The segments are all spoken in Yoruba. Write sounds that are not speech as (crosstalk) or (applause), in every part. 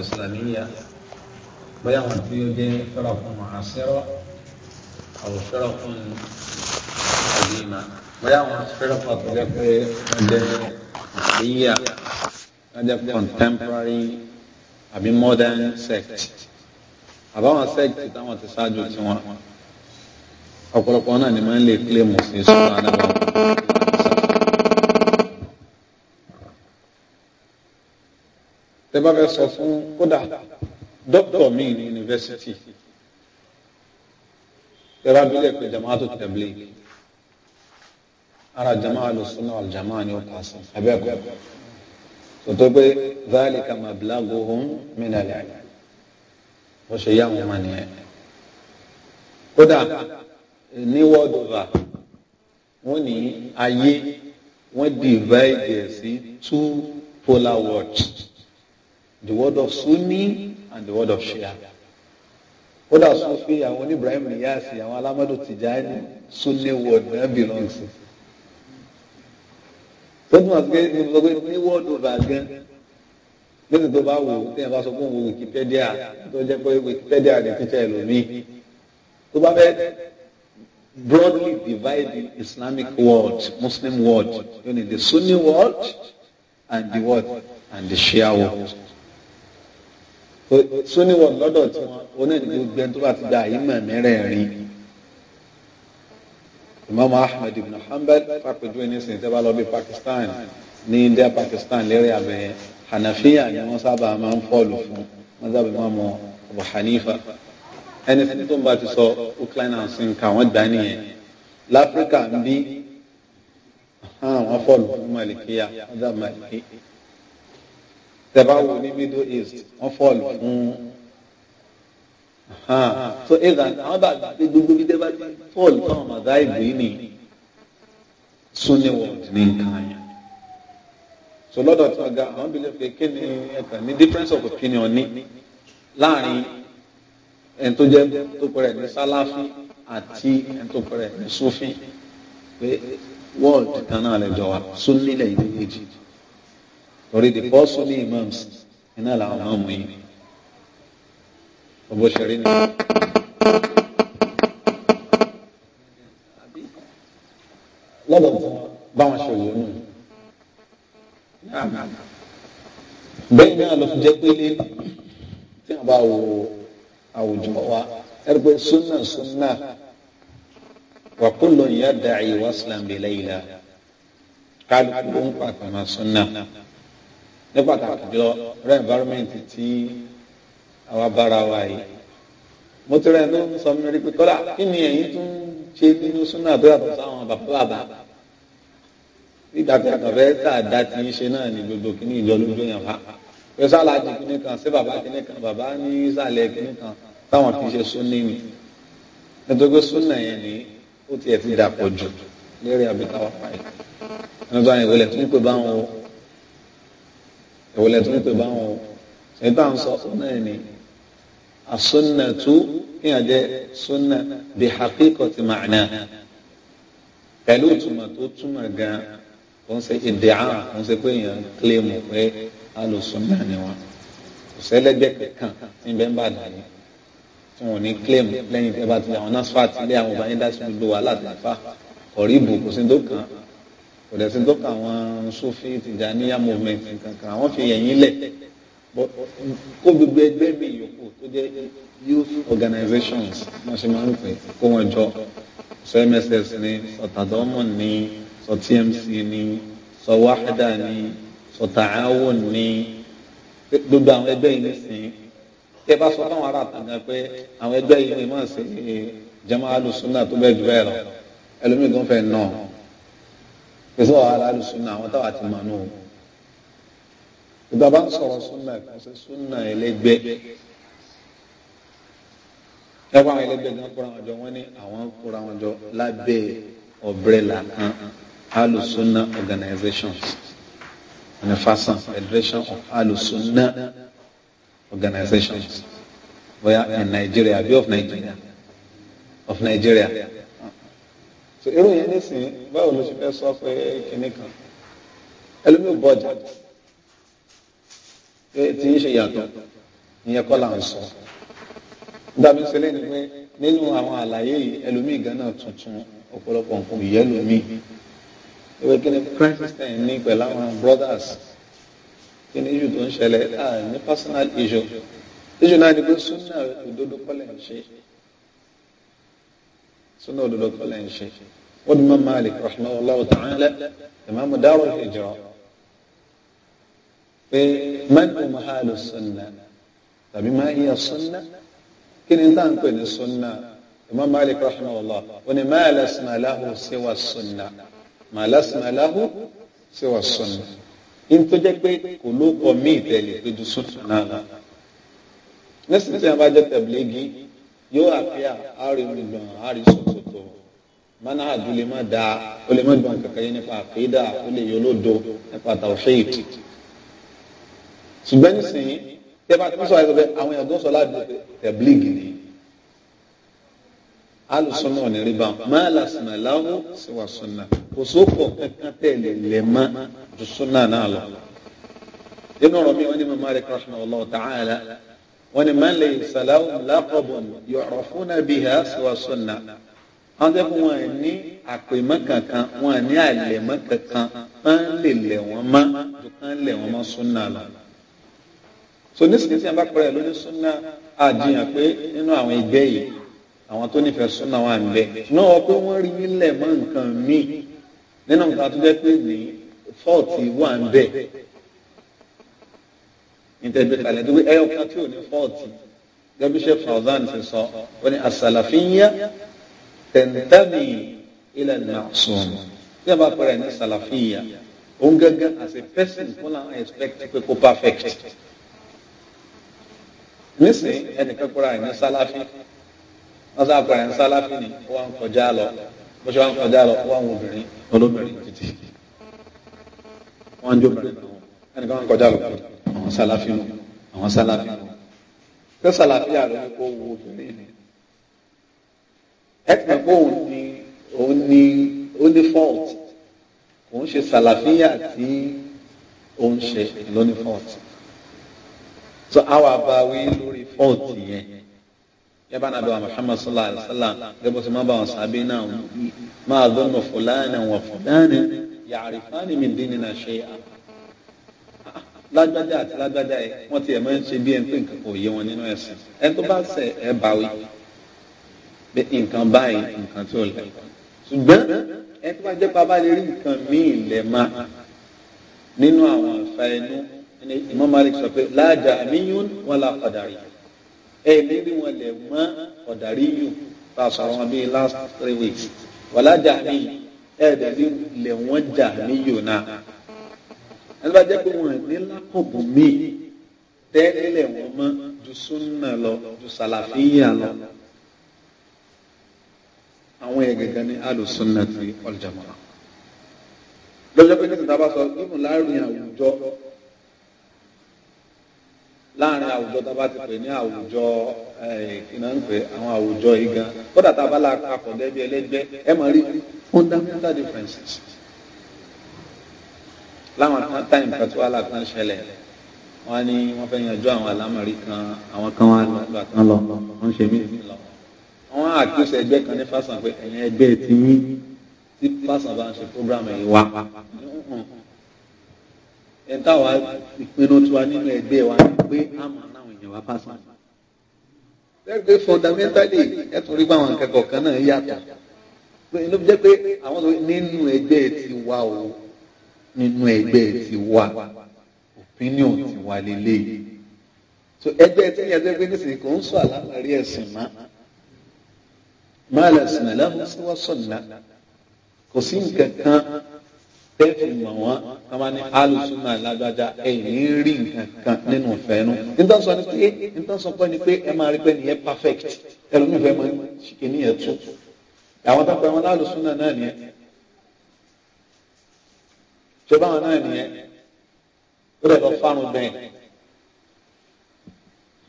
ìsìlámíyà bóyá wọn tí ó jẹ́ fẹ́rọ̀kùn àṣírọ́ àwọn fẹ́rọ̀kùn àdìmá bóyá wọn fẹ́rọ̀kùn àtọ́jọ́ pé wọ́n jẹ́ contemporary àbí modern sect àbáwọn sect táwọn ti ṣáájú tiwọn ọ̀pọ̀lọpọ̀ náà ni máa ń lè claim sí sọ́nà àdábàwọ̀. tẹ́ bá fẹ́ sọ fún kódà dókítà mi ní yunifásitì tẹ́ bá bílẹ̀ pé jama tó tabligh ara jama al-sunnah wal jama ni ó kà sí abẹ́kọ̀ọ́ tòtó pé dhalika mablaguhum min al-'ilm wọ́n ṣe yá wọn mà nìyẹn kódà ní wọ́ọ̀dùvà wọ́n ní ayé wọ́n divide ẹ̀ sí two polar worlds the word of Sunni and the word of Shia kódà Sufi àwọn oní Ibrahim Niyasi àwọn Alamadu Tijani Sunni word náà belong sí tó tún àti pé ní sọ pé ní wọ́ọ̀dù rà gan lẹ́sìn tó bá wò ó téèyàn bá sọ fún wo Wikipedia tó jẹ́ pé Wikipedia lè títẹ̀ lómi tó bá fẹ́ broadly divide the Islamic world Muslim world you know the Sunni world and the what and the Shia world sóníwọ̀ lọ́dọ̀ tí wọn onídìgbò gbẹ tó bá ti gba àyímọ̀ mẹ́rẹ̀ẹ̀rin Imam Ahmed ibn Hanbal pàpẹjọ ẹni sìn tẹ́ bá lọ bí Pakistan ní India Pakistan lérè abẹ Hanafiya ni wọ́n sábà máa ń fọ́ọ̀lù fún wọ́n sábà máa mọ Abu Hanifa ẹni fún tó ń bá ti sọ Ukraine and sin ká wọ́n gbà nìyẹn láfíríkà ń bí àwọn fọ́ọ̀lù fún Malikiya wọ́n sábà Maliki tẹ́bá wò ní middle east wọ́n fọ́ọ̀lù fún so iran àwọn bá gbogbo bí tẹ́bá fọ́ọ̀lù fún àwọn àdá ìlú yìí ni sunni world ní nǹkan yẹn so lọ́dọ̀ tí wọ́n ga àwọn bí lè fi kí ni ẹ̀ka ní difference of opinion ní láàrin ẹni tó jẹ́ tó pẹ̀rẹ̀ ní sáláfí àti ẹni tó pẹ̀rẹ̀ ní sófin pé world kan náà lè jọ wa sunni lẹ́yìn méjì torí the four sunni imams iná làwọn máa mú yìí ọgbọ́n ṣẹ̀rí nìyẹn. lọ́dọ̀ tó báwọn ṣe wò nù. bẹ́ẹ̀ náà ló fi jẹ́ pé lé tí a bá wo àwùjọ wa ẹ̀rí pé sunna sunna wa kullun yadda'i waslan bilayla kálukú ń pàtàkì sunna ní pàtàkì jọ rẹ environment tí àwa bára wa yìí mo ti rẹ ló sọ mi rí pé kọ́lá kí ni ẹ̀yin tún ṣe nínú súnà tó yàtọ̀ sáwọn bàbá bàbá nígbà tí àkàfẹ́ tá a dá ti ń ṣe náà ní gbogbo kí ní ìjọ lójú yẹn fa pé sálàjì kìíní kan sí bàbá kìíní kan bàbá ní sàlẹ̀ kìíní kan táwọn fi ṣe súnni ni nítorí pé súnà yẹn ni ó tiẹ̀ ti dà pọ̀ jù lérí àbíkáwá pa yìí nítorí àwọn ìwọlẹ̀ tó ń pè báwọn o ìta ń sọ ọ náà ni as-sunnatu ní àjẹ sunna bi haqiqati ma'na pẹ̀lú ìtumọ̀ tó túmọ̀ gan-an kò ń ṣe ìdíà kò ń ṣe pé èèyàn ń kílèmù pé alùsùnà ni wọn kò sẹ́lẹ́gbẹ́ kankan níbẹ̀ ń bà dání tí wọn ò ní kílèmù lẹ́yìn tí ẹ bá ti àwọn náà sọ àtìlẹ́yìn àwọn ọba yín dá sí gbogbo wàhálà tàfà ọ̀rí ìbò kò sí dókàn kò dẹ̀ sí dọ́kà àwọn Sufi Tijaniya movement kankan àwọn fi yẹ̀yìn lẹ̀ kó gbogbo ẹgbẹ́ mi yòókù tó jẹ́ youth organizations wọ́n ṣe máa ń pè kó wọn jọ sọ MSS ni sọ Tadọ́mọ̀ ni sọ TMC ni sọ Wahda ni sọ Ta'awun ni gbogbo àwọn ẹgbẹ́ yìí nísìnyí tẹ bá sọ fáwọn ará àtàgbà pé àwọn ẹgbẹ́ yìí ni wọ́n ṣe jama'a al-sunnah tó bẹ́ẹ̀ jù bẹ́ẹ̀ lọ ẹlòmíì gan fẹ́ náà èso àwọn aráàlú súnà àwọn táwa ti mọ̀ náà ìgbà bá ń sọ̀rọ̀ súnà ìkànsẹ́ súnà ẹlẹ́gbẹ́ ẹgbẹ́ àwọn ẹlẹ́gbẹ́ gan kóra wọn jọ wọ́n ní àwọn kóra wọn jọ lábẹ́ ọ̀brẹ́là kan alusunna organizations and fasan federation of alusunna organizations bóyá in Nigeria bí of Nigeria of Nigeria so irú yẹn nísìnyí báwo ló ṣe fẹ́ sọ pé kinní kan ẹlòmíì bọjà pé tí ń ṣe yàtọ̀ ìyẹn kọ́ là ń sọ dàbí sẹlẹ̀ ni pé nínú àwọn àlàyé yìí ẹlòmíì gan náà tuntun ọ̀pọ̀lọpọ̀ nǹkan ìyẹn lòmíì ìwé kíni christian ní pẹ̀lú àwọn brothers kíni issue tó ń ṣẹlẹ̀ ní personal issue issue náà ni pé súnà òdodo kọ́lẹ̀ ń ṣe súnà òdodo kọ́lẹ̀ ń ṣe. والإمام مالك رحمه الله تعالى إمام دار الهجرة من هم أهل السنة طب ما هي السنة كن إنسان كن السنة إمام مالك رحمه الله وني ما لا اسم له سوى السنة ما لا اسم له سوى السنة إن تجك قلوب وميت اللي تجو سنة نسمع ما جت تبليغي يو أبيا أري ملون أري سنة mana adu lè má da ó lè má dùn kankan yẹn nípa àkídà ó lè yọ lódo nípa tawhid ṣùgbọ́n nísìnyí tẹ́ bá tó sọ àyẹ̀kọ́ bẹ́ẹ̀ àwọn èèyàn gbọ́sọ̀ ládùúgbò tẹ̀blíìgì ni alùsùnà ò ní rí báwọn máa làsùnà láwọ síwà sùnà kò sófò kankan tẹ̀lé lè má ju sùnà náà lọ. nínú ọ̀rọ̀ mi wọ́n ní màmá rẹ̀ kọ́ṣùnà Allahu ta'ala wọ́n ní man laysa lahum laqabun yu'rafuna biha síwà sùnà àwọn tẹ́ fún wọn ní àpèmọ́ kankan wọn ní àlẹ̀mọ́ kankan wọn lè lẹ̀ wọ́n mọ́ wọn lẹ̀ wọ́n mọ́ súnà lọ. so nísìnyí tí a bá pẹ́rẹ́ lórí súnà àdìyàn pé nínú àwọn ẹgbẹ́ yìí àwọn tó nífẹ̀ẹ́ súnà wà ń bẹ náà pé wọ́n rí nílẹ̀ mọ́ nǹkan míì nínú nǹkan tó jẹ́ pé ní fọ́ọ̀tì wà ń ìtẹ̀gbẹ̀kalẹ̀ tó wí ẹyọ kan tí ò ní fọ́ọ̀tì gẹ́gẹ́ bí Sheikh ti sọ ó ní tẹ̀ntẹ́mì ilẹ̀ nàṣọ́n tí a bá pẹ̀rẹ̀ ní sàlàfíà òun gẹ́gẹ́ as a person kó láwọn expect pé kó perfect nísìnyí ẹnìkan kúrò àìní sàlàfí wọ́n sá kúrò àìní sàlàfí ni wọ́n ń kọjá lọ bó ṣe wọ́n ń kọjá lọ wọ́n ń obìnrin olóbìnrin títí wọ́n ń jóbìnrin ẹnìkan wọ́n ń kọjá lọ àwọn sàlàfí nù àwọn sàlàfí nù pé sàlàfí àrùn kó wo obìnrin ni ẹtùmọ̀ pé òun ni òun ni ó ní fault òun ṣe sàlàfíà tí òun ṣe ló ní fault so àwa bá wí lórí fault yẹn yẹ bá nàbẹ wa Muhammad sallallahu alaihi wa sallam gẹbọ sọ ma bá wọn sábẹ náà máa dọ́nà fúlàní wọn fúlàní ya'rifani min dinina shay'an lágbájá àti lágbájá yẹ wọn ti ẹ̀ máa ń ṣe bí ẹ̀ ń pè nǹkan kò yé wọn nínú ẹ̀sìn ẹ̀ tó bá ṣe ẹ̀ báwí pé nǹkan báyìí nǹkan tí ò lẹ̀ ṣùgbọ́n ẹ tó bá jẹ́ pa bá lè rí nǹkan míì lẹ̀ ma nínú àwọn àfa ẹnu ẹni Imam Malik sọ pé láàjà àmíyún wọn la ọ̀dàrí ẹ lérí wọn lẹ̀ mọ́ ọ̀dàrí yù bá a sọ àwọn bíi last three weeks wọ́n láàjà àmíyún ẹ dẹ̀bi lẹ̀ wọ́n jà àmíyún náà ẹ tó bá jẹ́ pé wọn ní lákọ̀bù míì tẹ́lẹ̀ wọn mọ́ ju súnà lọ ju sàlàfíyà lọ àwọn yẹn gẹ́gẹ́ ní alùsùnàtì ọ̀lùjàmọ́ra lọ́jọ́ pé nítorí tábà sọ ìmùn láàrin àwùjọ láàrin àwùjọ tábà ti pè ní àwùjọ ìná ń pè àwọn àwùjọ yìí gan kódà tábà la kakọ̀ lẹ́bi ẹlẹ́gbẹ́ ẹ máa rí fundamental differences láwọn táìmù kan tó wà láàkàn ṣẹlẹ̀ wọ́n á ní wọ́n fẹ́ yanjú àwọn àlámọ̀rí kan àwọn kan wà lọ́gbà kan lọ wọ́n ń ṣe mí lọ́wọ́ wọ́n àkíyèsí ẹgbẹ́ kan ní fásán pé ẹ̀yìn ẹgbẹ́ ti yín tí fásán bá ń ṣe prógrámù yìí wá. ẹ táwa ìpinnu tiwa nínú ẹgbẹ́ wa ni pé a mọ̀ láwọn èèyàn wá fásán. lẹ́gbẹ́ fọ́ndámẹ́ntálì ẹ tún rí bá àwọn akẹ́kọ̀ọ́ kan náà yàtọ̀ ló jẹ́ pé àwọn sọ nínú ẹgbẹ́ ti wá o nínú ẹgbẹ́ ti wá opinion ti wá lélẹ́yìí. so ẹgbẹ́ tí yẹn ẹgbẹ́ nísìnyí kò ń sọ àlàáfíà rí ẹ̀sìn máa. ما لا اسم له سوى السنة قسم كتان tẹ́ẹ̀fì mọ̀ wọ́n kama ní alùsùnà lágbájá ẹ̀yìn rí nǹkan nínú ìfẹ́ nu. nítorí ni pé nítorí sọ pé ni pé ẹ máa rí pé nìyẹn perfect ẹlòmíì fẹ́ máa ń ṣìkè níyẹn tó. àwọn tó pẹ́ wọn lálùsùnà náà nìyẹn. ṣé báwọn náà nìyẹn ó lè lọ fárun bẹ́ẹ̀.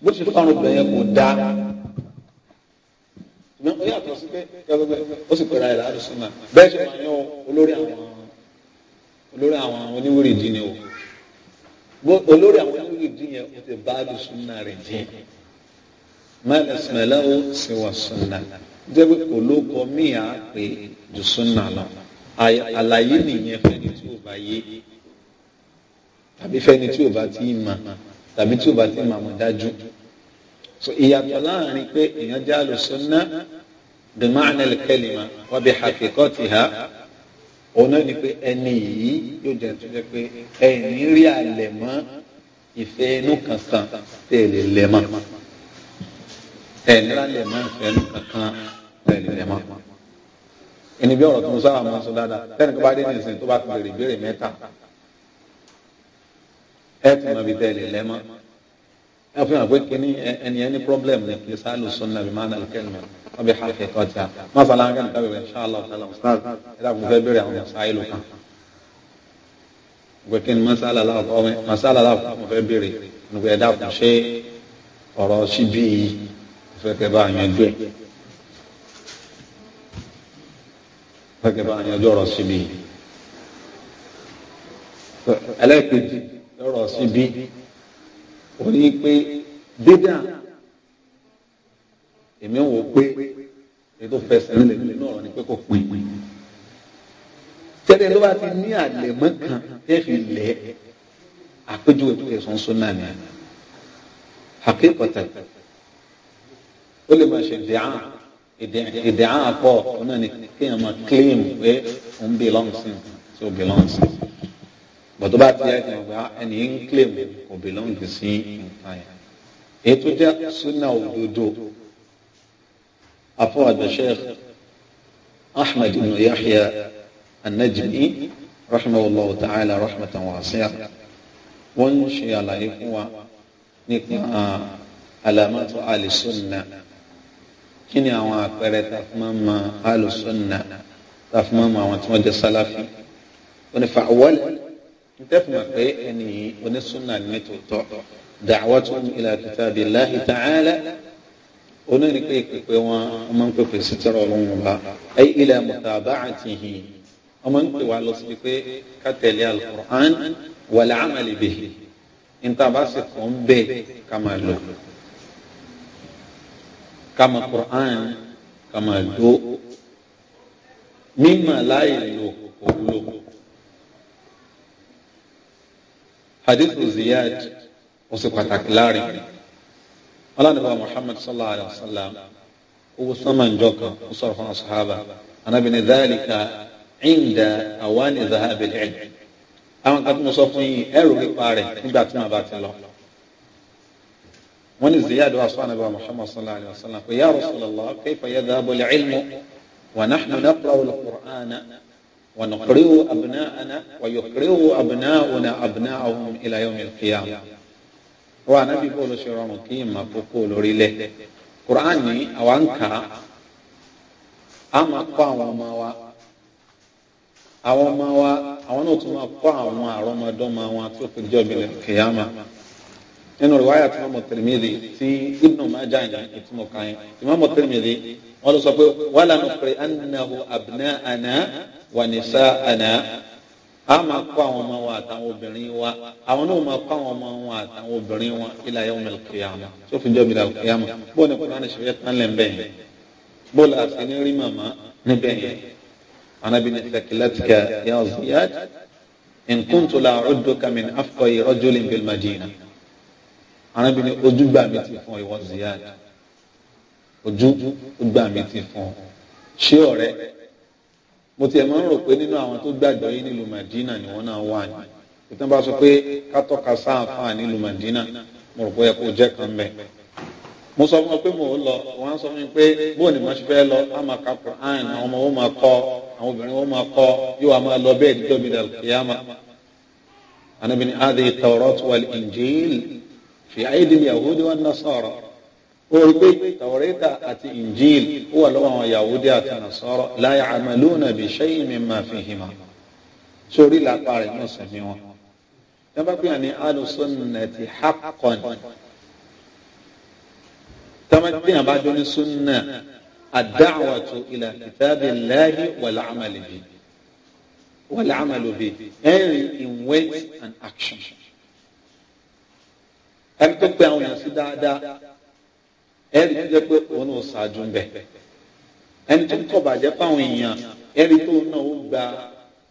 bó ti fárun bẹ́ẹ̀ kò dáa ṣùgbọ́n ó yàtọ̀ sí pé kẹgbẹgbẹ ó sì pera ẹ̀rọ àdùsùn náà bẹ́ẹ̀ ṣe máa yan olórí àwọn olórí àwọn oníwèrè dín ni o olórí àwọn oníwèrè dín yẹn o ti bá àdùsùn náà rẹ̀ dín mẹ́lẹ̀ sìmẹ́lẹ́ ó sì wà sùn náà jẹ́bi kò ló kọ míì á pè jù sùn náà lọ àlàyé nìyẹn fẹ́ni tí ò bá yé tàbí fẹ́ni tí ò bá tí ì mà tàbí tí ò bá tí ì mà mọ̀ dájú so ìyàtọ̀ láàrin pé èèyàn jẹ́ alùsùnà bima'na al-kalima wa bihaqiqatiha ọ̀nà ni pé ẹni yìí yóò jẹ́ tó jẹ́ pé ẹni rí àlẹ̀ mọ́ ìfẹ́ inú kan san tẹ̀lé lẹ́mọ́ ẹni rálẹ̀ mọ́ ìfẹ́ inú kankan tẹ̀lé lẹ́mọ́ ẹni bí ọ̀rọ̀ tó ń sábà máa sọ dáadáa tẹ́nì tó bá dé nìsín tó bá ti bèrè ìbéèrè mẹ́ta ẹ̀ tún mọ̀ bí tẹ̀lé lẹ́mọ́ ẹ fi hàn pé kíní ẹni ẹni problem ni kì í sáà lù sunna bí mánà kẹlẹmẹ wọn bí hàkì kọjá masala ń kẹlẹ kábẹ insha Allah ta'ala ustaz ẹ dàgbọn fẹ bẹ̀rẹ̀ àwọn masáìlù kan gbẹ kíní masala la ọmọ masala la ọmọ fẹ bẹ̀rẹ̀ nígbà ẹ ṣe ọ̀rọ̀ síbí fẹ kẹ bá yẹn gbẹ fẹ kẹ bá yẹn gbẹ ọ̀rọ̀ síbí ẹlẹ́kejì ọ̀rọ̀ orí pé bídà èmi wò pé ètò fẹsẹ̀ nílẹ̀ nínú ọ̀rọ̀ ni pé kò pin tẹ́lẹ̀ ló bá ti ní àlẹ̀mọ́ kan tẹ́ fi lẹ̀ àpéjúwe tó yẹ sọ́nsọ́ náà ni àkékọ̀tà ó lè máa ṣe dìán ìdìán àpọ̀ ọ̀nà ni kéèyàn máa claim pé òun belong sí tí ó belong sí. bọ̀dọ̀ bá ti yẹ kí n gba ẹni ń claim kò belong sí nǹkan yẹn èyí tó jẹ́ súnà òdodo afọwàjọ sheikh ahmed ibn yahya an-najmi Allah ta'ala rahmatan wasi'a wọ́n ń ṣe àlàyé fún wa nípa alamatu alisunna kí ni àwọn àpẹẹrẹ tafumama alisunna tafumama àwọn tí wọ́n jẹ́ sálàfí wọ́n ní fa'awọ́lẹ̀. ntẹ́fùmọ̀ pé ẹni yìí onísùnà ní tòótọ́ da'watuhum ila kitabillahi ta'ala onírìn pé pèpè wọn ọmọ ń pèpè sí tọrọ ọlọ́run ọba ay ila mutaba'atihi ọmọ ń pè wá lọ sí pé ká tẹ̀lé al-Qur'an wal amali bihi sì kọ́ ń ká máa lò ká máa Qur'an ká máa lò mímọ̀ láì lò kò wúlò. hadithu Ziyad ó ṣe pàtàkì láàrin ọlọ́dúnrún Muhammad sallallahu alayhi wa sallam owó sọ́mà ń jọ kan ó sọ̀rọ̀ fún asahaba anabini dhalika inda awani dhahabil ilm àwọn kan tó ń sọ fún yín ẹrù nípa rẹ̀ nígbà tí wọn bá ti lọ wọ́n ní Ziyad wa sọ́nà bá Muhammad sallallahu alayhi wa sallam pé ya Rasulullah kayfa yadhabu al-ilmu wa nahnu naqra'u al-Qur'ana. ونقرئ أبناءنا ويقرئ أبناؤنا أبناءهم إلى يوم القيامة وأنا بقول شرام كيما بقول ريله قرآني أو أنك أما قام ما àwọn ọmọ wa àwọn náà tún máa kọ́ àwọn àrọ́mọdọ́mọ wọn nínú riwaya tí Imam Tirmidhi tí Ibn Majah yẹn ìtumọ̀ kan yẹn Imam Tirmidhi wọ́n lọ sọ pé wala nuqri'annahu abna'ana wa nisa'ana a máa kọ́ àwọn ọmọ wa àtàwọn obìnrin wa àwọn náà máa kọ́ àwọn ọmọ wa àtàwọn obìnrin wa ila yawmil qiyamah tó fi jọ́ bìlà al-qiyamah bó ni kùnà ṣe fẹ́ tán lẹ́nu bẹ́ẹ̀ yẹn bó la ṣe ní rí màmá níbẹ̀ yẹn anabi ní sakilatika ya Ziyad in kuntu la udduka min afqi rajulin bil Madina arábìnrin ojú gbà mí ti fún ìwọ Ziyad ojú gbà mí ti fún ṣé ọ̀rẹ́ mo tiẹ̀ máa ń rò pé nínú àwọn tó gbàgbọ́ yìí nílùú Madina ni wọ́n náà wà ní ìtàn bá sọ pé kátọ́ka sáàfáà nílùú Madina mo rò pé ẹ kò jẹ́ kan bẹ́ẹ̀ mo sọ fún ọ pé mò ń lọ wọn sọ fún mi pé bóun ni mo ṣe fẹ́ lọ á máa ka Quran àwọn ọmọ wọn máa kọ àwọn obìnrin wọn máa kọ yóò wá máa lọ bẹ́ẹ̀ dídọ́ mi dàlù anabini adi tawrat wal injil fi aidi yahudi wa nasara ó rí pé tàwọ̀rẹ́ta àti injil ó wà lọ́wọ́ àwọn yahudi àti nasara la ya'maluna bi shay'in mimma fihima sórí làpá rẹ̀ náà sẹ̀mí wọn. dábàá pé àní alùsùnnàtì haqqan tàbí àbájọ ní sunna ad-da'watu ila kitabillahi wal amali bihi wal amalu bihi ẹ̀rìn in word and action ẹni tó pe àwọn èèyàn sí dáadáa ẹni tó jẹ́ pé òun náà ṣáájú ń bẹ ẹni tó ń kọ̀ bàjẹ́ fáwọn èèyàn ẹni tó náà ó gba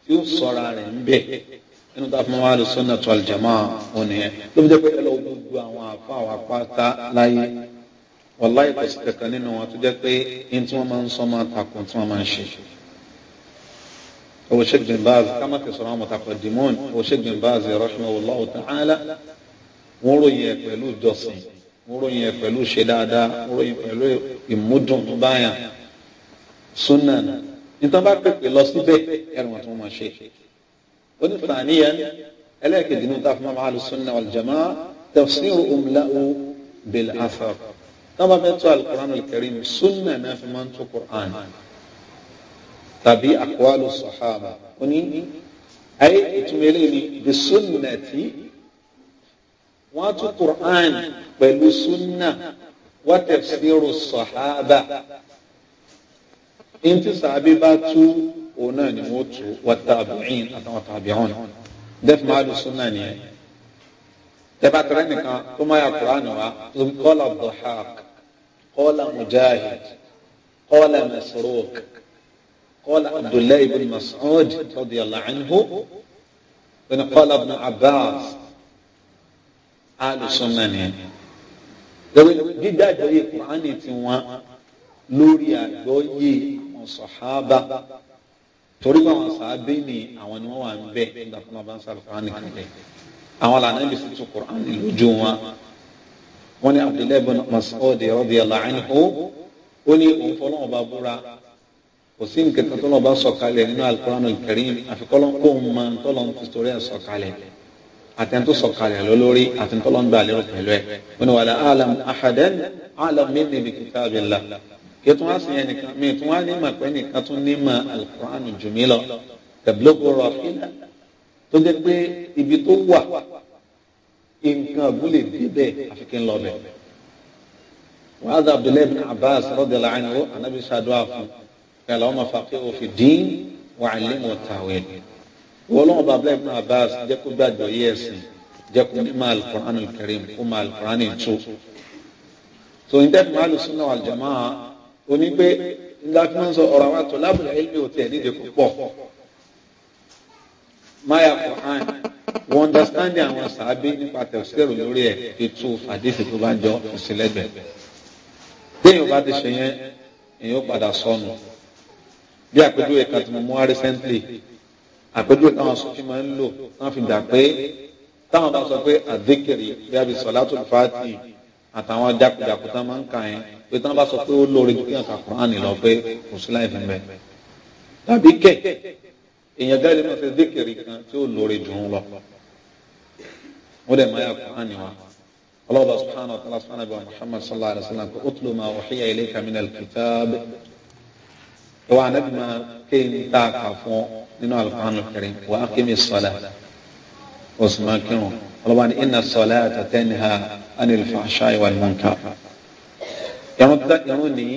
yóò sọ̀ra rẹ̀ ń bẹ nínú tá a fún wa lè sọ́nà tó àlùjàmá òun nìyẹn ló fi jẹ́ pé ẹlọ́wọ́ gbogbo àwọn àfa àwọn apáta láyé wàláyé kò sí kankan nínú wọn tó jẹ́ pé ní tí wọ́n máa ń sọ máa takùn tí wọ́n máa ń ṣe. owó ṣègbìn báàzì ká má àwọn mọ̀tàkọ̀ dìmọ́ọ̀nì owó ṣègbìn báàzì rahimahullahu ta'ala wọ́n ròyìn ẹ̀ pẹ̀lú ìjọsìn wọ́n ròyìn ẹ̀ pẹ̀lú ṣe dáadáa wọ́n ròyìn pẹ̀lú ìmúdùn báyà súnà nítorí bá pèpè lọ síbẹ̀ ẹ̀rù wọn tó máa ṣe. ó ní fàníyàn ẹlẹ́ẹ̀kejì ní ta fún mọ́ àlù súnà ọ̀lùjàmá tafsiru umla'u bil afar táwọn bá fẹ́ tó alukur'an al súnà náà fi máa ń tó kur'an tàbí aqwalu sahaba ó ní ayé ìtumọ̀ eléyìí bí súnà tí. واتو قرآن بلو سنة وتفسير الصحابة انت صحابي باتو وناني موتو والتابعين اتو تابعون دف معلو سنة نيا دفع ترانيكا كما يا قرآن ثم قال الضحاك قال مجاهد قال مسروق قال عبد الله بن مسعود رضي الله عنه قال ابن عباس alùsùnà nìyẹn lórí dídájọ́ yìí kùránì tí wọ́n lórí àgbọ́yé àwọn sọ̀hábà torí pé àwọn sàábé ni àwọn ni wọ́n wà ń bẹ̀ nígbà tó máa bá ń sàrò kùránì kalẹ̀ àwọn làná ibi tuntun kùránì lójú wọn wọ́n ní Abdullahi bin Mas'ud radiyallahu anhu ó ní òun fọlọ́wọ́n bá búra kò sí nǹkan tó lọ́wọ́ bá sọ̀kalẹ̀ nínú al-Qur'an àfikọ́lọ́ kó o mọ tó lọ́wọ́ tó torí ẹ̀ sọ̀kalẹ̀ àtẹn tó sọ̀kalẹ̀ lọ lórí àtẹn tó lọ́ngbà lérò pẹ̀lú ẹ̀ wọn wà lá alam ahadan alam mímì bi kitabillah kí tún wá sí yẹn nìkan mi tún wá nímọ̀ pé nìkan tún nímọ̀ alukur'an jù mí lọ tẹ̀blógún rọ fílà tó jẹ́ pé ibi tó wà nǹkan àbúlé débẹ̀ àfi kí n lọ bẹ̀. wàhálà abdullahi bin abbas radiyallahu anhu anabi sadu afu kẹlẹ́ ọmọ fàkẹ́ òfin dín wa'allimu tawil wọlọ́wọ́n bá abúlé ibùdó Abbas jẹ́ kó gbàgbọ́ yí ẹ̀sìn jẹ́ kó ní máa al-Qur'an al-Karim kó máa al-Qur'an ètò. so ní tẹ́tí máa lù súnà àlùjọ́mọ́ a oní pé ńlá ọ̀rọ̀ àwọn àtọ̀ lábùlẹ̀ ilmi òtẹ̀ nídìí kó pọ̀. Qur'an wọ́n understanding àwọn sàábí nípa tẹ̀síkẹ̀rù lórí ẹ̀ ètò àdéhùn tó bá jọ ìsìlẹ̀gbẹ̀. déyìn bá ti ṣe yẹn èèyàn padà sọnù bí àpèjúwe kan tí recently àpèjúwe táwọn sọfí máa ń lò wọn fi dà pé táwọn bá sọ pé àdékèrè bí a bí sọlátù fàátì àtàwọn jákujàku tá máa ń kà yẹn pé táwọn bá sọ pé ó lóore ju kí àkà kùránì lọ pé kò sí láì fi mẹ tàbí kẹ èèyàn gáàlì máa fẹ́ dékèrè kan tí ó lóore jù ú lọ ó dẹ̀ máa yà kùránì wa ọlọ́ọ̀bà subhanahu wa ta'ala subhanahu wa muhammad sallallahu alayhi wa sallam kò ó tún lò máa wàhíyà ìwà anabi máa ké ń ta àkà fún ọ nínú alukóhánù kẹrin wà á ké mi sọlá osùnmán kírun ọlọ́wà ní iná sọlá àtàtẹ́ni ha anil fàṣà ìwà ìmọ̀nká. irun ní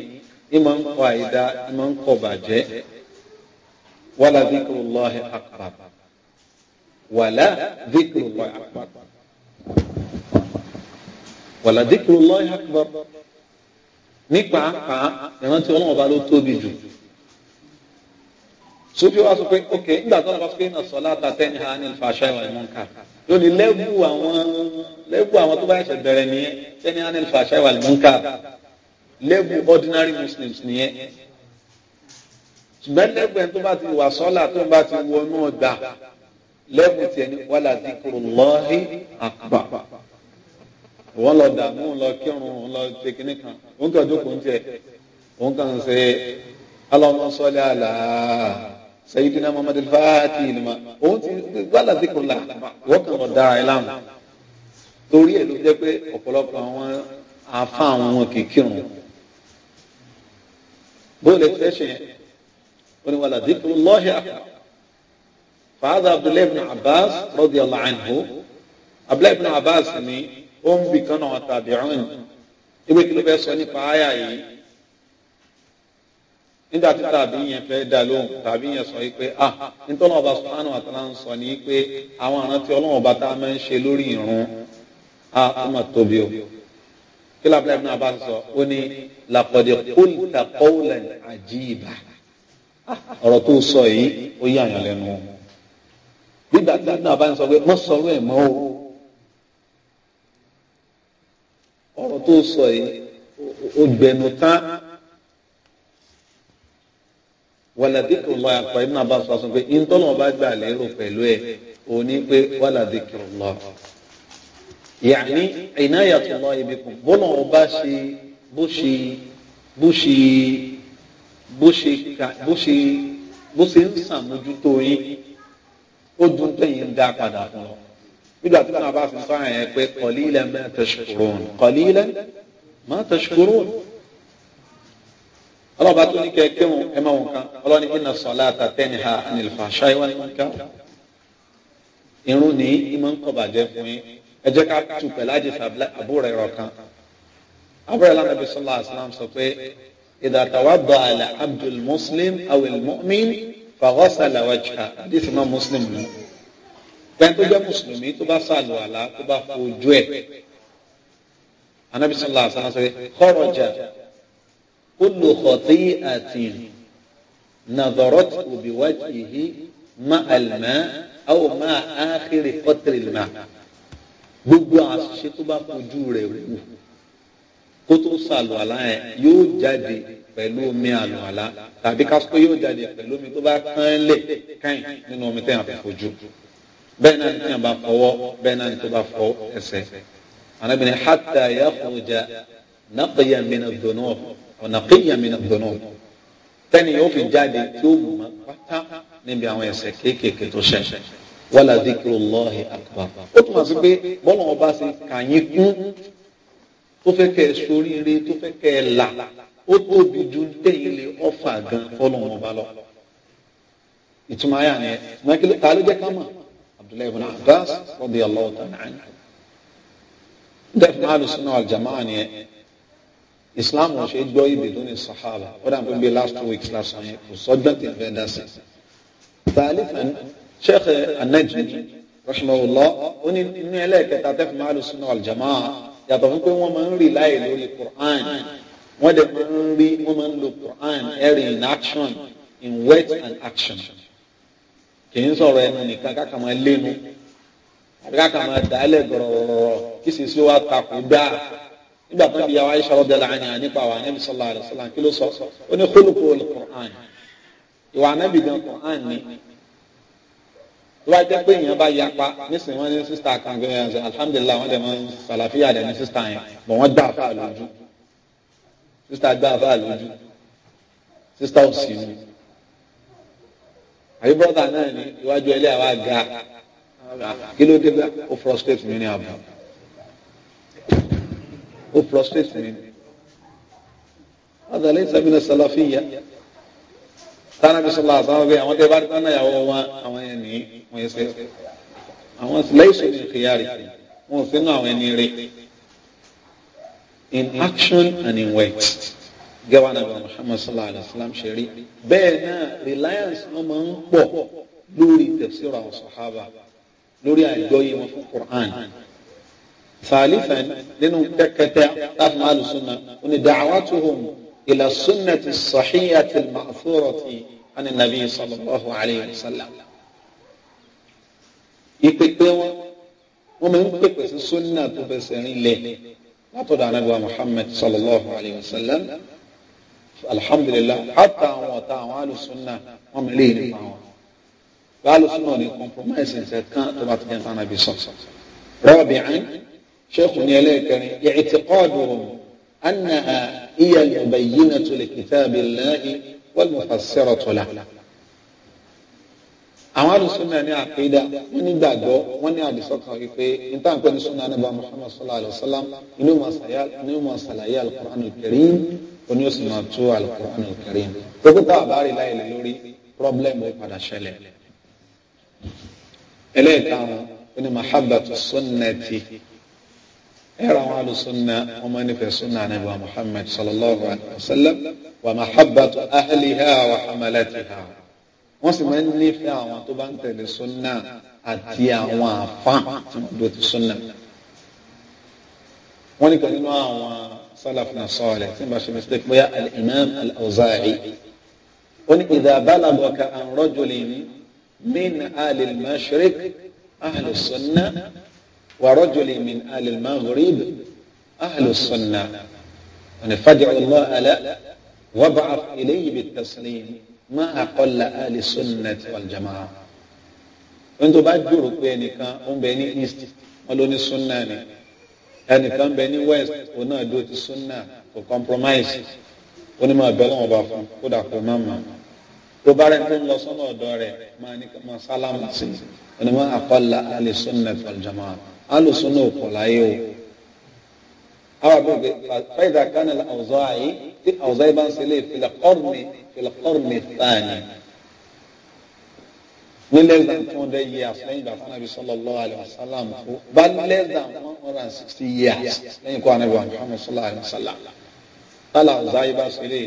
ìmọ̀ ń kọ àyídá ìmọ̀ ń kọ bàjẹ́ wàlá dhikrullahi akbar wàlá dhikrullahi akbar wàlá dhikrullahi akbar nípa àpá ìrántí ọlọ́wọ́ bá ló tóbi jù sójú wa sọ pé ok nígbà tó ń lọ pé náà sọlá ta tẹ́ni ha ní ìfàṣà ìwà ìmọ̀ǹkà lónìí lẹ́bù àwọn lẹ́bù àwọn tó bá ẹ̀ṣẹ̀ bẹ̀rẹ̀ nìyẹn tẹ́ni ha ní ìfàṣà ìwà ìmọ̀ǹkà lẹ́bù ordinary muslims nìyẹn ṣùgbọ́n lẹ́bù ẹni tó bá ti wà sọ́là tó bá ti wọnú ọgbà lẹ́bù tiẹ̀ ní wàlá zikrullahi akbar wọ́n lọ dààmú lọ kírun lọ tẹkínní òun kàn jókòó ń tiẹ̀ sayidina muhammad al-fati ilima òun ti wàhálà zikunla wọ́n kàn wọ́n dára ẹ̀ lánàá torí ẹ̀ ló jẹ́ pé ọ̀pọ̀lọpọ̀ àwọn afá àwọn wọn kì í kírun bóòlù ẹ̀ fẹ́ṣẹ̀ ó ní wàhálà zikunlọ́hì fàáza abdullahi ibn abbas radiyallahu anhu abdullahi ibn abbas ni ó ń bì kan náà tàbí ọ̀hún ìwé kí ló fẹ́ sọ nípa àyà yìí nígbà tí tàbí yẹn fẹ́ dá lóhùn tàbí yẹn sọ pé ah nítorí ọba sùpánù àtàlà ń sọ ní pé àwọn àrántí ọlọ́run ọba tá a máa ń ṣe lórí ìrun ah ó mà tóbi o kí lábẹ́ ibùdó àbá sọ ó ní làkọ̀dẹ̀ qulta qawlan ajiba ọ̀rọ̀ tó sọ yìí ó yà yàn lẹ́nu o nígbà tí ibùdó àbá sọ pé mọ́ sọ̀rọ̀ ẹ̀ mọ́ o ọ̀rọ̀ tó sọ yìí ó gbẹnu tán wàlàdìkìrù lọ àpá ibùdó náà bá sọ sọ pé ìtọ́nà ọba gbà lérò pẹ̀lú ẹ̀ òní pé wàlàdìkìrù lọ. yàní ìnáyàtọ̀ lọ ibi kù bọ́nà ọba ṣe bó ṣe bó ṣe bó ṣe bó ṣe bó ṣe ń sàmójútó yín ó dùn tẹ̀yìn dá padà fún ọ. nígbà tó náà bá fi sọ àyàn pé qalilan ma tashkurun qalilan ma tashkurun ọlọ́ba tó ní kẹ́ kéwọn ẹ máa wọn kan ọlọ́ni inna salata tanha anil fahsha'i wal munkar irun ní ìmọ̀ ń kọ̀ bàjẹ́ fún yín ẹ jẹ́ ká tù pẹ̀lú àdìsá àbúrò ẹ̀rọ kan àbúrò ẹ̀rọ nàbí sallallahu alaihi wasallam sọ pé idha tawadda'a al-abdu muslim aw al-mu'min faghasala wajha àdìsí máa muslim ni pẹ́ẹ́n tó jẹ́ mùsùlùmí tó bá sàlù àlá tó bá fojú ẹ̀ anábì sallallahu sọ pé kharaja كل خطيئة نظرت بوجهه مع الماء أو مع آخر قطر الماء gbogbo àṣìṣe tó bá fojú rẹ̀ wù kó tó ṣàlùwàlá yẹn yóò jáde pẹ̀lú omi àlùwàlá tàbí kásìkò yóò jáde pẹ̀lú omi tó bá kán lẹ̀ káyìn nínú omi tẹ̀yàn fi fojú bẹ́ẹ̀ náà ni bá fọwọ́ bẹ́ẹ̀ náà tó bá fọ ẹsẹ̀ Ànábì ní hatta yakhruja naqiyan min adh-dhunub ونقيا من الذنوب tẹ́ni yóò fi jáde tí ó mọ̀ pátá níbi àwọn ẹ̀ṣẹ̀ kéékèèké tó ṣẹ̀ wala dhikrullahi akbar. ó túmọ̀ sí pé bọ́lá ọba ṣe kàyín kún tó fẹ́ kẹ́ ẹ soríire tó fẹ́ kẹ́ ẹ là ó tóbi ju tẹ́yìn lè ọ̀fà gan fọ́lá ọba lọ. ìtumọ̀ ayà ni mọ́kìlẹ̀ ta ló jẹ́ ká mọ̀ Abdullahi ibn Abbas islam ò ṣe gbọ́ ibi tó ní sahaba ó dà pé bí last two weeks last time kò sọ́jọ́ tí fẹ́ dá sí. tàlífàn sheikh anajmi rahimahullah ó ní inú ẹlẹ́ẹ̀kẹta tẹ́fù máa lù sínú aljamaa yàtọ̀ fún pé wọ́n máa ń rí láì lórí quran wọ́n dẹ̀ máa ń rí wọ́n máa ń lo quran ẹ̀rì in action in word and action kì í sọ̀rọ̀ ẹnu nìkan káka máa lénu àbí káka máa dálẹ̀ gbọ̀rọ̀rọ̀ kí sí wa takò dáa nígbà tó ń bi àwọn aisha rọdẹ làánì à nípa àwọn anabi sọlá àlẹ sọlá kí ló sọ ó ní kólùkù olè kùrán ìwà anabi gan kùrán ni tó bá jẹ́ pé èèyàn bá yapa nísìnyí wọ́n ní sísítà kan gbé yẹn alhamdulilah wọ́n lè mọ sàlàfíà dẹ̀ ní sísítà yẹn bọ̀ wọ́n gbà fà lójú sísítà gbà fà lójú sísítà òsì ni àbí brọ́dà náà ní iwájú ẹlẹ́ àwa kí ló dé bá ó frustrate mi ní àbúrò. هو prostrate منين هذا ليس من السلفية كان النبي صلى الله عليه وسلم بيعمل تبارك أنا يا هو أو يعني ويصير أو ليس من خياري هو سنة أو يعني in action and in words gẹ́wà nàbà Muhammad sallallahu alaihi wasallam sallam ṣe rí bẹ́ẹ̀ náà reliance wọn máa ń pọ̀ lórí tafsir àwọn sàhábà lórí àjọyé wọn fún Qur'an ثالثاً لأنه كتا أهل أهل السنة أن دعوتهم إلى السنة الصحية المأثورة عن النبي صلى الله عليه وسلم يكتبوا ومن يكتبوا السنة تبسرين له لا تدع نبوة محمد صلى الله عليه وسلم الحمد لله حتى وطاع أهل السنة ومليل معه قالوا سنة كومبرومايز كان تبعت كان النبي صلى الله عليه وسلم رابعاً شيخ يليكني اعتقادهم أنها هي المبينة لكتاب الله والمفسرة له àwọn alùsùnà ní àkídà wọn ní gbàgbọ́ wọn ní àdìsọkàn wípé níta nǹkan ìsúná anábà muhammad sallallahu alayhi wa sallam inú ma ṣàlàyé alukur'an alkarim oní oṣù máa tú alukur'an alkarim tókùtà àbárí láyé lórí pírọ́blẹ́mù ìpadà ṣẹlẹ̀. ẹlẹ́ẹ̀karùn-ún oní mahabbatu sunnati ẹ̀rọ àwọn alùsùnà ọmọ nífẹ̀ẹ́ súnà ànábì wa Muhammad sallallahu alayhi wa sallam wa mahabbatu ahliha wa hamalatiha wọ́n sì máa ń nífẹ̀ẹ́ àwọn tó bá ń tẹ̀lé súnà àti àwọn àfa tí wọ́n dúró ti súnà. wọ́n ní kan nínú àwọn sálàfínà sọ́ọ̀lẹ̀ tí wọ́n bá ṣe mistake bóyá al-imam al-Awza'i ó ní idha balagaka an rajulin min ahli al-mashriq ahli as-sunnah. ورجل من أهل المغرب أهل السنة فادعوا الله لا وابعث إليه بالتسليم ما أقل أهل السنة والجماعة انتو بعد جورو كويني كان هم بيني إيست ملوني سناني ẹnì kan bẹ ní west oná ìdúró ti súnà kò compromise ó ní máa bẹ lọ́wọ́ bá fún kódà kó má mà tó bá rẹ tó ń lọ sọ́nà ọ̀dọ́ rẹ̀ máa ní máa sálámù sí i ó ní máa àkọ́lá alẹ́ súnà tó àlùjámáà alùsùn náà kùn láyé o àwọn àbúrò pé fàìdà kánà Awza'i tí Awza'i bá ń ṣe lé fil qarni fil qarni thani ní less than two hundred years lẹ́yìn ìgbà fún Ànábì sallallahu alayhi wa sallam fún bá less one hundred and sixty years lẹ́yìn kó Ànábì wa Muhammad sallallahu alayhi wa sallam tálà Awza'i bá ṣe lé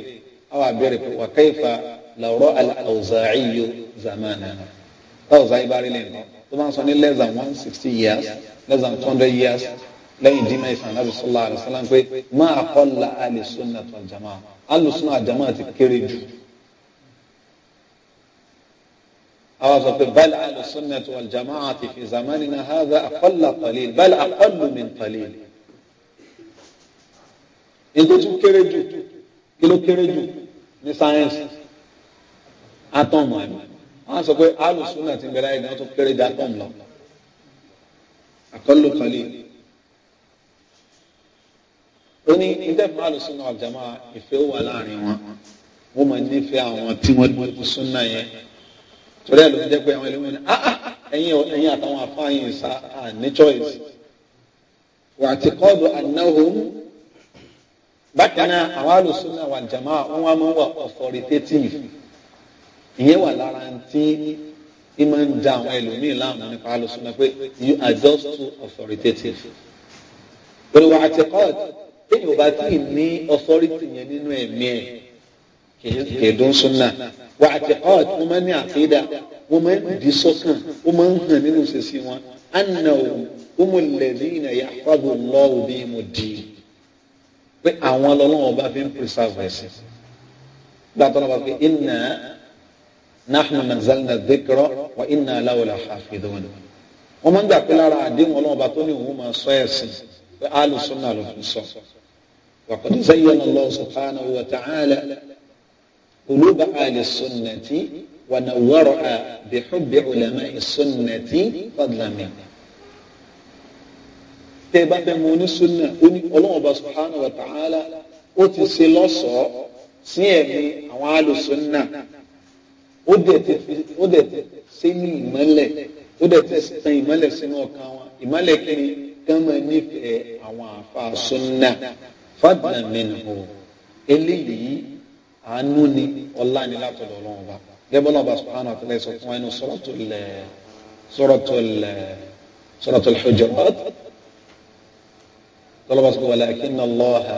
àwọn àbẹ̀rẹ̀ pé wa kayfa law ra'a al-Awza'i zamanana táwọn sáyé bá rí lẹ́nu tó bá ń sọ ní less than one sixty years less than two hundred years lẹ́yìn dínà ìsàn náà sallallahu alaihi wasallam pé má àkọ́lá alùsùnà tó àjàmá alùsùnà àjàmá ti kéré jù. àwọn sọ pé bal alùsùnà tó àjàmá àti fi zamanina hadha àkọ́lá qalil bal aqallu min qalil. ètò tún kéré jù kí kéré jù ní sáyẹ́nsì átọ́mù àmì wọ́n sọ pé alùsùn náà ti ń bẹ láyé gan tó kéré dá tọ̀ lọ àkọlù kọlí ó ní ìdẹ́kun alùsùn náà àjàmá ìfẹ́ wà láàrin wọn wọ́n máa nífẹ̀ẹ́ àwọn tí wọ́n ti sún náà yẹn torí ẹ̀ ló ń jẹ́ pé àwọn ẹlẹ́wọ̀n ní ah, ah, ẹ̀yìn àtàwọn afáàyàn ìsá ní choice wà á ti kọ́ọ̀dù ànáhùn bákan náà àwọn alùsùn náà wà jàmá wọn máa ń wà authoritative ìyẹn wà lára tí ẹ máa ń da àwọn ẹlòmíín láàmú nípa alùsùnà pé you are just too authoritative. pẹ̀lú wa àti kọ́ọ̀t èyí ò bá tí ì ní authority yẹn nínú ẹ̀mí ẹ̀ kì í dún súnà wa àti kọ́ọ̀t wọ́n máa ń ní àkídà wọ́n máa ń di sọ́kàn wọ́n máa ń hàn nínú ìṣesí wọn annahum humul ladhina yahfadhu Allahu bihimud din pé àwọn ọlọ́wọ́n ọba fi ń preserve ẹ̀sìn gbàtọ́ náà wà pé inna. نحن نزلنا الذكر وإنا لو حافظون ومن ذا كل عادين ولو بطني وهم صيص وآل سنة الفصول وقد زين الله سبحانه وتعالى قلوب آل السنة ونورع بحب علماء السنة فضلا منه تبا بمون السنة أن الله سبحانه وتعالى أتسلصه سيئة أوال السنة ó dẹ̀ ṣe ní ìmọ́lẹ̀ ó dẹ̀ ti tan ìmọ́lẹ̀ sínú ọkàn wọn ìmọ́lẹ̀ kiri kán máa nífẹ̀ẹ́ àwọn àfáà sunna fadlan minhu eléyìí àánú ni ọlá ni látọ̀dọ̀ ọlọ́run ọba gẹ́gbọ́n ọba subhanahu wa ta'ala sọ fún wa inú suratul suratul suratul hujurat tọ́lọ́ba sọ walakinna Allaha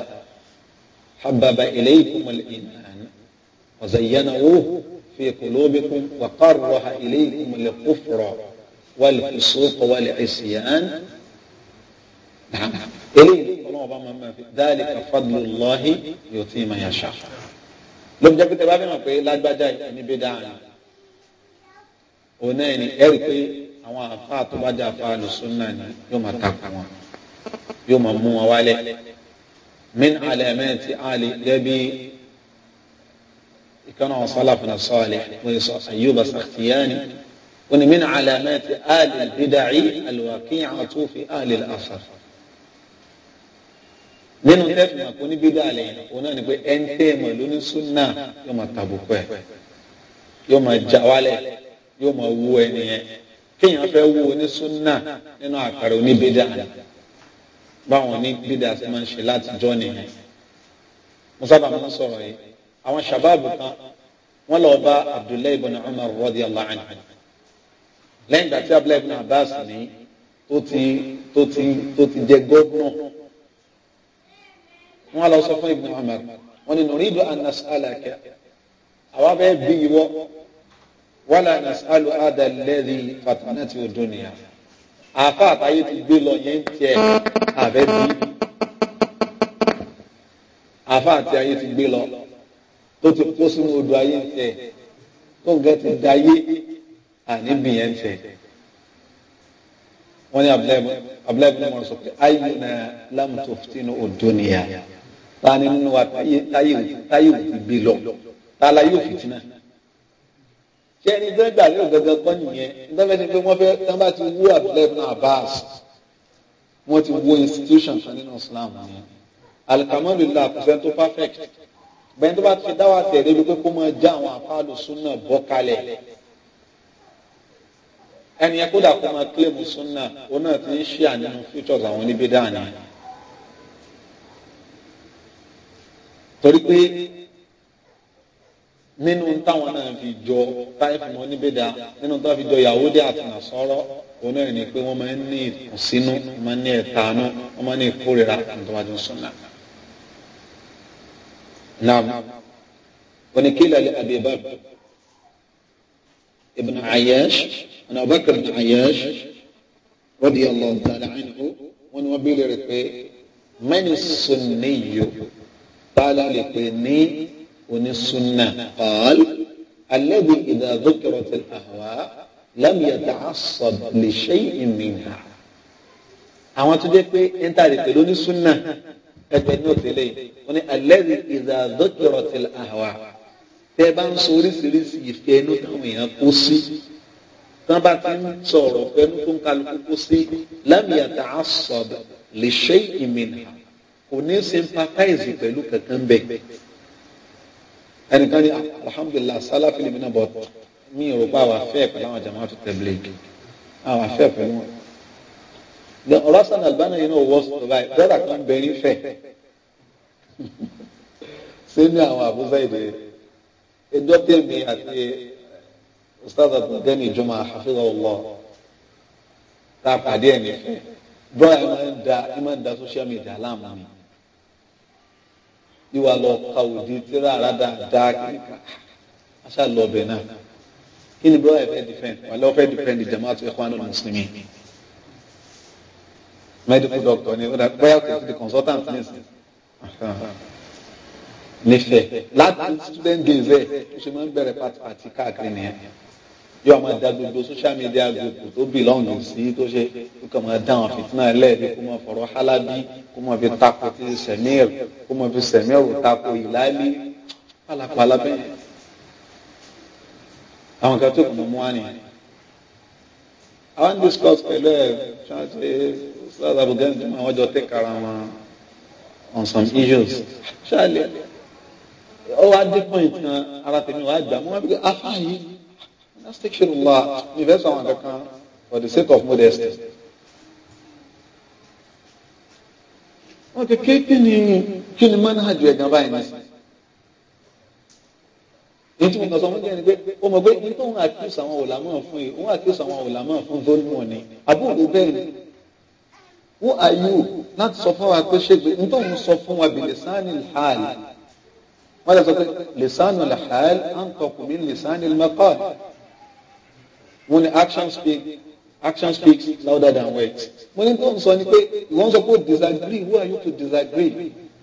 habbaba ilaykumul iman wa zayyanahu. في قلوبكم وقرح إليكم الكفر والفسوق والعصيان نعم ذلك فضل الله يؤتي من يشاء ló fi jẹ́ pé tẹ́lá fi hàn pé lágbájá ẹni bí dáa ni òun náà ni ẹ rí i pé àwọn àfáà tó bá jẹ́ àfáà lùsùn náà ni yóò máa ta kù wọn yóò máa mú wọn wálẹ̀ min alẹ́ mẹ́rin ti àlè gẹ́gẹ́ bíi ìkan náà salafuna salih wọ́n yẹ sọ Ayyub as-Sakhtiyani wọ́n ni min alamati ahli al-bid'ah al-waqi'atu fi ahli al-athar nínú tẹ́fù màkó ní bídà lẹ́yìn òun náà ni pé ẹ̀ ń tẹ́ mọ̀ lóní súnà yóò máa tàbùkù ẹ̀ yóò máa já wálẹ̀ yóò máa wú ẹni yẹn kéèyàn fẹ́ wú oní súnà nínú àkàrà oní bídà báwọn oní bídà ti máa ń ṣe látijọ́ nìyẹn mo sábà máa ń sọ̀rọ̀ yìí àwọn sàbáàbù kan wọ́n lọ bá abdullahi ibn umar radiyallahu anhu lẹ́yìn ìgbà tí abdullahi ibn abbas ní tó ti tó ti tó ti jẹ gọ́ọ̀nà wọ́n lọ sọ fún ibn umar wọ́n ní nuridu an nas'alaka àwa bẹ́ẹ̀ bí ìwọ wala nas'alu ada alladhi fatanati ad àfa àtàyè ti gbé lọ yẹn tiẹ̀ àbẹ́ bí àfa àti ayé ti gbé lọ tó ti kó sínú odò ayé ńtẹ tó ń gẹ́tì dayé àníbì yẹn ńtẹ. wọ́n ní abúlé bí wọ́n sọ pé ayé na lámùtò fìtínú odò nìyà tani nínú wa táyé òfin gbé lọ tala yóò fìtínà ṣé ẹni tó ń gbà lérò gangan kọ́ nìyẹn nítorí ẹni pé wọ́n fẹ́ tán bá ti wú abúlé bí Abbas wọ́n ti wó institution kan nínú Islam nìyẹn alikamadu la kò fẹ́ tó perfect bẹ́ẹ̀ tó bá ti dáwà tẹ̀lé bí pé kó máa já àwọn àfáàlù súnà bọ́ kalẹ̀ ẹni yẹn kódà kó máa kílèmù súnà òun náà ti ń ṣe àníyàn futures àwọn oníbí dáàni. torí pé nínú táwọn náà fi jọ táyé fún wọn níbí dáa nínú táwọn fi jọ Yahudi àti Nasara òun náà ní pé wọ́n máa ń ní ìkùnsínú wọ́n máa ń ní ẹ̀tanú wọ́n máa ń ní ìkórira nítorí wọn ti ń súnà. نعم ونكيل لأبي بكر ابن عياش أنا أبو بكر بن عياش رضي الله تعالى عنه ونوبي لرقي من السني قال لقيني ون قال الذي إذا ذكرت الأهواء لم يتعصب لشيء منها àwọn tó jẹ́ pé ẹntà rè ẹjọ́ ní òtẹlẹ yìí wọn ni alẹ́rì ìdàdókòrò ti àwa tẹ́ bá ń sọ oríṣiríṣi ìfẹ́ inú táwọn èèyàn kó sí tán bá ti ń sọ̀rọ̀ fẹ́nu tó ń kálukú kó sí lámìyàtà àsọ̀b lè ṣe ìmìnà kò ní sympathize pẹ̀lú kankan bẹ́ẹ̀ ẹnìkan ní ah, alhamdulilah sálàfíìlì mi náà bọ̀ mí ò rò pé àwọn afẹ́ pẹ̀lú àwọn jamaatu tabligh àwọn afẹ́ pẹ̀lú wọn then Rassan Albani yìí náà wọ́ sọ̀rọ̀ báyìí brother kan bẹ ní fẹ́ ṣé ní àwọn àbúzá èdè ẹjọ́ tèmi àti ustaz abdulgani ìjọba hafizahullah tá a pàdé ẹ̀ nífẹ̀ẹ́ brother yìí máa ń da yìí máa ń da social media láàmú mi yìí wà lọ ka òdi tíra àràdà dáa kíkà aṣáà lọ ọbẹ̀ náà kí ni brother yìí fẹ́ defend wà lọ́wọ́ fẹ́ defend jama'atu ikhwanul muslimin medical doctor ni ó dà bóyá kò ti di consultant ní ìsìn nífẹ̀ẹ́ láti student days ẹ̀ ó ṣe máa ń bẹ̀rẹ̀ pàtìpàtì káàkiri nìyẹn yóò máa da social media group tó belong sí tó ṣe kó kàn máa dáhùn fìtínà lẹ́ẹ̀dí kó máa fọ̀rọ̀ hálábí kó máa fi tako ti sẹ̀míìr kó máa fi sẹ̀míìr tako ìlálí pálapàla bẹ́ẹ̀. àwọn kan tó kàn mọ́ wá nìyẹn. àwọn discuss pẹ̀lú ẹ̀ ṣáà ṣe é. South African Juma àwọn jọ take ara wọn on some issues. Ṣáàlẹ̀ ọ wá dé point kan ara tèmi wàá gbà mo máa bí afa ah, ah, yìí astaghfirullah ní ìfẹ́ sọ àwọn kankan for the sake of modesty. Wọ́n ti ké kí ni kí ni manhaj ẹ̀gàn báyìí ní èyí tí mo kàn sọ wọn jẹ́ pé ó mọ̀ pé ní àkíyèsí àwọn òlàmọ́ fún yìí òun àkíyèsí àwọn òlàmọ́ fún tó níwọ̀n ni àbúrò bẹ́ẹ̀ ni who are you láti sọ fún wa pé ṣé pé nítorí òun sọ fún wa bí lisani lhal wọ́n lè sọ pé lisani lhal antaku min lisani lmaqal wọ́n ní action speak action speaks louder than words wọ́n ní tó ń sọ ni pé wọ́n sọ pé o disagree who are you to disagree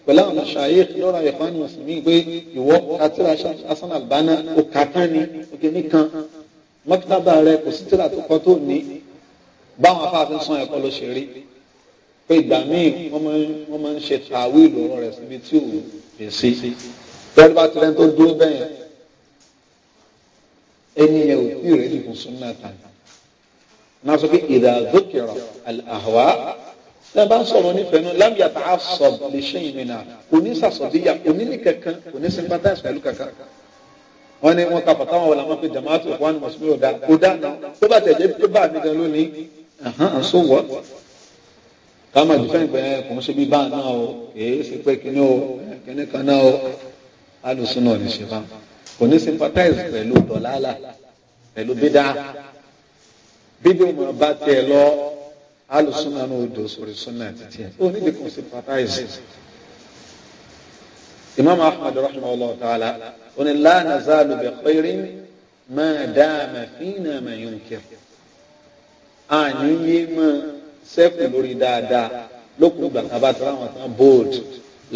pẹ̀lú àwọn aṣàyè lọ́rọ̀ ìfọ́nù mùsùlùmí pé ìwọ kátìrà asan albana o kàtán ni òkè nìkan mọ́kítàbà rẹ kò sí tíra tó kọ́ tó ní báwọn afáàfin sọ ẹ̀kọ́ ló ṣe rí pé ìgbà míì wọ́n máa ń ṣe tàwé ìlòrán rẹ̀ síbi tí ò lè sí lọ́dún bá tilẹ̀ tó dúró bẹ́yẹn ẹni yẹn ò tí ì rẹ́ ìfún súnmọ́ àtàlẹ́ náà sọ pé ìdàgbòkèrò àhùwá náà bá ń sọ̀rọ̀ nífẹ̀ẹ́ náà lábì àtà àsọ̀b lè ṣe ìmìnà onísàsọ̀bíyà onílì kankan onísìmpátáìsì pẹ̀lú kankan wọ́n ní wọ́n ka pàtó àwọn ọ̀làmọ́ pé jamaatu ìfọwọ́n mọ̀sùlùmí ọ̀dà ọ̀dà náà tó bá tẹ̀jẹ́ tó bá mi gan lónìí káma dìfẹ́ǹ pé eh, kò ń ṣe bí báà náà o èyí ṣe pé kíní o eh, kíní kan náà o alùsùn náà ní ṣe bá kò ní sympathize pẹ̀lú dọ̀làlà pẹ̀lú bídà bídà ọmọ bá tiẹ̀ lọ alùsùn náà ní odò sórí súnà títí ẹ̀ ó níbi kò sympathize. imam ahmad rahimahullah ta'ala ó ní la nazalu bi khairin ma dama fina man yunkir àníyé máa sẹ́kù lórí dáadáa lókùn ìgbà tá a bá ti ráwọn tán bold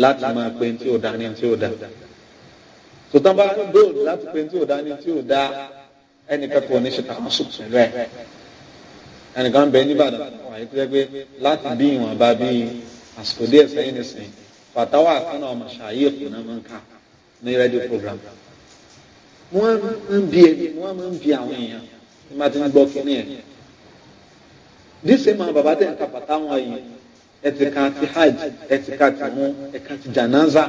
láti máa pe tí ò dá ní tí ò dá sọtàn bá bold láti pe tí ò dá ní tí ò dá ẹnìkan kò ní ṣètò àwọn sùkùn rẹ ẹnìkan bẹ níbàdàn wàyí tó yẹ pé láti bí ìwọ̀n bá bí àsìkò díẹ̀ sẹ́yìn nìsín fàtàwà kan náà màṣà ayé náà máa ń kà ní rédíò program wọ́n ń bi àwọn èèyàn ní ma ti ń gbọ́ kínní ẹ̀ níṣẹ́ máa bàbá tẹ̀ ń ka bàtà wọn yìí ẹ ti ka ti hajj ẹ ti ka ti mú ẹ ka ti jànáza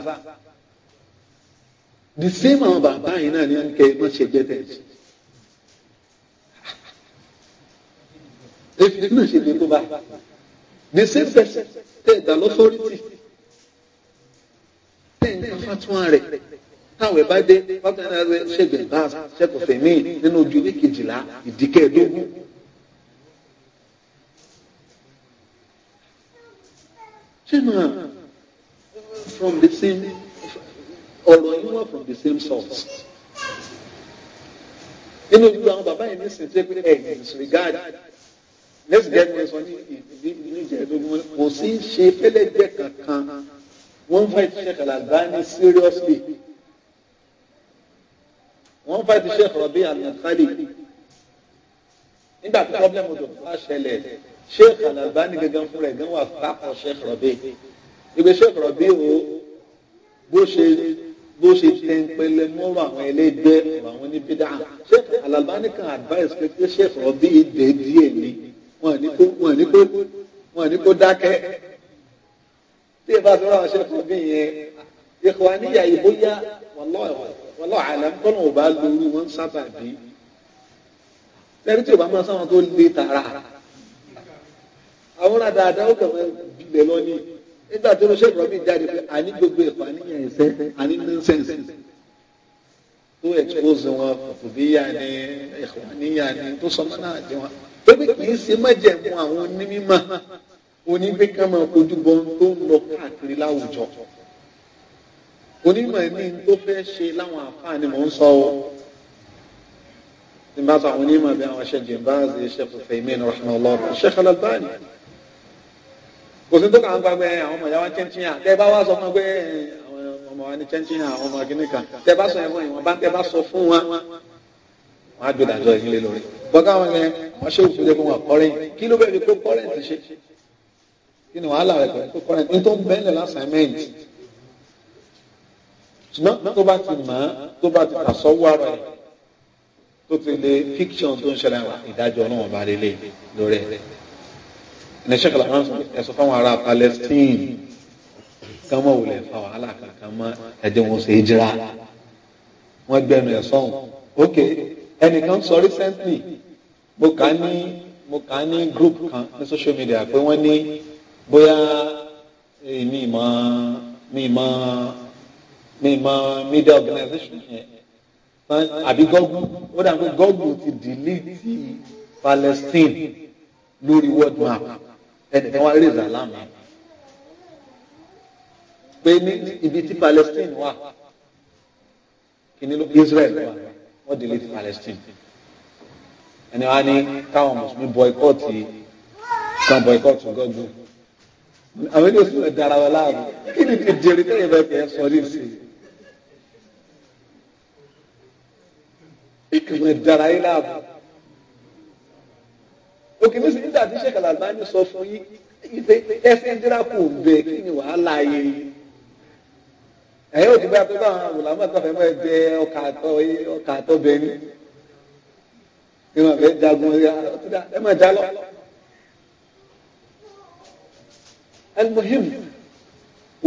níṣẹ́ máa bàbá yìí náà ní kẹ́ ẹ má ṣe jẹ́ tẹ̀ ṣe. efi náà ṣe lè tó bá níṣẹ́ fẹsẹ̀ tẹ̀ dà lọ́sọ́rìtì tẹ̀ ń ka fatuwa rẹ̀ táwọn ẹ̀bá dé bákan náà ṣẹ̀gbẹ̀ bá ṣẹ̀kọ̀fẹ̀ míì nínú ojú ilé kejìlá ìdíkẹ́ẹ̀dógún. ṣìnà from the same ọ̀rọ̀ yìí wọ́n from the same source. nínú gbogbo àwọn bàbá yìí ní sìn tí ẹ disregard eh, let's get this one. ní ìjẹ́dógún kò sí ṣe fẹ́lẹ́jẹ́ kankan wọ́n fà ìṣiṣẹ́ kàlàgbá ní seriously wọ́n fà ìṣiṣẹ́ kọ̀ọ̀bí àlùkálì nígbà tí problem odò bá ṣẹlẹ̀ sheikh Al-Albani gangan fún rẹ̀ gan wà pápọ̀ sheikh rọ̀bì ìgbé sheikh rọ̀bì o bó ṣe bó ṣe tẹ̀ǹpẹ̀lẹ̀ mọ́rọ̀ àwọn ẹlẹ́gbẹ́ àwọn oníbídà sheikh Al-Albani kan advice pé sheikh rọ̀bì dé díẹ̀ ni wọ́n ní kó wọ́n ní kó wọ́n ní kó dákẹ́ tí ìbá tó rà sheikh rọ̀bì yẹn ìkọ̀ àníyà ìbóyá wàlọ́ọ̀ àlàm kọ́nà ò bá lórí wọn sábà bíi lẹ́ni tí ò bá máa sáwọn tó lé tààrà àwọn àdáadáa ó kàn máa bilẹ̀ lọ ní nígbà tó ṣe ìrọ̀bì jáde pé àní gbogbo ẹ̀kọ́ àníyàn ẹ̀sẹ̀ àní nọ́nsẹ̀nsì tó expose wọn fòfòbíyà ni ìhùwàníyà ni tó sọ mọ́ náà jẹ wọn tó bí kì í ṣe mọ́jẹ̀mú àwọn onímọ̀ onígbé máa kojú bọ́n tó ń lọ káàkiri láwùjọ onímọ̀ ní tó fẹ́ ṣe láwọn àfáà ni mò ń sọ ọ́ ní bá sọ àwọn onímọ̀ bí àwọn ṣe jìn báàzì ṣe fòfin ìmí rahimahullah ṣe kọlọ báyìí kò sí tó kà ń gbàgbé àwọn ọmọ ìyá wa chẹ́ńtì yàn tẹ́ bá wá sọ fún pé àwọn ọmọ wa ní chẹ́ńtì yàn àwọn ọmọ kìíní kan tẹ́ bá sọ ẹ̀wọ̀n ìwọ̀n bá tẹ́ bá sọ fún wọn wọn á gbé dàjọ́ yìí lé lórí. bọ́gá wọn ni wọ́n ṣe òfin lẹ́kùn wọn kọ́rin kí ló bẹ́ẹ̀ fi kó kọ́rẹ́ǹtì ṣe kí ni wàhálà rẹ̀ pẹ̀lú kó kọ́rẹ́ǹtì ní tó ń bẹ́ẹ̀ lẹ̀ lásàmẹ́ǹtì ṣùgbọ́n tó bá ti mọ̀ tó bá ti kà sọ́wọ́ ara ẹ̀ tó ti lé fiction tó ń ṣẹlẹ̀ wà ìdájọ́ ọlọ́wọ́n bá lélẹ̀ lórí ẹ̀. ní sẹ́kọ̀lá wọn sọ fáwọn ará Palestine kán mọ̀ wùlẹ̀ fa wàhálà kankan mọ́ ẹ̀jẹ̀ wọn ṣe é jira wọ́n gbẹnu ẹ̀ sọ́hùn. ok ẹnìkan sọ recently mo kà á ní mo kà á ní group kan ní social media pé wọ́n ní bóyá eh, mi ìmọ̀ mi ìmọ̀ mi ìmọ̀ media organization àbí gọ́gù ó dàgbé gọ́gù ti dìlítì Palestine lórí world map ẹnìkan wá rèézà lánàá pé ní ibi tí Palestine wà kìíní ló Israel wà wọ́n dìlítì Palestine ẹni wá ní káwọn mùsùlùmí boycott kan boycott gọ́gù àwọn ènìyàn sọ̀rọ̀ dára wọn láàrú kí ni kejì erékẹ́yẹ bẹ́ẹ̀ kẹ́ sọ ní ìsìn. ìmọ̀ ìdára yín láàbù. òkè ní sèyí dàbí ṣe kàlàbá ní sọ fún yín ẹsẹ̀ ìdíra kò bẹ kí ni wàhálà yẹ yín. ẹ̀yẹ́ òdìbò àti báwọn àwòlámọ̀ tó fẹ́ mọ́ ẹ jẹ ọkà àtọ́ ọkà àtọ́ bẹ ní. ìmọ̀ fẹ́ jagun ẹ máa jalọ. ẹlòmíhìm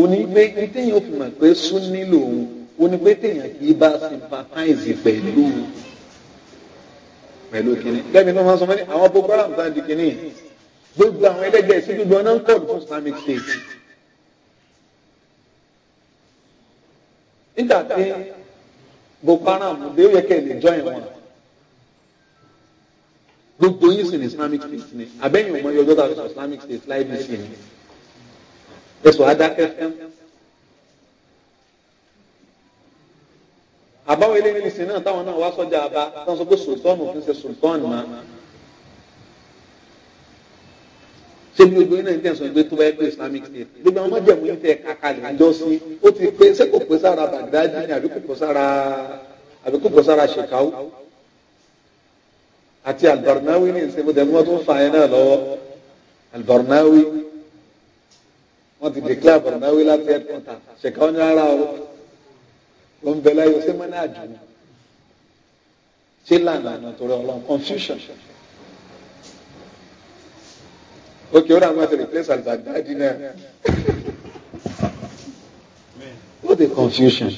òní pé téèyàn fi mọ̀ pé sún nílò òun òní pé téèyàn kì í sympathize pẹ̀lú pẹ̀lú kínní lẹ́mi tó máa ń sọ mọ́ni àwọn boko haram tá di kínní gbogbo àwọn ẹlẹ́gbẹ́ sí gbogbo ọ̀nà ń kọ́ọ̀dù fún Islamic State. nígbà tí boko haram dé ó yẹ kẹ́ ẹ̀ lè join wọn gbogbo yín sì ní Islamic State ni abẹ́yìn ọmọ yọjọ́ tàbí Islamic State láì bí sí ni ẹ̀sùn adákẹ́kẹ́ àbáwọ̀ ilé ní ìsìn náà táwọn náà wá sọ́jà àbá táwọn sọ pé sultanu fi ń ṣe sultanu máa ṣé bí gbogbo iná ìtẹ̀sán ìgbé tó bá yẹ pé islamic state gbogbo àwọn májèmú yìí tẹ̀ kàkà lè ń jọ sí ó ti pé ṣé kò pé sára Baghdad ni àbí kò pé sára àbí kò pé sára Shekau àti Al-Barnawi ní ìsìn mo tẹ̀mú wọn tó ń fa yẹn náà lọ́wọ́ Al-Barnawi wọ́n ti declare Al-Barnawi láti headquarter Shekau ní ara ọ̀rọ̀ ló ń bẹ láyé ṣé mọ́nà àjò ni ṣé lànà torí ọlọ́run confusion. ok ó náà máa ti replace al-Baghdadi náà (laughs) ó di confusion.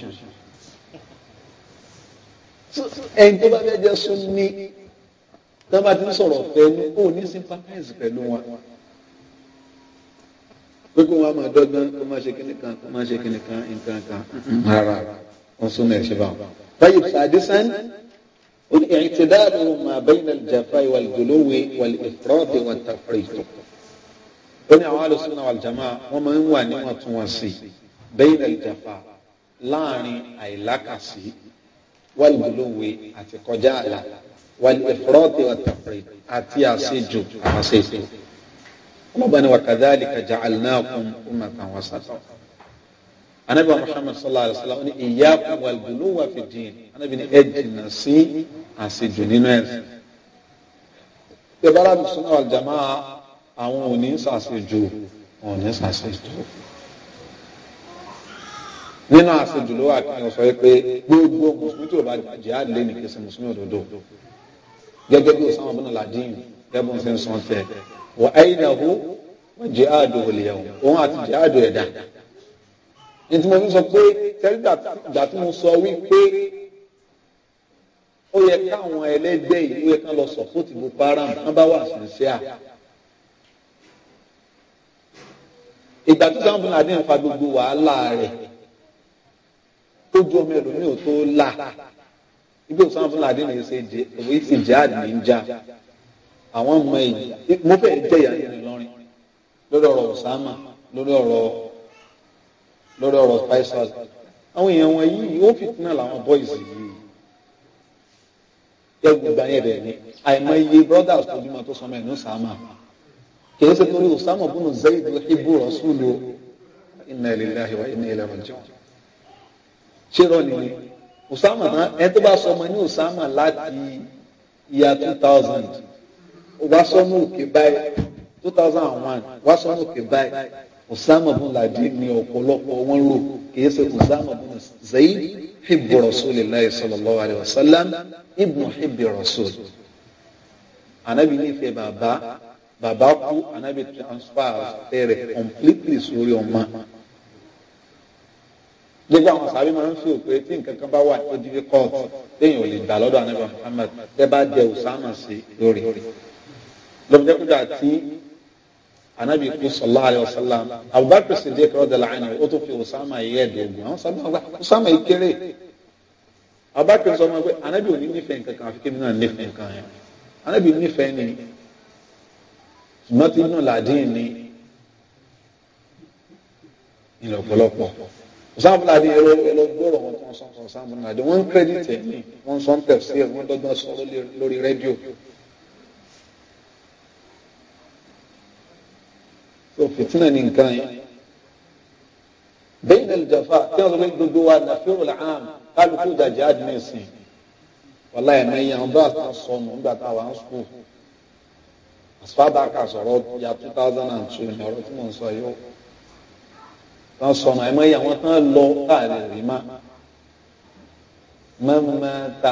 ẹni tó bá fẹ́ jẹ́ sún ní tó bá ti ń sọ̀rọ̀ pẹ̀lú ó ní sympathize pẹ̀lú wọn gbogbo wa máa dọ́gbọ́n kó máa ṣe kíni kan kó máa ṣe kíni kan nǹkan kan rárá. انصرنا يا شباب طيب سادسا الاعتدال ما بين الجفاء والجلو والإفراط والتفريط قلنا أهل السنة والجماعة وما هو نعمة وسي بين الجفاء لاني أي لاكاسي والجلو اتكوجالا والإفراط والتفريط أتي أسيجو أسيجو وكذلك جعلناكم أمة وسطا anabi wa muhammad sallallahu alaihi wa sallam ni iyyakum wal ghuluwa fi din anabi ni ẹ jìnnà sí àṣejù nínú ẹ̀sìn ìbára sunna wal jamaa àwọn ò ní ṣàṣejù wọn ò ní ṣàṣejù nínú àṣejù ló wà kí wọn sọ pé gbogbo mùsùlùmí tí o bá jihad lé ní kìsì mùsùlùmí òdodo gẹ́gẹ́ bí Osama bin Laden ẹbùn sí ń sọ tẹ wọ ayinahu wọ jihad òwòlẹyàwó òun àti jihad ẹdá ní tí mo fi sọ pé tẹ́lifígbà tí mo sọ wípé ó yẹ káwọn ẹlẹ́gbẹ́ yìí ó yẹ ká lọ sọ fún tìbú param wọn bá wà sínsẹ́ à. ìgbà tó sáwọn fúnra dín fa gbogbo wàhálà rẹ̀ tó ju ọmọ ẹlòmíì ò tó là ibi òsáwọn fúnra dín ní ṣe jẹ òwe sì jẹ àdìní ń jà àwọn ọmọ ẹ̀yìn mo fẹ́ jẹ̀yà nínú Ìlọrin lórí ọ̀rọ̀ Osama lórí ọ̀rọ̀ lórí ọ̀rọ̀ spicers àwọn èèyàn wọn yìí ó fìtínà làwọn boys yìí ẹgbẹ́ ìgbà yẹn bẹ́ẹ̀ ni àìmọ̀ iye brothers tó bímọ tó sọmọ ẹ̀ ní sàmà kì í ṣe torí Usama bunu Zaid ibu rasulu inna lillahi wa inna ilaihi raji'un ṣé rọ nìyẹn Usama náà ẹ tó bá sọmọ ní Usama láti year two thousand wá sọmọ òkè báyìí two thousand and one wá sọmọ òkè báyìí. Usama bin Laden ni ọ̀pọ̀lọpọ̀ wọn rò kìí ṣe Usama bin Zayd hibbu rasulillahi sallallahu alayhi wa sallam ibnu hibbi rasul anabi nífẹ̀ẹ́ bàbá bàbá kú anabi transfer tẹ̀rẹ̀ completely sórí ọmọ gbogbo àwọn sàbí máa ń fi òpè tí nǹkan kan bá wà tó di court téèyàn ò lè gbà lọ́dọ̀ anabi muhammad tẹ́ bá jẹ Usama sí lórí lọ́mọdékúndà tí anabi kú sallallahu alayhi wa sallam abubakar siddiq radiyallahu anhu ó tún fi usama yẹ ẹdógún àwọn sábà gba usama yìí kéré abubakar sọ ma pé anabi ò ní nífẹ̀ẹ́ nǹkan kan àfi kí nínú nífẹ̀ẹ́ nǹkan yẹn anabi nífẹ̀ẹ́ ni ṣùgbọ́n tí inú làdín ni ilẹ̀ ọ̀pọ̀lọpọ̀ usama bin ladin ẹ̀rọ ẹ̀rọ gbọ́rọ̀ wọn tó ń sọ usama bin ladin wọ́n ń kírẹ́dìtì ẹ̀ wọ́n ń sọ ń tẹ̀sí ẹ̀ wọ́n dọ́gbọ́n sọ lórí rédíò so fìtínà ní nǹkan yẹn bẹ́ẹ̀ ní ìjọba tí wọ́n sọ pé gbogbo wa nàfẹ́ ọ̀làhàn kálukú dàjà àdínẹ́sìn wàláyé mẹ́yìn àwọn bá a sọnù nígbà tá a wà ń sùkúl asfabaka sọ̀rọ̀ ya two thousand and two ní ọ̀rọ̀ tí mo ń sọ yìí ó tán sọnù ẹ̀mọ́ yìí àwọn tán lọ káàlì rí mẹ́mẹ́ta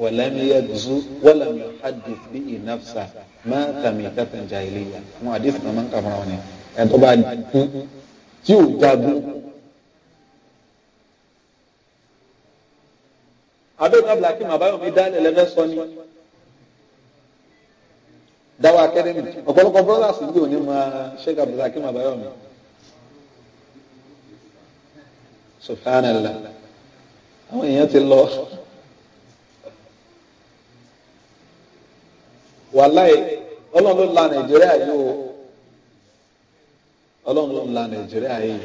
ولم يجزو ولم يحدث به نفسه مات ميتة جاهلية مو حديث كمان كمروني ẹn tó bá kú tí ò jagun abẹ́ẹ̀ká blaki màbáyọ̀ mi dá ẹlẹ́fẹ́ sọ ni dáwọ́ akẹ́dẹ́mì ọ̀pọ̀lọpọ̀ brothers ní òní máa ṣẹ́gà blaki màbáyọ̀ mi subhanallah àwọn èèyàn ti lọ. wàláì ọlọ́run ló la nàìjíríà yìí o ọlọ́run ló la nàìjíríà yìí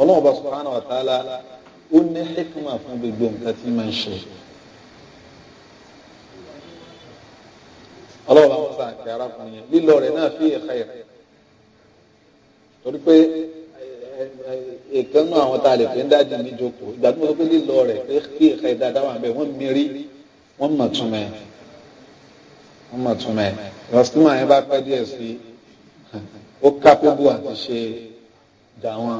ọlọ́run bá subhanahu wa ta'ala ó ní hikma fún gbogbo nǹkan tí máa ń ṣe. ọlọ́run àwọn sàn kí arákùnrin yẹn lílọ rẹ̀ náà fi ìka ìrẹ̀ torí pé ìkànnù àwọn tá a lè fi ń dájú mi jókòó ìgbà tí mo sọ pé lílọ rẹ̀ pé kí ìka ìdáadáa wà bẹ́ẹ̀ wọ́n mi wọ́n mọ̀ tún wọ́n mọ̀ tún mẹ́ rọ́símà yẹn bá pẹ́ díẹ̀ sí ó kápẹ́bù àti ṣe dàwọn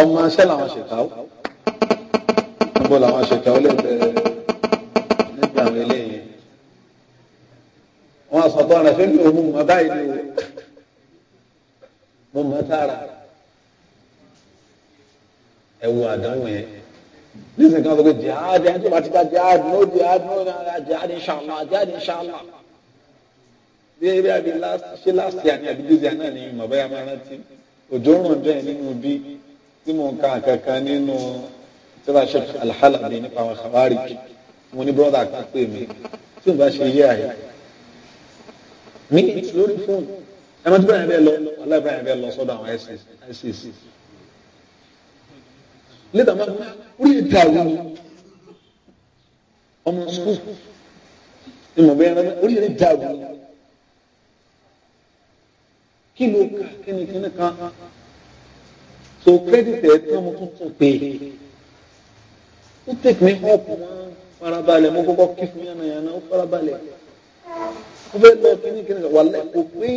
ọmọ iṣẹ́ làwọn ṣèkáwó níbo làwọn ṣèkáwó lè bẹ̀rẹ̀ nígbà àwọn eléyìí wọ́n àsọ̀tọ̀ rẹ̀ ṣé mi ò mú mọ́ báyìí ni mo mọ́ sára ẹ̀wù àdánwò yẹn nísìnyí kan sọ pé jihad ẹni tó bá ti gba jihad no jihad no jihad inshallah jihad inshallah bí ebi abi last ṣe last year ni abi this year náà ni mo bá yà máa rántí òjò ń ràn bẹ́ẹ̀ nínú bí tí mo ka kankan nínú tíra sheikh alhalabi nípa àwọn khawarij mo ní brother kan pè mí tí mo bá ṣe yé àyè mi lórí fóònù ẹ máa tún bẹ́ẹ̀ bẹ́ẹ̀ lọ ọ̀la ìbáyà bẹ́ẹ̀ lọ sọ́dọ̀ àwọn icc later ma read taawu ọmọ sukuu ni mo bẹ́ẹ̀ rẹ orí rẹ dàrú kí ló ka kẹ́nìkẹ́nì kan so credit ẹ̀ tán mo tún tún pè é ó take me up wọ́n farabalẹ̀ mo kọ́kọ́ kí fún yànnà yànnà ó farabalẹ̀ ó fẹ́ lọ kẹ́nìkẹ́nì kan wà lẹ́kọ̀ọ́ pé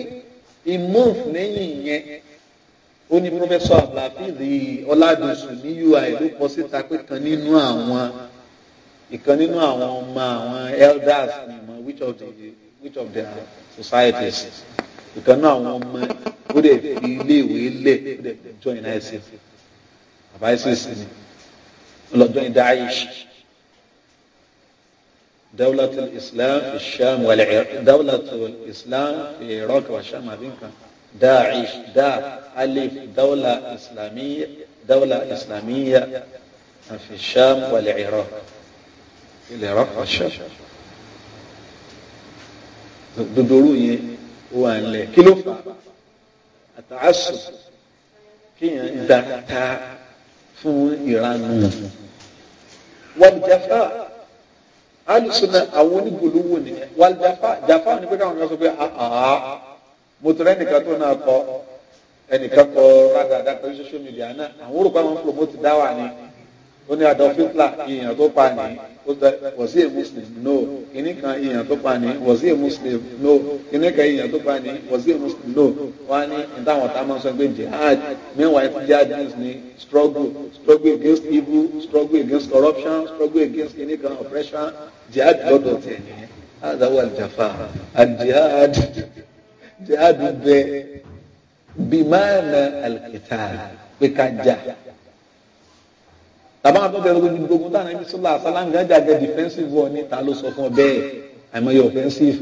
a month lẹ́yìn yẹn ó ní pọ́fẹ́sọ̀ abdulhafiz ọ̀làdùnsùn ní ui ló kọ síta pé kan nínú àwọn ìkan nínú àwọn ọmọ àwọn elders ni mo which of the which of the societies ìkan nínú àwọn ọmọ ó dẹ̀ fi iléèwé lẹ̀ ó dẹ̀ fi join isis àbá isis ni ọlọ́jọ́ ní dawlat islam fi sham dawlat islam iraq wa sham àbí nǹkan Daesh ألف دولة إسلامية دولة إسلامية في الشام والعراق العراق والشام dodoro yẹn wà lẹ kí ló fà àtàásù kéèyàn dáta fún ìranù wàlùjáfà alùsùnà àwọn onígbòlówó nìyẹn wàlùjáfà jàfà ni pé káwọn kan sọ pé àhà mọtò rẹ nìkan tó náà kọ ẹnìkan kọ rádàdà pẹ̀lú social media náà àwọn òrùka wọn promote dáwà ni ó ní adolf hitler ìyàn tó pa ní was he a muslim no kìnnì kan ìyàn tó pa ní was he a muslim no kìnnì kan ìyàn tó pa ní was he muslim no wọn á ní ìtàwọn tá máa ń sọ pé jihad meanwhile jihad means ni struggle struggle against evil struggle against corruption struggle against kìnnì kan oppression jihad gbọ́dọ̀ tẹ ní adáwọ aljafa aljihad jihad jihad bẹ bimana alikitaa pé ká jà tàbá àwọn akọ́bẹ̀rẹ̀ ogun gbogbo táwọn ẹbí sọ́lá àsálà ń gájà gẹ defensive war níta ló sọ fún ọ bẹ́ẹ̀ àìmọye offensive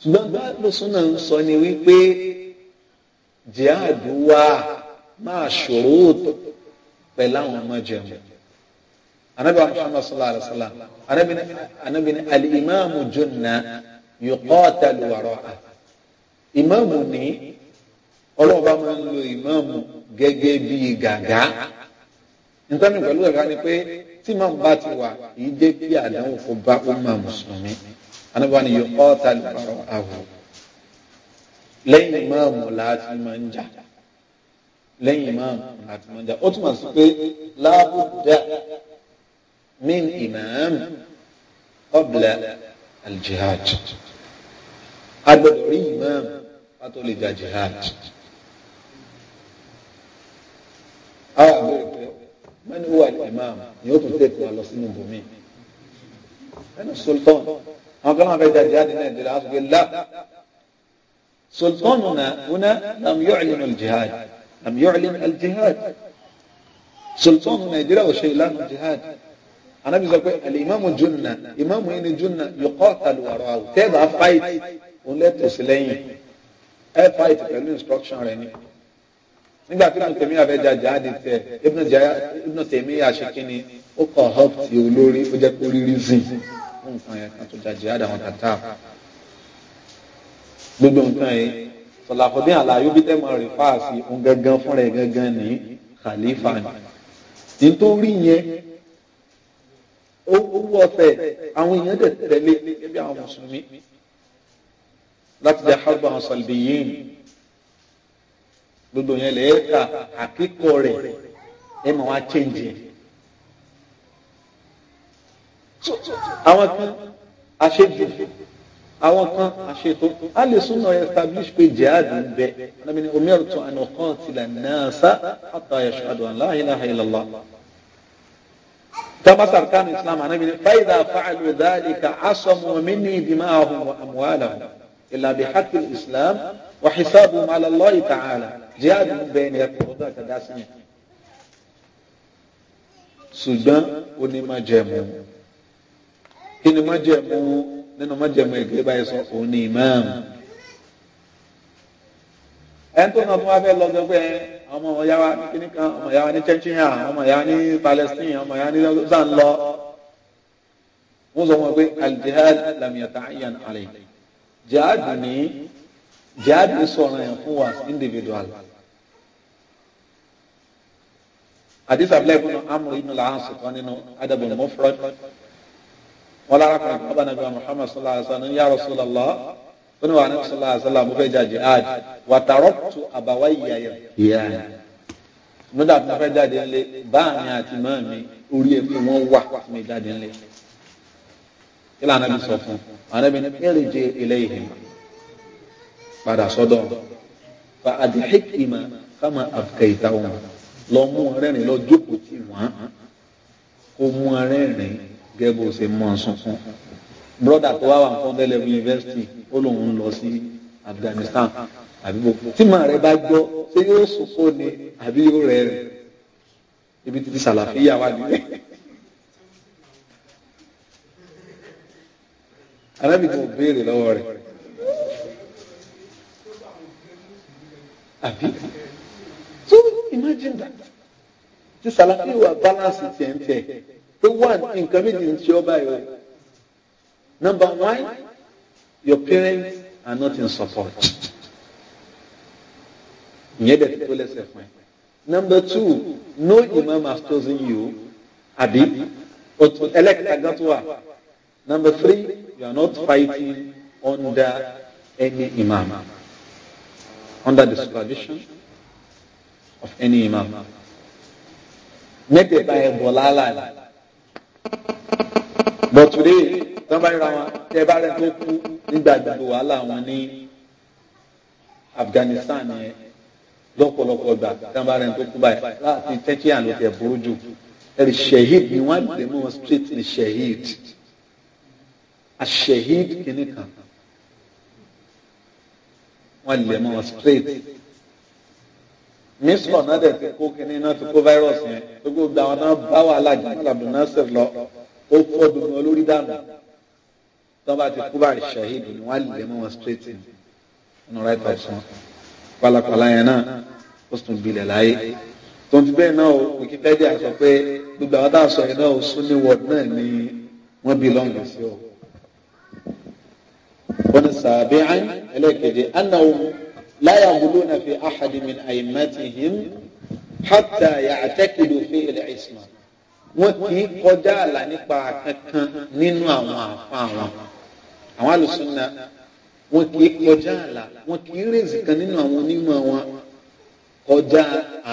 ṣùgbọ́n bá lóṣù náà ń sọ ni wípé jihad wa máa ṣòro pẹ̀lú àwọn ọmọ jẹun anabi wa muhammad sallallahu alaihi wa sallam anabi ni alimami junna yuqatalu wara'a ìmáàmù ní ọlọ́ọ̀bá máa ń lo ìmáàmù gẹ́gẹ́ bí gàgá nítorí pẹ̀lú gàgá ni pé tí ìmáàmù bá ti wà yìí dé bí àdánwò fún bá ó máa mùsùlùmí anábàáni yóò kọ́ ọ́ ta lè parọ́ àwọ̀ lẹ́yìn ìmáàmù láti máa ń jà lẹ́yìn ìmáàmù láti máa ń jà ó túmọ̀ sí pé láàbùdá min ìmáàmù qabla al-jihad rí ìmáàmù. أطول إذا جهاد أو من هو الإمام يوتو تيكو الله سنو بومي أنا السلطان أقرأ بإذا جهاد الدراسة يقول لا سلطاننا هنا لم يعلن الجهاد لم يعلن الجهاد سلطاننا يدرأ شيء لا الجهاد أنا لك الإمام الجنة إمام هنا الجنة يقاتل وراه تضع فايت ولا تسلين ẹ fight pẹ̀lú instruction rẹ ni nígbà tí ibùdó tèmi àfẹ́ jàjà á di tẹ ibùdó tèmi àṣekínni ó kọ help ti olórí ó jẹ́ kó rírí zin nǹkan yẹn kan tó jàjà á dàwọn tàtà gbogbo nǹkan yẹn sọlàfọdé àlàyé bí tẹ́ máa rí fáàsì òun gangan fúnra ẹ̀ gangan ní khalifa ni nítorí yẹn owó ọ̀fẹ́ àwọn èèyàn tẹ̀lé ẹbí àwọn mùsùlùmí láti jẹ́ harba àwọn sọ̀lbìyìn gbogbo yẹn lè ka àkíkọ rẹ̀ ẹ̀ mọ̀ wá chẹ́ǹjì ẹ̀. àwọn kan àṣejù àwọn kan àṣetò a lè súnà establish pé jihad ń bẹ nàbìnrin omi ọ̀tún àná kan tilẹ̀ náà sá àtàyà ṣàdùn aláìláha ìlàlá. كما أركان الإسلام عن فإذا فعلوا ذلك عصموا مني دماءهم وأموالهم إلا بحق الإسلام وحسابهم على الله تعالى جهاد بين يقرضا كداسنا سودان وني ما جمو إن ما جمو nínú mọ́jẹ̀mú ìgbé báyìí sọ òun ni ìmáàmù. ẹni tó náà tó wá fẹ́ lọ sọ pé ọmọ ọ̀yá wa ní kíní kan ọmọ ọ̀yá wa ní chechnya ọmọ ọ̀yá ní Palestine ọmọ ọ̀yá ní zan lọ. wọ́n sọ wọn pé al-jihad lam yata'ayyan alayhi jihad ní jihad sọ̀rọ̀ yẹn fún wa individual. hadith abdullahi ibn amr ibn al-as kan nínú adabul mufrad wọn lára kan kaba nabi muhammad sallallahu alaihi wa sallam ya rasulallah wọn ni wa anabi sallallahu alaihi wa sallam mo fẹ́ jà jihad wa taraktu abawayya yẹn nígbà tí mo fẹ́ jáde ńlẹ̀ báàmì àti màmí orí ẹ̀fọ́ wọn wà tí mo jáde ńlẹ̀ kí lànà bí sọ fún ànábi ní ẹrìjẹ ilayhim padà sọ́dọ̀ fa adhikima kama afkaytahum lọ mú rẹ́rìn lọ jókòó tì wọ́n kó mú rẹ́rìn gẹ́gẹ́ bó ṣe mọ́ sunkún broda tó wá wà fún délé yunifásitì ó lóun lọ sí Afghanistan àbíbò tí màá rẹ bá gbọ́ ṣé yóò sunkún ni àbí yóò rẹ́rìn ibi tí sàlàfíà wà nílẹ̀. arábì kan béèrè lọ́wọ́ rẹ̀ àbí so imagine that ti sàlàfí wa balance tiẹ̀ ń tẹ̀ pé one nǹkan méjì ń ṣe ọ́ báyọ̀ number one your parents are not in support ìyẹn dẹ̀ tó lẹ́sẹ̀ fún ẹ number two no imam has chosen you àbí ẹlẹ́kẹ̀ta gan tó wà number three you are not fighting under any imam, under the supervision of any imam. Mẹ́tẹ̀ẹ̀ta ẹ̀bọ̀ a ni. But today, somebody bá ríra wọn, tẹ́ bá rẹ̀ tó kú nígbà gbogbo wàhálà wọn ní Afghanistan yẹn lọ́pọ̀lọpọ̀ gbà tán bá rẹ̀ tó kú báyìí láti tẹ́kíyàn ló tẹ̀ burú jù. Ẹ̀rì ṣẹ̀híd ni wọ́n á dẹ̀ mọ́ wọn ni ṣẹ̀híd asehid kìíní kan wọ́n lè mọ́ straight mísọ̀ náà dẹ̀ ti kó kìíní náà ti kó virus yẹn gbogbo àwọn náà bá wàhálà jùlọ Abdul Nasir lọ ó fọ́ dùnú olórí dànù tí wọ́n bá ti kú báyìí asehid ni wọ́n lè mọ́ straight nínú right of sun pàlàpàlà yẹn náà ó sùn gbilẹ̀ láyé tontu bẹ́ẹ̀ náà o Wikipedia sọ pé gbogbo àwọn tá a sọ yẹn náà o sunni word náà ni wọ́n bí lọ́ngì sí o wọn sàbẹ̀ẹ́ ẹlẹ́kẹ̀dé anáwó láyà wúlò náà fi àhàdì mi àyèmátìhìm hátà yàtẹ́kìlò fi ilẹ̀ ìsìnà wọn kì í kọjá àlà nípa kankan nínú àwọn àfa wọn àwọn alùsùnà wọn kì í kọjá àlà wọn kì í rèzì kan nínú àwọn onímọ̀ wọn kọjá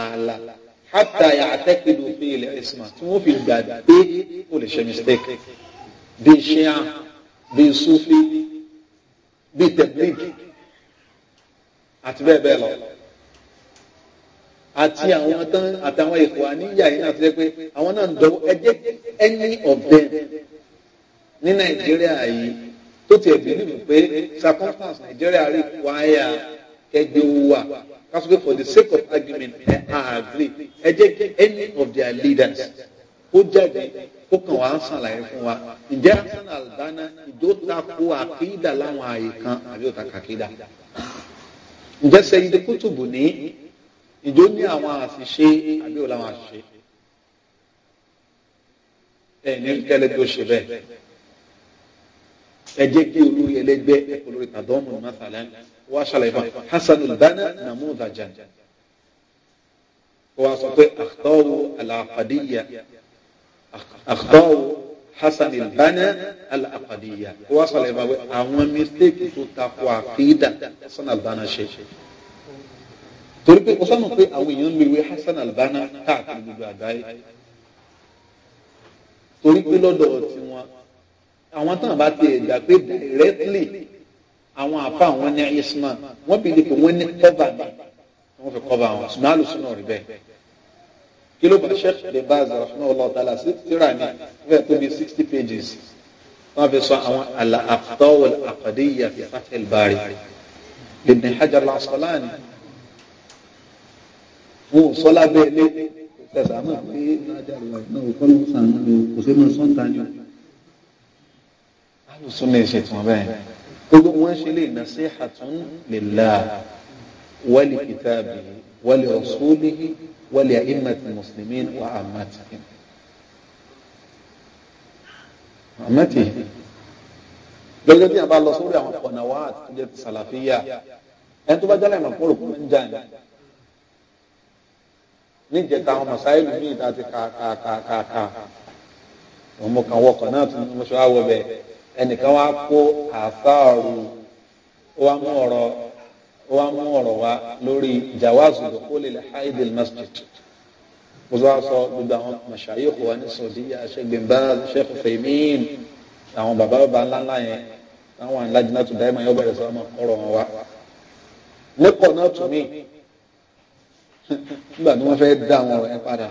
àlà hátà yàtẹ́kìlò fi ilẹ̀ ìsìnà tí wọ́n fi gbà pé ó lè ṣe mistake bí sufi bíi tẹ̀blíg àti bẹ́ẹ̀ bẹ́ẹ̀ lọ àti àwọn tán àtàwọn èkó àníyà yìí náà ti rẹ pé àwọn náà ń dọwọ́ ẹ jẹ́ any of them ní nàìjíríà yìí tó tiẹ̀ bìlíìfù pé circumstance nàìjíríà rí kwaya kẹgbẹ́ wà kásìkò for the sake of argument I agree ẹ jẹ́ any of their leaders ó jáde kó kàn wá ṣàlàyé fún wa ǹjẹ́ Hasan al-Banna ìdótakò àkídà láwọn ààyè kan àbí òtakà àkídà ǹjẹ́ Sayyid Kutubu ní ìjó ní àwọn àṣìṣe àbí ò láwọn àṣìṣe ẹ ní kẹlẹ bí ó ṣe bẹ́ẹ̀ ẹ jẹ́ kí olórí ẹlẹgbẹ́ olórí tàdánù mọ́sálẹ́ wá ṣàlàyé fún Hasan al-Banna namudhajan wọ́n sọ pé akhtau al àkọ́ hasan al-banna al-aqadiyya ó wá sọ̀rọ̀ ìbáwẹ́ àwọn mistake tó takò àkídà hasan al-banna ṣe torí pé kò sọ́nà pé àwọn èèyàn ń lo ìwé hasan al-banna káàkiri gbogbo àgbáyé torí pé lọ́dọ̀ tiwọn àwọn tán bá ti ẹ̀dá pé directly àwọn àfa àwọn ní isma wọ́n bìlì pé wọ́n ní cover ni wọ́n fi cover àwọn sùnmọ́ àlùsùn náà kí ló bá sheikh lè bá azara fún ọlọ́ ọ̀tàlá sí tíra ní fẹ́ tó bí sixty pages wọ́n fi sọ àwọn àlà àfọwọ́l àkàdéyà fi fathil bari ibn hajar al-asqalani wọn ò lé tẹ̀sán àmọ́ pé nájà rẹ̀ náà ò kọ́lọ́ gbogbo wọn ṣe lè nasihatun lillah. ولكتابه ولرسوله ولأئمة المسلمين وأمتهم أمتهم gẹ́gẹ́ bí àbá lọ sórí àwọn ọ̀nàwá àti jẹ́ sàlàfíà ẹni tó bá jálẹ̀ ìmọ̀ kúrò kúrò ń jà ní. níjẹta àwọn mọ̀sáìlì míì tá a ti kàkàkàkà ọmọ kan wọkọ̀ náà tún mọ̀ṣọ́ àwọ̀ bẹ́ẹ̀ ẹnìkan wá kó àfáàrù ó mú ọ̀rọ̀ ó wá mú ọ̀rọ̀ wa lórí jawazu dukhul al-haid al-masjid mo tún wá sọ gbogbo àwọn mashayikh wa ní Saudiya Sheikh bin Baz Sheikh Faymin àwọn bàbá bàbá ńlá ńlá yẹn àwọn àńlájìnà tó dáìmọ̀ yóò bẹ̀rẹ̀ sọ́mọ ọ̀rọ̀ wọn wa lẹ́pọ̀ náà tún mí (laughs) nígbà tí wọ́n fẹ́ dá àwọn ọ̀rọ̀ yẹn padà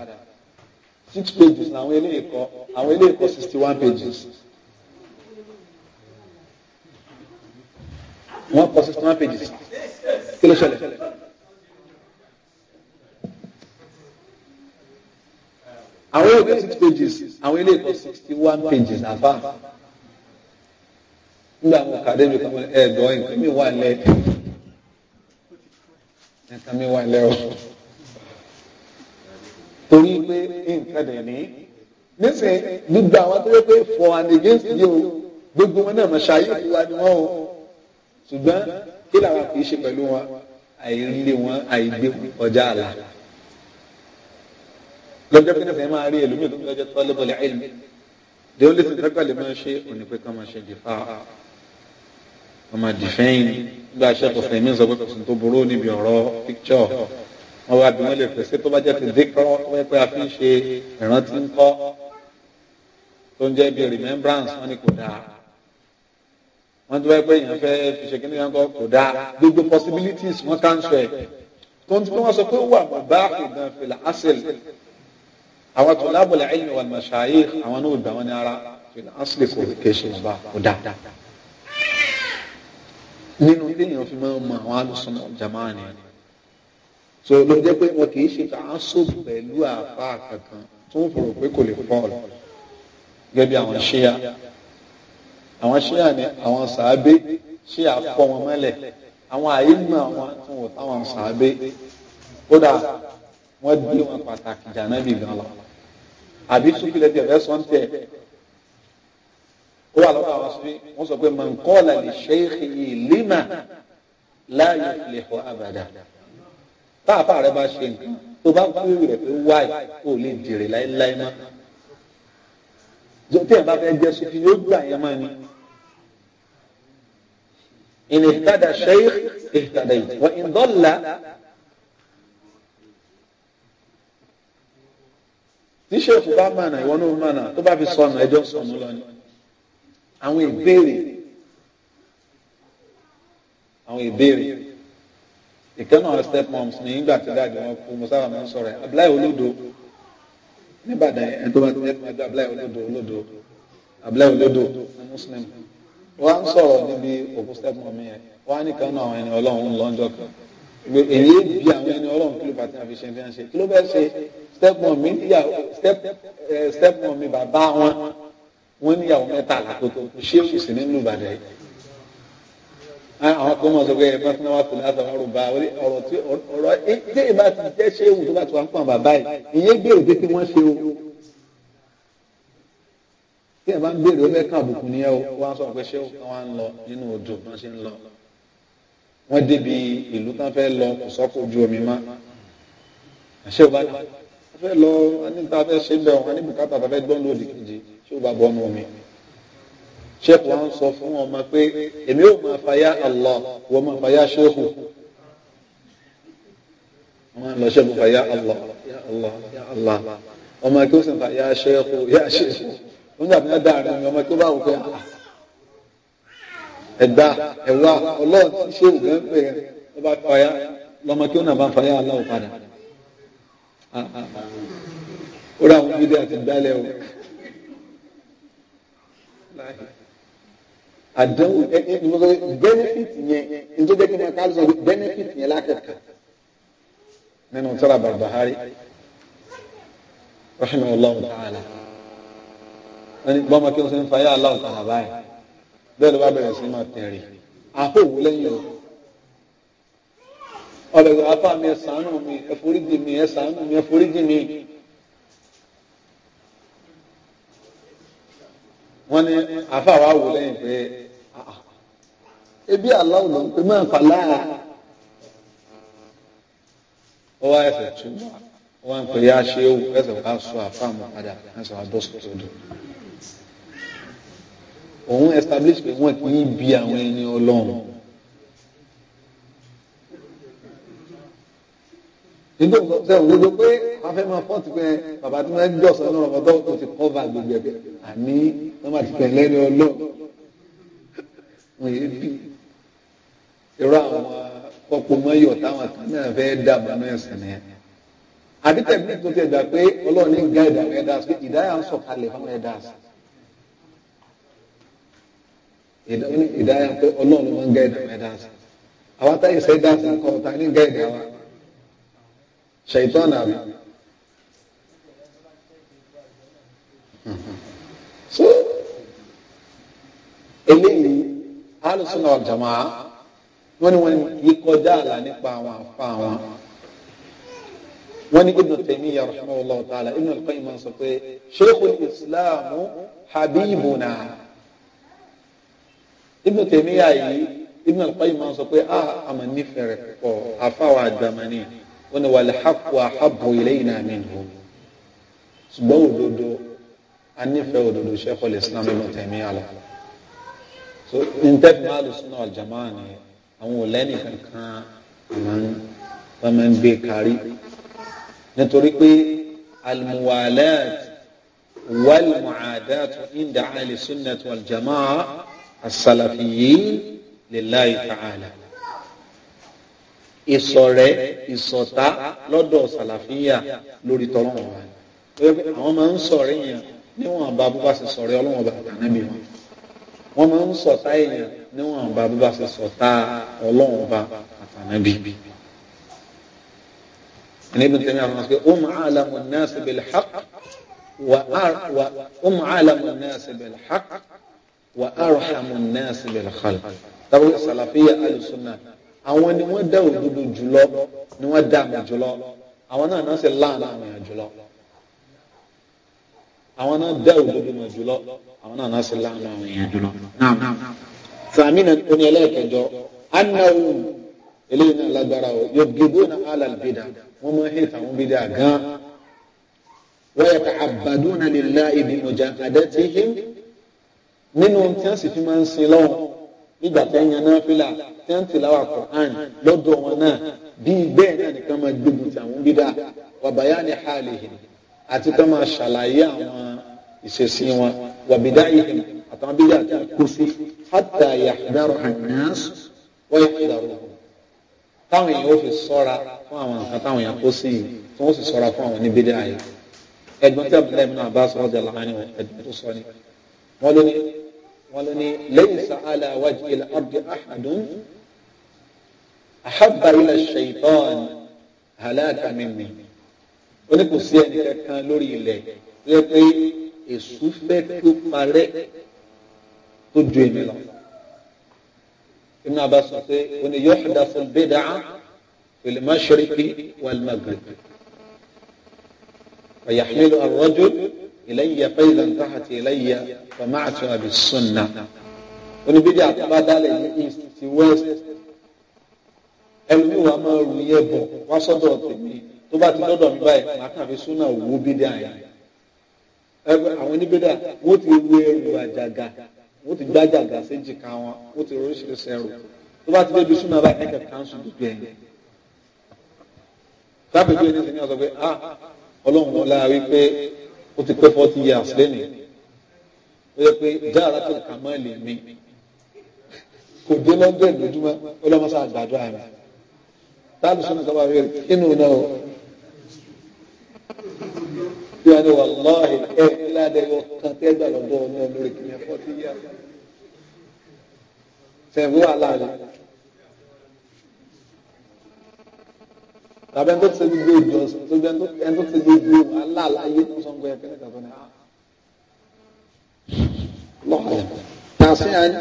six pages làwọn eléyìí kọ àwọn eléyìí kọ sixty one pages. wọ́n kọ sixty one pages kí ló ṣẹlẹ̀. àwọn ìwé six pages àwọn ilé ìkọ́ sixty one pages àbá nígbà àwọn kàdé mi kàn ẹ gbọ́ nǹkan mi wà lẹ́ nǹkan mi wà lẹ́ o torí pé nǹkan dẹ̀ ní nísìnyí gbogbo àwọn tó yẹ pé for and against yìí o gbogbo wọn náà mọ̀ ṣáyé ìwà ni o ṣùgbọ́n kí làwọn kì í ṣe pẹ̀lú wọn àìlè wọn àìgbé ọjà àlà lọ́jọ́ pé nífẹ̀ẹ́ máa rí ẹlòmíì lómi lọ́jọ́ tó lọ́bọ̀lẹ̀ ẹ̀lmí the only thing tẹ́kọ̀ lè máa ṣe òní pé ká máa ṣe dìfà wọ́n máa dìfẹ́yìn nígbà aṣẹ́kọ̀ọ́ fẹ̀mí sọ pé kò sùn tó burú níbi ọ̀rọ̀ píkṣọ̀ wọ́n wá bí wọ́n lè fẹ́ sí tó bá jẹ́ ti díkọ́ wọ́n pé a fi ń ṣe ìrántí ńkọ́ tó ń jẹ́ bí remembrance wọ́n ní kò dáa wọ́n ti wáyé pé èèyàn fẹ́ fi ṣe kíní kan kò dáa gbogbo possibilities wọ́n cancel ẹ̀ tó ń tí wọ́n sọ pé ó wà bàbá àkùdàn fìlà asẹ̀l àwọn tó lábọ̀lẹ̀ ẹ̀yìn wà màṣáyé àwọn náà gbà wọ́n ní ara fìlà asẹ̀l kò kéé ṣe bàbá kò dáa nínú téèyàn fi máa ń mọ àwọn alùsùn jamaa ni so ló jẹ́ pé wọn kì í ṣe tààsó pẹ̀lú àfa kankan tó ń fòrò pé kò lè pọ́ọ̀lù gẹ́gẹ́ bí àwọn ṣíyá àwọn ṣíà ni àwọn sàábé ṣíà fọ́ wọn mọ́lẹ̀ àwọn àyínú àwọn tó wò táwọn sàábé kódà wọ́n gbé wọn pàtàkì jànábì gan lọ àbí sùpìlẹ̀ tiẹ̀ fẹ́ sọ́n tiẹ̀ ó wà lọ́wọ́ àwọn sùpì wọ́n sọ pé man qala li shaykhihi lima la yuflihu abada táàpá rẹ bá ṣe nǹkan tó bá kú rẹ pé wáì kò lè jèrè láéláé mọ́ tí ẹ bá fẹ́ jẹ́ sùpì yóò gbà yẹn mọ́ ni. إن اهتدى الشيخ اهتديت وإن ضل tí sèkù bá mànà ìwọ náà mànà tó bá fi sọnù ẹjọ́ sọnù lọnà àwọn ìbéèrè àwọn ìbéèrè ìkànnà àwọn step moms ní ìgbà tí dáàdì wọn kú musawa máa ń sọ̀rọ̀ abúláyé olódo nígbàdàn ẹni tó bá ti ẹni tó bá ti abúláyé olódo olódo abúláyé olódo muslim wọ́n á ń sọ̀rọ̀ níbi òkú sẹ́gun mi yẹn wọ́n á nìkan náà àwọn ẹni ọlọ́run lọ́jọ́ kan gbé èyí bí àwọn ẹni ọlọ́run kí ló bá ti àfi ṣe fi hàn ṣe kí ló bẹ́ẹ̀ ṣe step one mi step step one mi bàbá wọn wọn níyàwó mẹ́tàlá tó tó ṣé kò sí nínú ìbàdàn yìí. àwọn kan mọ̀ sọ pé ẹ̀fọn tí wọ́n ti ní àtàwọn ọ̀rùba ọ̀rọ̀ tí ọ̀rọ̀ ẹ̀ jẹ́ ìbá ti jẹ́ ṣé ewu tó bá ti wà ń pọ̀ bàbá yìí ìyẹn gbèrò dé tí wọ́n ṣe o tí ẹ bá ń béèrè ó fẹ́ ká àbùkù ní ẹ o wọ́n á sọ pé ṣé wọ́n á ń lọ nínú odò wọ́n ṣe ń lọ wọ́n débi ìlú tán fẹ́ lọ kò sọ́kọ̀ ojú omi má ṣé o bá dá wọ́n fẹ́ lọ níta fẹ́ ṣe bẹ̀ wọ́n ní bùkátà tó fẹ́ gbọ́n lòdì kejì ṣé o bá bọ́ ọmọ omi ṣẹ́kù wa ń sọ fún ọmọ pé èmi ò máa fa yá Allah wọ́n máa fa yá ṣẹ́kù wọ́n lọ ṣẹ́kù fa yá Allah yá Allah Allah ọmọ kí ó sì ń fa yá ṣẹ́kù yá ṣẹ́kù nígbà tí wọ́n dá rẹ̀ ní ọmọ tó bá wù pé ẹ̀dá ẹ̀wà ọlọ́run tí ṣé òun gan pè rẹ̀ ló bá fàyà lọ́mọ tí ó nà bá fàyà aláwọ̀ padà. ó rà àwọn bídẹ́ àti ìdálẹ́ o. àdánwò ẹ ẹ benefit yẹn nítorí jẹ́ kí n máa ká lọ́sọ̀ benefit yẹn lákàtà nínú tọ́lá bàbá hari rahimahullah ta'ala wọ́n ní bọ́mọ kí wọ́n ṣe ń fa yá aláwọ̀ kan àbá ẹ̀ bẹ́ẹ̀ ló bá bẹ̀rẹ̀ sí máa tẹ̀rì àpò òwú lẹ́yìn o ọlọ́dọ̀ apá mi ẹ ṣàánú mi ẹ foríjì mi ẹ ṣàánú mi ẹ foríjì mi. wọ́n ní àfa wa wò lẹ́yìn pé ebi aláwọ̀ ló ń pè máa fà láà ó wá ẹsẹ̀ tún wọ́n ń pè yá ṣé ó ẹsẹ̀ ká sọ àfa mọ̀ padà ẹsẹ̀ wa bọ́ sọ́tò dùn òun establish pé wọn kì í bi àwọn ẹni ọlọ́run. nígbà tó ṣe òun ló pé wọn fẹ́ máa fọ́ọ̀tì pé bàbá tí wọ́n ń jọ̀sán náà ọmọ tó kò ti kọ́va gbogbo ẹ̀ àní wọ́n máa ti pẹ̀ lẹ́ni ọlọ́run. wọ́n yé bí irú àwọn ọ̀pọ̀ mọ́yọ̀ táwọn kan náà fẹ́ dàbọ̀ náà ẹ̀sìn nìyẹn àdìtẹ̀ bí tó ti ẹ̀dà pé ọlọ́run ní gáìdà ẹ̀dá sí ìdáyà ń sọ̀kalẹ̀ fún ẹ̀dá sí ìdáyà pé ọlọ́run ló máa ń gáìdì àwọn ẹ̀dá sí àwọn táyì ṣe dá sí nǹkan ọ̀tá ní gáìdì àwa ṣèyítọ́nà àbí. so eléyìí alùsùn náà jàmá wọ́n ní wọ́n yí kọjá àlà nípa àwọn àfa àwọn wọ́n ní ibnu taymiya rahmanulahu ta'ala ibnu al-qayyim sọ pé sheikhul islam habibuna. Ibn Taymiyyah yìí Ibn al-Qayyim máa ń sọ pé ah, a àmà nífẹ̀ẹ́ rẹ̀ pọ̀ àfáwà àgbàmánì wọn ni wal-haqqu ahabbu ilayna minhu ṣùgbọ́n òdodo a nífẹ̀ẹ́ òdodo Shaykh al-Islam Ibn Taymiyyah lọ. so ntẹ́kùn al-Sunnah wal-Jama'ah ni àwọn òlẹ́nì kankan wọ́n máa ń gbé kárí nítorí pé al-muwalat wal-mu'adat inda ahli sunnah asalafiyin lillahi ta'ala ìṣọ̀rẹ́ ìṣọ̀tá lọ́dọ̀ sàlàfíà lórí tọlọ́run wa àwọn máa ń sọ̀rẹ́ yẹn níwọ̀n bá bó bá ṣe sọ̀rẹ́ Ọlọ́run bá tà níbi wọn wọn máa ń sọ̀tá èèyàn níwọ̀n bá bó bá ṣe sọ̀tá Ọlọ́run bá tà níbi. ẹni bí tẹ́lẹ̀ àwọn ọ̀sẹ̀ ó alamu náà ṣe bẹ̀lẹ̀ hàk wà á alamu náà ṣe wà arhamu nnaasi bil khalq tàbí sàlàfíà alùsùnà àwọn ni wọ́n dá òdodo jùlọ ni wọ́n dá àmì jùlọ àwọn náà náà sì láàánú àmì jùlọ àwọn náà dá òdodo mọ̀ jùlọ àwọn náà náà sì láàánú àmì jùlọ. sàmínà oní ẹlẹ́ẹ̀kẹjọ anáwó eléyìí náà lágbára o yóò gbégbó náà alàlùbídà wọ́n máa ń hìtà wọn bídà gan wọ́n yẹ ká àbàdúnà lillahi bi mujahadatihim nínú tí wọ́n sì fi máa ń sin lọ́wọ́ nígbà tí wọ́n yan náà fílà tí wọ́n ti láwà Qur'an lọ́dọ̀ wọn náà bí bẹ́ẹ̀ náà nìkan máa gbógun ti àwọn bídà wa bayani halihim àti kí wọ́n máa ṣàlàyé àwọn ìṣesí wọn wa bida'ihim àtàwọn bídà àti àkóso hatta yahdaru an-nas wa yahdaruhum táwọn èèyàn ó fi sọ́ra fún àwọn nǹkan táwọn èèyàn kó sí yìí tí wọ́n sì sọ́ra fún àwọn oníbídà yìí ẹgbọ́n tí Abdullahi ibn Abbas radiyallahu anhu ẹ̀dùn tó sọ ni wọ́n ló ní wọn ló ní laysa ala wajhil ardi ahadun ahabba ila shaytan halaka minni ó ní kò sí ẹnìkankan lórí ilẹ̀ tó yẹ pé èṣù fẹ́ tó parẹ́ tó ju èmi lọ. Ibn Abbas sọ pé ó ní yuhdathu al-bid'a fil-mashriqi wal-maghribi wa yahmilu ar ìlẹ́yìn fẹ́yìntà ń tàhàtì ìlẹ́yìn fẹ́mà àti àbí sunna oníbídìí àtúbá dálẹ̀ ní east ti west ẹlòmíì wa máa rù yẹ bọ̀ wá sọ́dọ̀ tèmi tó bá ti dọ́dọ̀ mi báyìí màá kàn fi sunna wó bídìí àyà ẹgbẹ́ àwọn oníbídìí wọ́n ti wú ẹrù àjàgà wọ́n ti gbájàgà séjìká wọn wọ́n ti oríṣiríṣi ẹrù tó bá ti débi sunna báyìí ẹ̀kẹ́ kanṣu dúdú ẹ̀yìn sábẹ̀ bí ẹni sẹ́ni ọ̀sọ̀ pé ah ọlọ́run ọlá wípé ó ti pé forty years lẹ́nìí ó yẹ pé dára tó kà mọ́ lè mi kò dé lọ́ndẹ̀ lójúmọ́ ó lọ́ mọ́sá àgbàdúrà mi táàbù sọ́nà sábà rẹ̀ inú náà o bí wọ́n ní wàláhì ẹ̀ ládẹ́ yọ kan tẹ́ gbà lọ́dọ̀ ọ̀nà lórí kìnìún forty years sẹ́yìn wọ́n wà láàrin. tàbí ẹni tó ti gbé ìjọsìn tó gbé ẹni tó ti gbé ìgbéwò aláàláyé tó sọ ń gbé ẹkẹlẹ kàtó ni lọ́kọ̀ọ́ tàṣíyàn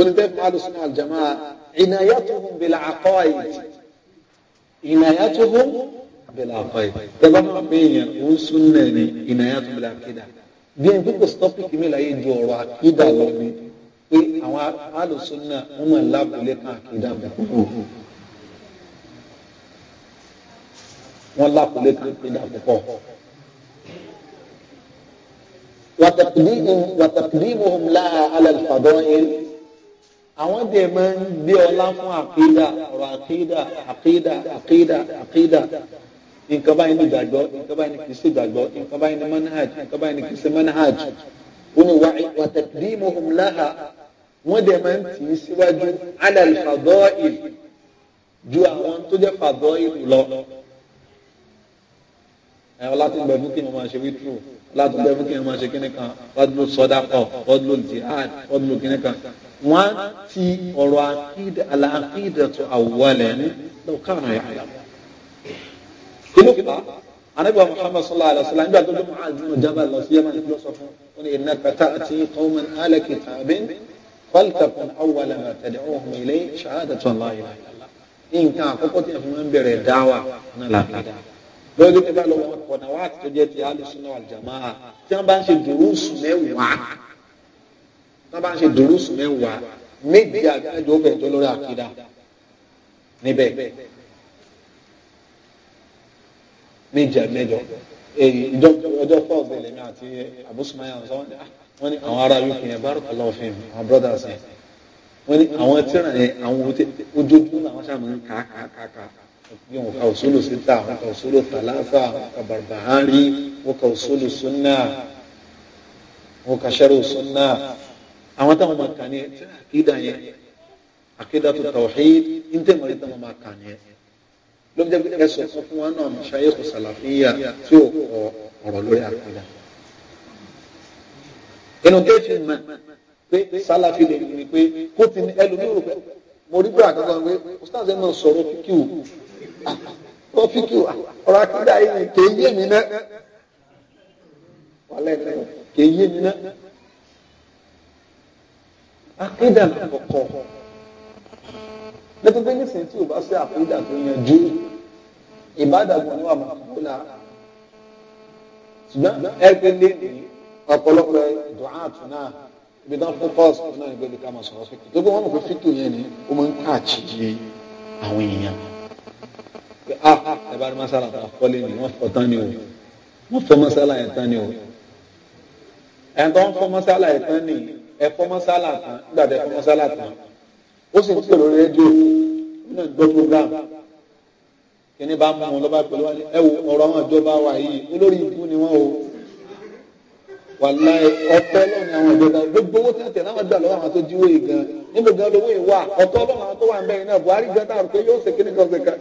oníbẹ̀ alùsùn àjàmá ìnáyàtúhùn bẹ̀lẹ̀ àkọ́ àyè ìnáyàtúhùn bẹ̀lẹ̀ àkọ́ àyè tẹ́lá máa pè é yẹn òun sún náà ni ìnáyàtúhùn bẹ̀lẹ̀ àkídà bí ẹni pípọ̀ stọ́pìkì mi láyé ju ọ̀rọ̀ àkídà lọ ni pé àwọn alùsùn náà wọ́n máa lábùlé kan àkídà bẹ̀rẹ̀ wọ́n lákòólé kìrìkìrìdà púpọ̀. wàtàkìdìmùhùn láha alàlùfàdọ́ ẹ̀rí àwọn dẹ̀ máa ń gbé ọlá fún àkídà ọ̀rọ̀ àkídà àkídà àkídà àkídà nǹkan báyìí ní ìgbàgbọ́ nǹkan báyìí ní kìí ṣe ìgbàgbọ́ nǹkan báyìí ní manhaj nǹkan báyìí ní kìí ṣe manhaj wọ́n ní wàtàkìdìmùhùn láha wọ́n dẹ̀ máa ń tì í síwájú alàlùfàdọ́ ẹ̀rí ju àwọn tó jẹ́ fàdọ́ ẹ̀rí lọ ọlá tó ń bẹ fún kí wọn máa ṣe wítúrù ọlá tó ń bẹ fún kí wọn máa ṣe kíní kan ọdún ló sọdá pọ ọdún ló jihad ọdún ló kíní kan wọn ti ọ̀rọ̀ akídà alákídà tó àwọlẹ ní lọkàrà yà á kí ló fà á anabi wa muhammad sallallahu alaihi wa sallam nígbà tó dé muhammed bin jabal lọ sí yamani ló sọ fún un ní iná kata àti qawman ala kitabin faltakun awwala ma tad'uhum ilay shahadatu nǹkan àkọ́kọ́ tí a fi máa bẹ̀rẹ̀ dáwà náà làkàdà lọ́jọ́ tẹ bá lọ wọ ọ̀nà wa tó jẹ́ ti alùsùnà àjàmáà tí wọ́n bá ń ṣe dùrúùsù mẹ́wàá tí wọ́n bá ń ṣe dùrúùsù mẹ́wàá méje àgbájọ ó bẹ̀rẹ̀ tó lórí àkídà níbẹ̀ méje mẹ́jọ ọjọ́ fọ́ọ̀sì lèmi àti àbúsùmáyà ah, wọ́n ní àwọn ará yóò fi yẹn bárò kọ́lọ́ fún mi àwọn brothers yẹn wọ́n ní àwọn tíra yẹn àwọn ojoojúmọ́ làwọn ṣàmì ń kàákàákàá yin ka usulu sita ka usulu talata ka barbahari ka usulu sunna ka sharu sunna àwọn táwọn máa kà ní àkídà yẹn àkídà tó tawhid ní tẹ́lẹ̀ mọ̀lẹ́ táwọn máa kà ní ẹ ló ń jẹ́ ẹ sọ fún fún wa náà mashayikh salafiyya tí ó kọ ọ̀rọ̀ lórí àkídà inú kéèfì ustaz ẹ̀ máa sọ̀rọ̀ wọ́n fi kí wa ọ̀rọ̀ akíndá yìí kì í yé mi ná wọ́n lẹ́nu kì í yé mi ná akíndá lọ́kọ̀ lẹ́tọ́ pé nísìnyí tí o bá ṣe àkíndá tó yanjú ìbádàgbọ̀n ni wà máa kú lára ṣùgbọ́n ẹgbẹ́ lé ọ̀pọ̀lọpọ̀ dùn àtún náà ibi tán fún pọ́s náà ìgbẹ́ bí ká máa sọ̀rọ̀ fíkì tó gbé wọn mọ̀ pé fíkì yẹn ni ó máa ń káàkiri àwọn èèyàn pé ah, ah ẹ bá rí masala tó akọ́lé ni wọ́n fọ́ tán ni o wọ́n fọ́ masala yẹn tán ni o ẹ̀ ń tọ́ fọ́ masala yẹn tán ni ẹ fọ́ masala tán nígbà tẹ fọ́ masala tán ó sì ń pè lórí rédíò ó náà gbọ́ program kíní bá mú wọn lọ́ba pẹ̀lú wáyé ẹ wo ọ̀rọ̀ àwọn ìjọba wa yìí olórí ikú ni wọ́n o wàláyé ọ̀tọ̀ lọ́nà àwọn ìjọba gbogbo owó tẹ̀tẹ̀ náà wọ́n lọ́wọ́ àwọn tó jíwó yìí gan níbo gan lówó yìí wà lọ́nà àwọn tó wà ń bẹ́yìn náà Buhari gan táwọn pé yóò ṣe kíní kan ṣe kan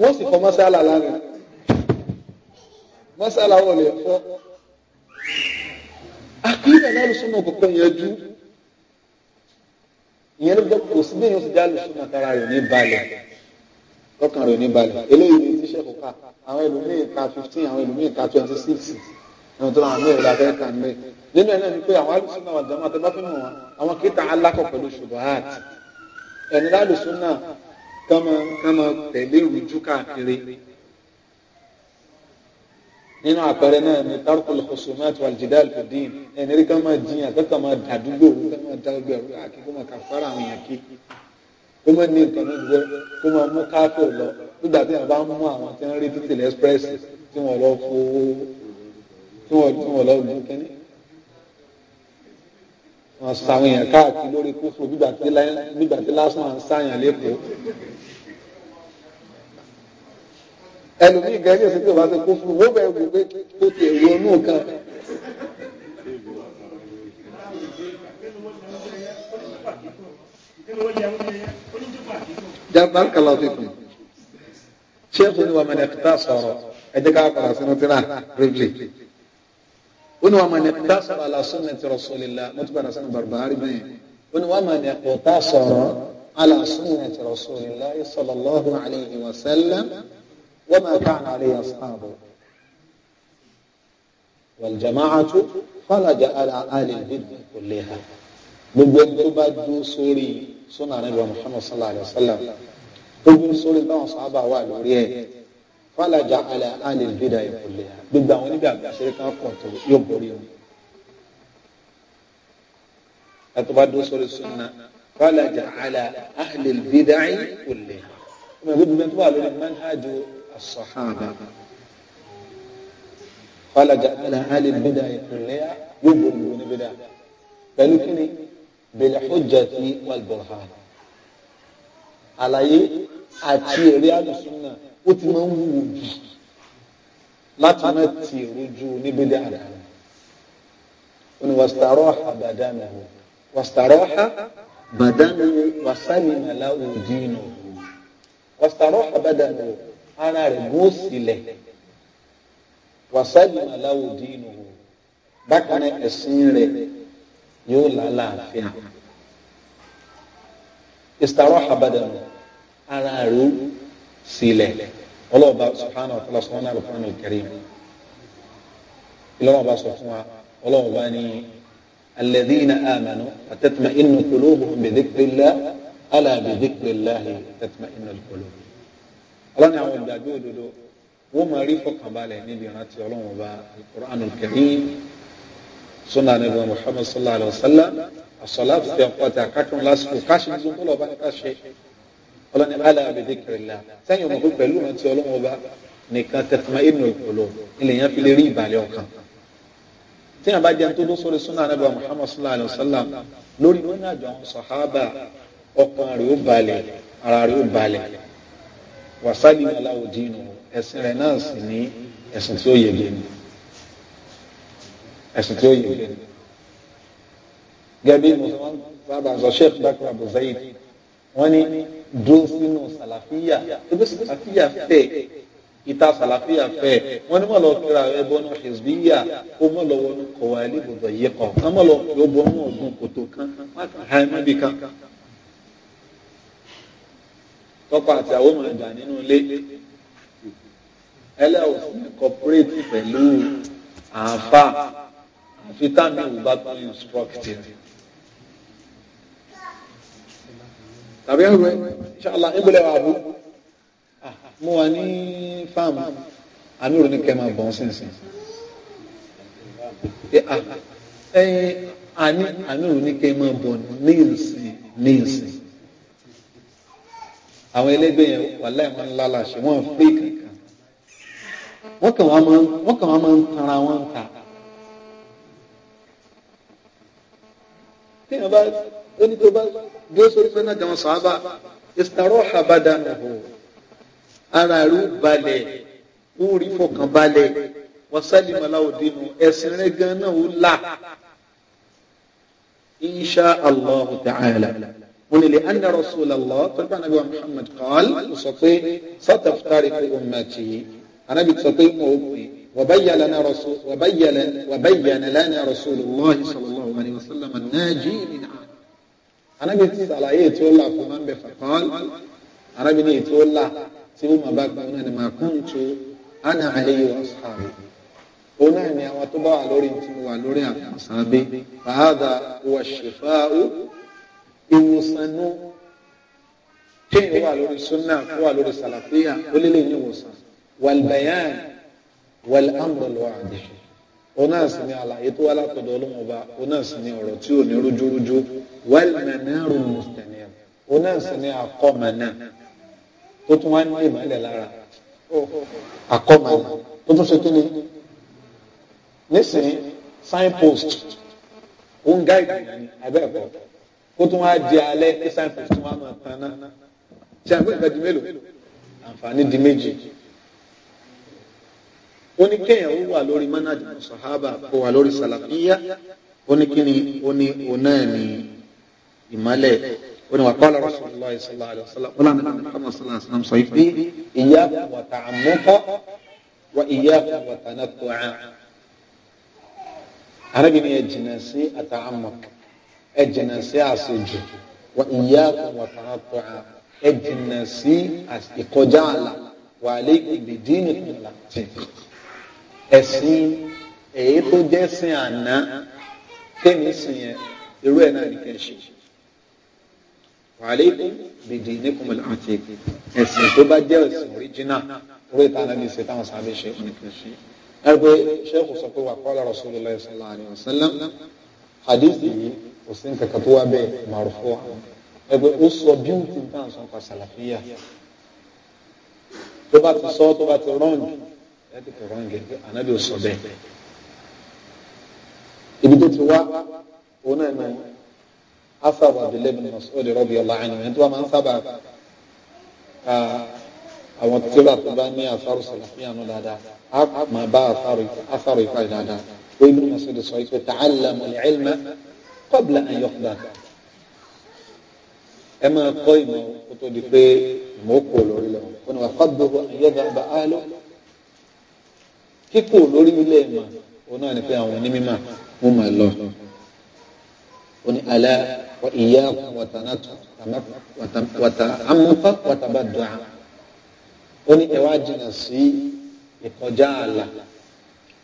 wọ́n sì fọ mọ́sálà lára mọ́sálà wọn lè fọ́ àkíyàn lálùsọ́nà kọ̀ọ̀kan yẹn jú ìyẹn ló gbọ́ kò sí bí èèyàn sì dá lùsọ́nà tara rẹ̀ ní balẹ̀ lọ́kàn rẹ̀ ní balẹ̀ eléyìí ní tíṣẹ́ kò ká àwọn ẹlòmíín ká fifteen àwọn ẹlòmíín ká twenty six ẹ̀wọ̀n tó náà mẹ́rin láfẹ́ ká ń bẹ́ nínú ẹ̀ náà ni pé àwọn alùsọ́nà wà dáná àtẹ́bá fẹ́ mọ̀ wọn àwọn kìí ta alákọ̀ pẹ̀lú ṣùgbọ́n àt ẹ̀ni lálùsọ́nà kama kama tẹ̀lé ìrújú káàkiri nínú àpẹẹrẹ náà ni tarkul khusumat wal jidal fi din ẹni rí kama jiyàn kaka ma dàdúgbò kama dàdúgbò ẹrú àti kó ma kà fara àwọn èèyàn kí kó ma ní nǹkan náà gbọ́ kó ma mú káàkiri lọ nígbà tí a bá mú àwọn tí wọn rí títí express tí wọn lọ fo tí wọn tí wọn lọ gún kínní wọn sàwọn èèyàn káàkiri lórí kófò nígbà tí lásán à ń sáyàn ẹlòmíì gan ní òsèké wàá sọ kó fún wọn bẹ́ẹ̀ wò pé kó tiẹ̀ wọnú kan. jàmbá ń kàlọ́ fi kùn ṣéèkù ni wàá mẹ́lẹ̀ fìtá sọ̀rọ̀ ẹ jẹ́ ká padà sínú tírà rẹ́bìlì ó ní wàá mẹ́lẹ̀ fìtá sọ̀rọ̀ àlàsùn ti Rasulillah mọ́tò padà sínú bàrùbárì bẹ́ẹ̀ ó ní wàá mẹ́lẹ̀ fìtá sọ̀rọ̀ ti Rasulillah sallallahu alayhi wa sallam. وما كان عليه أصحابه والجماعة خرج على آل البدع كلها gbogbo ẹni tó bá dúró sórí sunna anabi wa muhammad sallallahu alaihi wa sallam tó dúró sórí báwọn sábà wà lórí ẹ falajà ala alẹ bídà ìkọlẹ gbogbo àwọn oníbẹ àgbàṣe kan pọ tó yóò borí o ẹni tó bá dúró sórí sunna falajà ala alẹ bídà ìkọlẹ ọmọ ìgbẹ́ tó wà lórí manhaj الصحابة قال جعل أهل البداية كلها يبرون من البداية بل كني بالحجة والبرهان على أي أتي ريال السنة وتمام وجي ما تمتي رجو نبدأ على أن واستراح بدنه واستراح بدنه وسلم له دينه واستراح بدنه ara rẹ̀ gún òsìlẹ̀ wàsáàdì màláwò dínú bákan náà ẹ̀sìn rẹ̀ yóò lálàáfíà ìsàrọ̀ àbàdàn ara rẹ̀ ó sílẹ̀ ọlọ́ọ̀bá subhanahu wa ta'ala subhanahu wa ta'ala karim ìlọ́wọ́ba sọ fún wa ọlọ́ọ̀bá ní alladhina amanu atatma'innu qulubuhum bi dhikrillah ala bi dhikrillah tatma'innul qulub ọlọ́ni àwọn olùdàgbé òdodo wọ́n máa rí fọkànbalẹ̀ níbi ìrántí ọlọ́run ọba alukur'anul karim sunna níbi muhammad sallallahu alayhi wa sallam asọ́lá fi ọkọ̀ tí a kákùn lásìkò káṣí ní gbogbo ọba ní káṣe ọlọ́ni ala bi dhikrillah sẹ́yìn ọmọ pẹ̀lú ìrántí ọlọ́run ọba nìkan tatma'innul qulub ilẹ̀ yẹn fi lè rí ìbàlẹ̀ ọkàn tí a bá jẹun tó dó sórí sunna níbi sallallahu alayhi wa sallam lórí wọn náà wasali aláwọ dínú ẹsìn rẹ náà sì ní ẹsìn tí ó yege ni ẹsìn tí ó yege ni gẹbi musulman bàbá sọ sheikh bakr abu zayid wọn ní dúró sínú sàlàfíà ebi sàlàfíà fẹ ìta sàlàfíà fẹ wọn ní wọn lọ kíra ẹbọ náà hizbiya ó mọ lọ wọnú kọwàá ẹlẹbùdọ yẹ kọ wọn mọ lọ kí bọ wọn ọdún kòtò kan wọn kà á ẹmọ bí kan tọkọ àtìyàwó máa jà nínú ilé ẹlẹ́wọ̀n kọ́pọ́rẹ́tì pẹ̀lú àáfà àfi tàbí ìwúbá tó ń instruct tàbí ẹ̀rọ ṣáàlà ìgbélé wa bú mo wà ní fáàmù àmúrò ní kẹ́mà bọ́n sínsìn ẹ̀yìn àmúrò ní kẹ́mà bọ́n ní ìsìn ní ìsìn àwọn ẹlẹgbẹ́ yẹn wàláì wọn lálà ṣe wọn fẹ́ kankan wọn kàn wọn máa wọn kàn wọn máa ń tanra wọn ta téèyàn bá ẹni tó bá bí ó sọrí fẹ́ẹ́ náà gan sàábà ìsàrọ̀ àbádà nàbọ̀ ara rú balẹ̀ ń rí fọkàn balẹ̀ wasali malawudinu ẹ̀sìn rẹ̀ gan náà ó là insha allah ta'ala onílé anna rasulallah tọ́lá nàbí wa muhammad qaal ó sọ pé sataftariqu ummati anabi sọ pé mo ò pè wàbáyàlá lánà rasulillah sallallahu alayhi wa sallam nàájí nínú anabi ti sàlàyé ètò ọlà fún wa ń bẹ fàkọ́l anabi ní ètò ọlà tí ó máa bá gba náà ni màá kún tu ana àlẹyé wa sàbẹ òun náà ni àwọn tó bá wà lórí tí mo wà lórí àwọn sàbẹ fàhádà wà ṣèfà ó ìwòsàn nù téèyàn wà lórí sunna kó wà lórí sàlàfíà ó lé lè ní ìwòsàn wàlbẹ̀yàn wàlámùlò àdè ọ̀nà sì ni àlàyé tó wá látọ̀dọ̀ ọlọ́mọ ọba ọ̀nà sì ni ọ̀rọ̀ tí ò ní rújúrújú wàlmẹ̀nàrù mùsùlùmí ọ̀nà sì ni àkọ́mọ̀nà tó tún wá ní ìmọ̀lẹ̀ lára àkọ́mọ̀nà tó tún ṣe kí ni signpost ó ń gáìdì ní abẹ́ ẹ̀kọ́ kó tún wá di alẹ́ kí cyprus tún wá máa tan náà ṣe àgbẹ̀ ìgbà di mélòó àǹfààní di méjì ó ní kéèyàn ó wà lórí manhaj sahaba kó wà lórí salafiya ó ní kíni ó ní ọ̀nà ní ìmọ̀lẹ̀ ó ní wa qala rasulullah sallallahu alaihi wasallam ó lànà Muhammad sallallahu alaihi wasallam sọ pé iyyakum wa ta'ammuqa wa iyyakum wa tanattu'a arábìnrin yẹn jìnnà sí àtàmùkọ́ ẹ jìnnà sí àṣejù wa iyyakum wa tarattu'a ẹ jìnnà sí ìkọjá àlà wa alaykum bi dinikum ẹ̀sìn èyí tó jẹ́ sin àná kéèmí sìn yẹn irú ẹ̀ náà ní kẹ́ ṣe wa alaykum bi dinikum al-atiq ẹ̀sìn tó bá jẹ́ ẹ̀sìn original orí ìtàn náà ní ṣe táwọn sábẹ́ ṣe ní kẹ́ ṣe ẹgbẹ́ ṣẹ́kù sọ pé wà qala Rasulullah sallallahu alaihi wasallam hadith yìí kò sí nǹkan kan tó wá bẹ́ẹ̀ màrúfọ́ ẹgbẹ́ ó sọ bí ó ti dá àṣọ pa sàlàfíà tó bá ti sọ tó bá ti rọ́ǹgì ẹ ti kọ̀ rọ́ǹgì ẹgbẹ́ ànábì ò sọ bẹ́ẹ̀ ibi tó ti wá òun náà ni asabu abdullahi bin masoud radiyallahu anhu ẹni tó wà máa ń sábà ka àwọn tíra tó bá ní asaru sàlàfíà nù dáadáa á máa bá asaru ìfà dáadáa wọ́n ibi masoud sọ ìpè ta'allamu al-ilma kọ́bìlà ayọ̀kùdà ẹ máa kọ́ ìmọ̀ kó tó di pé mò ń kó lórí lọ kó ní wà kọ́bìlà ayọ̀kùdà bá a lọ kíkó lórí ilé ìmọ̀ òun náà ni pé àwọn onímọ̀ wọ́n máa lọ ó ní alẹ́ ìyá wàtánátù wàtà amúfà dùn án ó ní ẹ wá jìnnà sí ìkọjá ààlà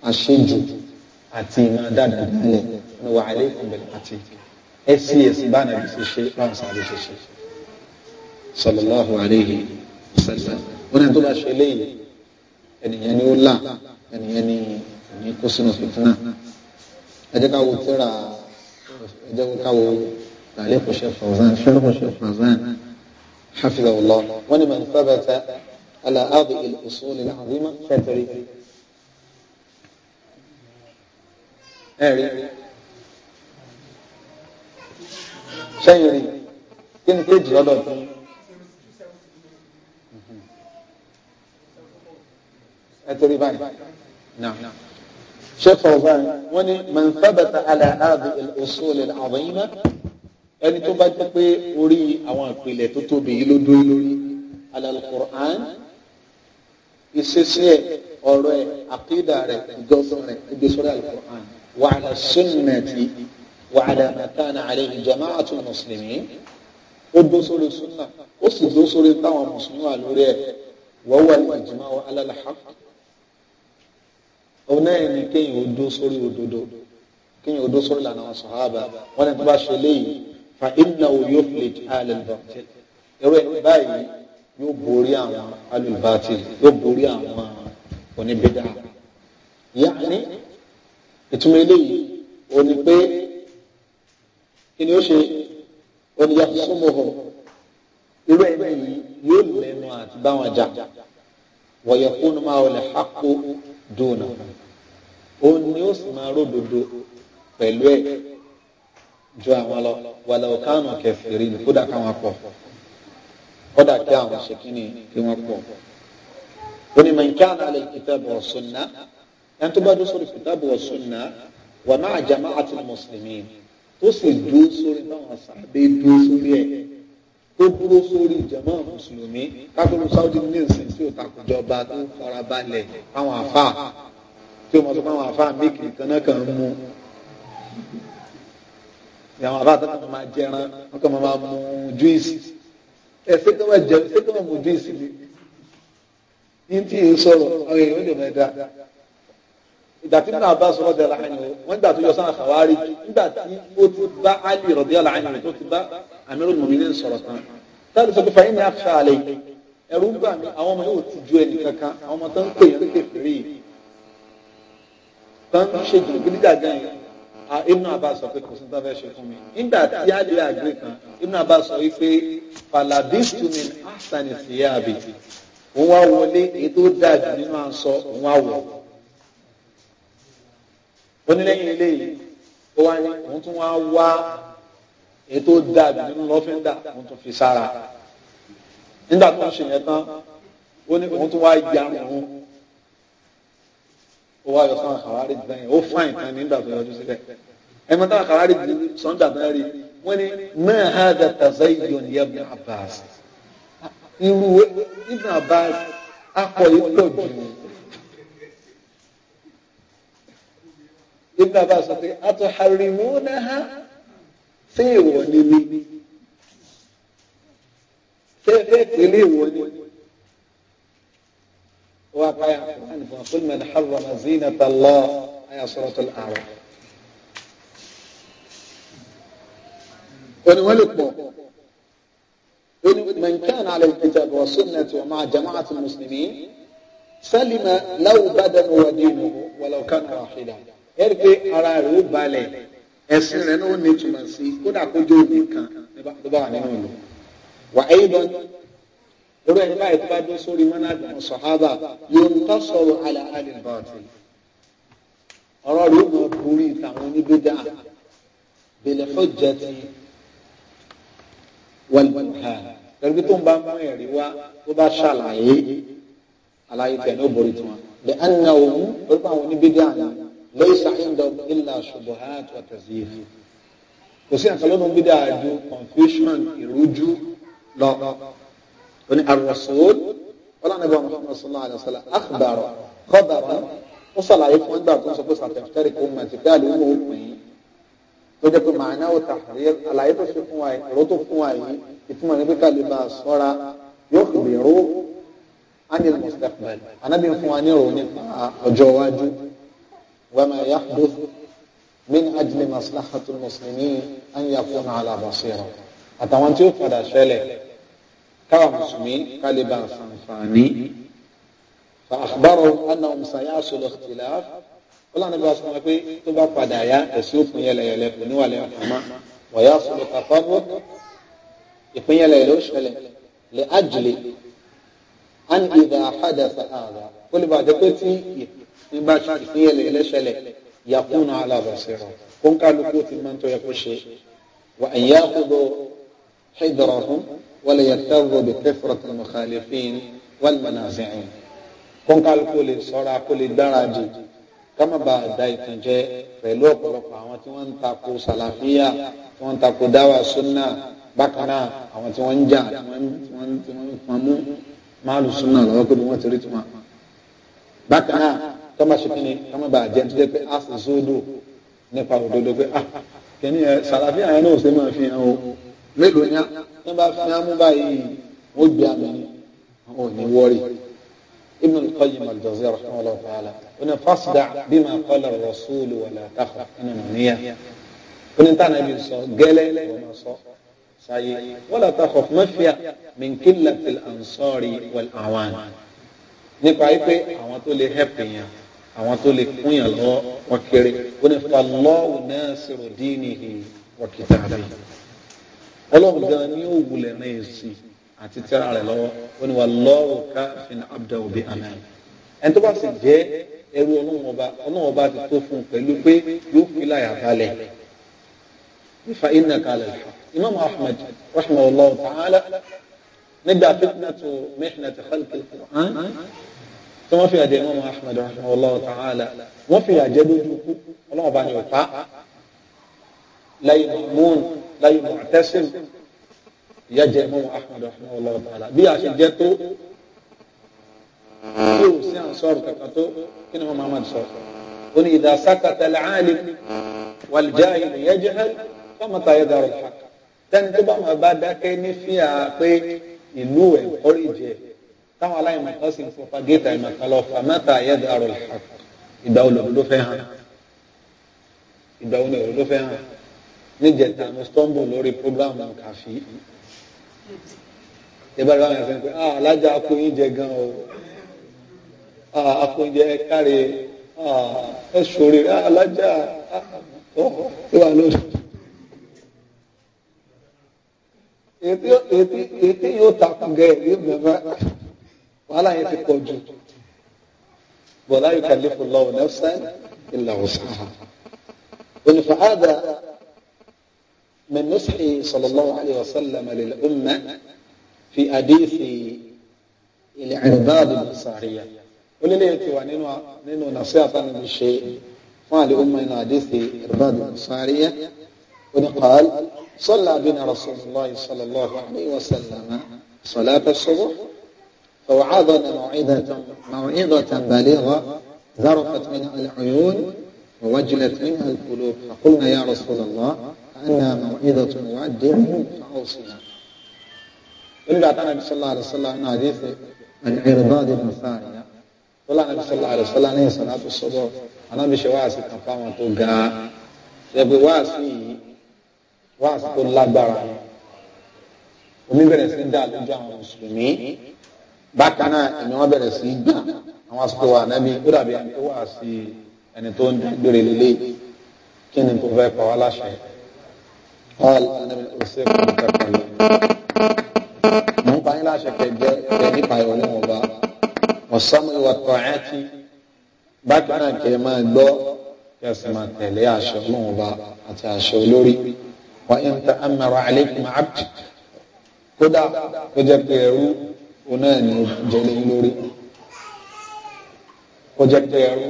àṣejù àti ìmọ̀ dáadáa lẹ́yìn. وعليكم بالعتيق fcs bánà bí ṣe ṣe báwọn sáré ṣe ṣe sallallahu alayhi wa sallam wọn ẹni tó bá ṣe léyìí ẹnìyẹn ni ó là ẹnìyẹn ni òní kó sínú fìtínà ẹ jẹ́ ká wo tírà ẹ jẹ́ ká wo tàlẹ́kùn ṣe fàwùzán ṣẹ́lẹ́kùn ṣe fàwùzán hafizahullah wọn ni man thabata ala hadhihi al-usul al-azima ṣẹ́tẹ̀rì ẹ̀rí. sẹ́yìn rí kí ni kéèjì lọ́dọ̀ tó. ẹ torí báyìí náà sheikh ọ̀gbọ́n wọn ni man thabata ala hadhihi al-usul al-azima ẹni tó bá jẹ́ pé orí àwọn ìpìlẹ̀ tó tóbi yìí ló dúró lórí ala al-Qur'an ìṣesí ẹ ọ̀rọ̀ ẹ àkídà rẹ wa ala sunnati. وعلى ما كان عليه جماعة المسلمين ó dó sórí súnà ó sì dó sórí táwọn mùsùlùmí wà lórí ẹ̀ wọ́wọ́ ìjìmá wa alálàá òun náà ni kéèyàn ó dó sórí òdodo kéèyàn ó dó sórí lànà àwọn sàhábà wọn ni tó bá ṣe léyìí fa iná yóò fi àlè bàtìl ẹrú ẹ báyìí yóò borí àwọn alùbátìl yóò borí àwọn oníbẹdà yáà ní ìtumọ̀ eléyìí òní pé kí ni ó ṣe oníyà súnmọ́hùn irú ẹni yìí yóò lẹ́nu àti báwọn jà wọ̀yẹ̀ kúnnú máa wọlé hápò dùnà òun ni ó sì máa ródodo pẹ̀lú ẹ̀ ju àwọn lọ wàlẹ̀ ọ̀kánù kẹfìrí ni kódà káwọn pọ̀ kódà kí àwọn ṣèkínì kí wọ́n pọ̀ oni man kana ala alkitabi wa sunna ẹni tó bá dúró sórí kìtàbù wa sunna wa ma'a jama'ati almuslimin tó sì dúró sórí báwọn sàbẹ̀ dúró sórí ẹ̀ tó dúró sórí ìjọba mùsùlùmí kákòrò Saudi nílsìn tí ò takùjọba tó farabalẹ̀ fáwọn àfà tí ó mọ̀ tó fáwọn àfà méèkì kaná kan mú àwọn àfà tó kàn máa jẹran wọn kàn máa mú júìsì ẹ ṣé kí wọn jẹun ṣé kí wọn mú júìsì ni ní tí ì sọ̀rọ̀ ọ̀rẹ́ yìí lè mọ̀ ẹ́ ìgbàtí Ibn Abbas radiyallahu anhu wọ́n gbà tó yọ sọ́nà Khawarij nígbà tí ó ti bá Ali radiyallahu anhu tó ti bá Amirul Mu'minin sọ̀rọ̀ tán táàbí sọ pé fàyín ni akhsha alayhi ẹ̀rù ń bà mí àwọn ọmọ yóò ti ju ẹnì kankan àwọn ọmọ tó ń pè ní kékeré yìí tán ṣe jìnnìgbìnìjà gan yìí Ibn sọ pé kò sí tán fẹ́ ṣe fún mi nígbà tí Ali àgbè kan Ibn Abbas sọ wípé falabistu onílẹ̀yìn eléyìí ó wá ní òun tún wá wá ètò dàbí nínú lọ́fíńdà òun tún fi sára nígbà tó ń ṣe yẹn tán ó ní òun tún wá yarun òun ó wá yọ sọ́n àkàwárí dìbẹ́yìn ó fáìn tán nígbà tó yọjú sílẹ̀ ẹ̀mọ́ táwọn àkàwárí sọ́ńdà tán rí wọ́n ní máa ha dà tazayyun ya Ibn Abbas irú Ibn Abbas akọ̀ yìí pọ̀ jù ú. إما باسطي أتحرمونها في ولي فيوني فيوني وقايا فقل من حرم زينة الله آية سورة الأعراف ولكم من كان على الكتاب والسنة ومع جماعة المسلمين سلم لو بدن ودينه ولو كان راحلا ẹ̀rí pé ara rẹ̀ ó balẹ̀ ẹ̀sìn rẹ̀ náà ó ní ìtumọ̀ sí i kódà kó jẹ́ òbí kan ló bá wà nínú ìlú. wà á yí lọ orú ẹni báyìí tó bá dún sórí wọn náà dùn sọ̀hábà yóò ń tọ́ sọ̀rọ̀ àlà àlè bàtì. ọ̀rọ̀ rẹ̀ ó mọ̀ borí ìtàwọn oníbídà bẹ̀lẹ̀ fọ́jà ti wàlúùhà lẹ́gbẹ́ tó ń bá mú ẹ̀rí wá tó bá ṣàlàyé àlàyé tẹ̀ ní ó tiwọn. bẹ́ẹ̀ ẹni náà orúkọ àwọn oníbídà náà laysa indahum illa shubuhat wa tazif kò sí àkàlọ́ nù bí dáadọ́ confusion ìrújú lọ oní ar-rasul wọn lànà bí wọn Muhammad sallallahu alayhi wa sallam akhbaro khabara ó sàlàyé fún ẹgbẹ́ àtúntò sọ pé sàtẹ̀fẹ́rì kò mọ̀ sí pé àlè wọn ò pín in tó jẹ́ pé màánà ò tàhírí àlàyé tó ṣe fún wa yìí ọ̀rọ̀ tó fún wa yìí ìtumọ̀ ní pípa lè bá sọ́ra yóò gbèrò anil mustaqbal ní ìròyìn ọjọ́ iwájú. وما يحدث من أجل مصلحة المسلمين أن يكون على بصيرة àtàwọn tí ó padà ṣẹlẹ̀ káwa mùsùlùmí kálíbà sànfààní fàáxbárò anáwó sayáṣọlọ tìlá fúlàní bá sọ pé tó bá padà yá ẹ̀sìn òpin yẹlẹyẹlẹ kò ní wàlẹ̀ àfàmà wọ̀yá sọlọ kàfàbọ̀ ìpín yẹlẹyẹlẹ ó ṣẹlẹ̀ lè ájìlè án ìdá àhádà sàáàdà kólíbà àjẹpẹ́ tí ìpín nígbà tí ìpínyẹlẹ ẹlẹsẹlẹ yakuna ala basira kó ń kálukú ti máa ń tọ́ yẹ kó ṣe wa an yakhudhu hidrahum wala yartaddu bi kathrati al-mukhalifin wal manazi'in kó ń kálukú lè ṣọ́ra kó lè gbáradì ká má bàa da ìtànjẹ pẹ̀lú ọ̀pọ̀lọpọ̀ àwọn tí wọ́n ń takò sàlàfíà tí wọ́n ń takò dáwà súnà bákan náà àwọn tí wọ́n ń jà tí wọ́n ń fọn mú máàlù súnà lọ́wọ́ pé wọ́n ti rí tiwọn. bákan kọ́má ṣe kí ni kọ́má bá jẹ́ tó jẹ́ pé a sì sódò nípa òdodo pé ah kìíní ẹ sàlàfíà yẹn náà ṣe máa fi hàn o mélòó ni wọ́n bá fi hàn mú báyìí wọ́n gbé àmì ni àwọn ò ní wọ́ọ̀rì Ibn al-Qayyim al-Jawziyya rahimahullah ta'ala ó ní fasda bima qala ar-rasul wala takhaf nínú nìyà ó ní tànà ibi sọ gẹ́lẹ́ wọn sọ sáyé wala takhaf mafia àwọn tó lè kún yàn lọ wọn kéré ó ní falọ́wù nasiru dinihi wa kitabihi ọlọ́run gan ni ó wulẹ̀ náà èsì àti tíra rẹ̀ lọ́wọ́ ó ní wallahu kafin abdahu bi aman ẹni tó bá sì jẹ́ ẹrú ọlọ́run ọba ti tó fún un pẹ̀lú pé yóò fi láyà balẹ̀ fa innaka ala al-haq imam ahmed rahimahullah ta'ala nígbà fitnatu mihnati khalqi tí wọ́n fi àjẹ Imam Ahmad rahimahullah ta'ala wọ́n fi àjẹ lójú kú ọlọ́run bá ní ọ̀pá láyé mọ́mún láyé Mu'tasim ìyá jẹ Imam Ahmad rahimahullah ta'ala bí a ṣe jẹ tó tí o sí àǹsọ̀rọ̀ kankan tó kí ni Imam Ahmad sọ ó ní idha sakata al-alim wal-jahil yẹ dàrú tẹ́ni tó bá máa bá dákẹ́ ní fíà pé ìlú ẹ̀ kọ́rìjẹ́ táwọn aláìmọ̀ kan sì ń fọpa géètì àìmọ̀ kan lọ fà mẹ́ta ayẹ́dẹ àrò ìgbà olóòrùn ló fẹ́ hàn ìgbà olóòrùn ló fẹ́ hàn níjẹta mo stumble lórí program kàfí ìbára wọn yàtọ̀ pé ah alájà akóyinjẹ gan o ah akóyinjẹ káre ah ẹ sori ah alájà ah ìwà lórí. ètí yóò takùn gẹ̀ ẹ́ bí bẹ̀rẹ̀. ولا yẹn ولا يكلف الله نفسا إلا وسعها fún من نصح صلى الله عليه وسلم للأمة في حديث العرباد الأنصارية ولليتي ونينو نينو نصيحة الشيء قال أمة حديث العرباد الإصارية وقال صلى بنا رسول الله صلى الله عليه وسلم صلاة الصبح فوعظنا موعظة موعظة بالغة ذرفت منها العيون ووجلت منها القلوب فقلنا يا رسول الله أنها موعظة مودع فأوصنا إلا أن النبي صلى الله عليه وسلم حديث العرضاد بن ثانية صلى الله عليه وسلم ní صلاة الصبح أنا مش واسي wáàsí kan fáwọn tó واسي ṣẹ́bi الله yìí ومن بين lágbára جامع المسلمين bákan náà èmi wọn bẹ̀rẹ̀ sí í gbà àwọn àsìkò wa nẹ́bí ó dàbí ẹni tó wà sí ẹni tó ń gbèrè lélẹ̀ kí ni tó fẹ́ pa wá láṣẹ. ọ̀l ẹnẹ́bí ó ṣe kó mo ń pa láṣẹ kẹjẹ kẹ nípa ìwọ ní wọn bá wọn sámú ìwà tọ̀ ẹ́ ti bákan náà kẹ máa gbọ́ kí ẹ sì máa tẹ̀lé àṣẹ bá àti àṣẹ olórí wọ́n ń ta amẹ̀rọ àlékún àbùkù kódà kó jẹ́ pé ẹrú òun náà ni ó jẹ lẹ́yìn lórí ó jẹ pé ẹrú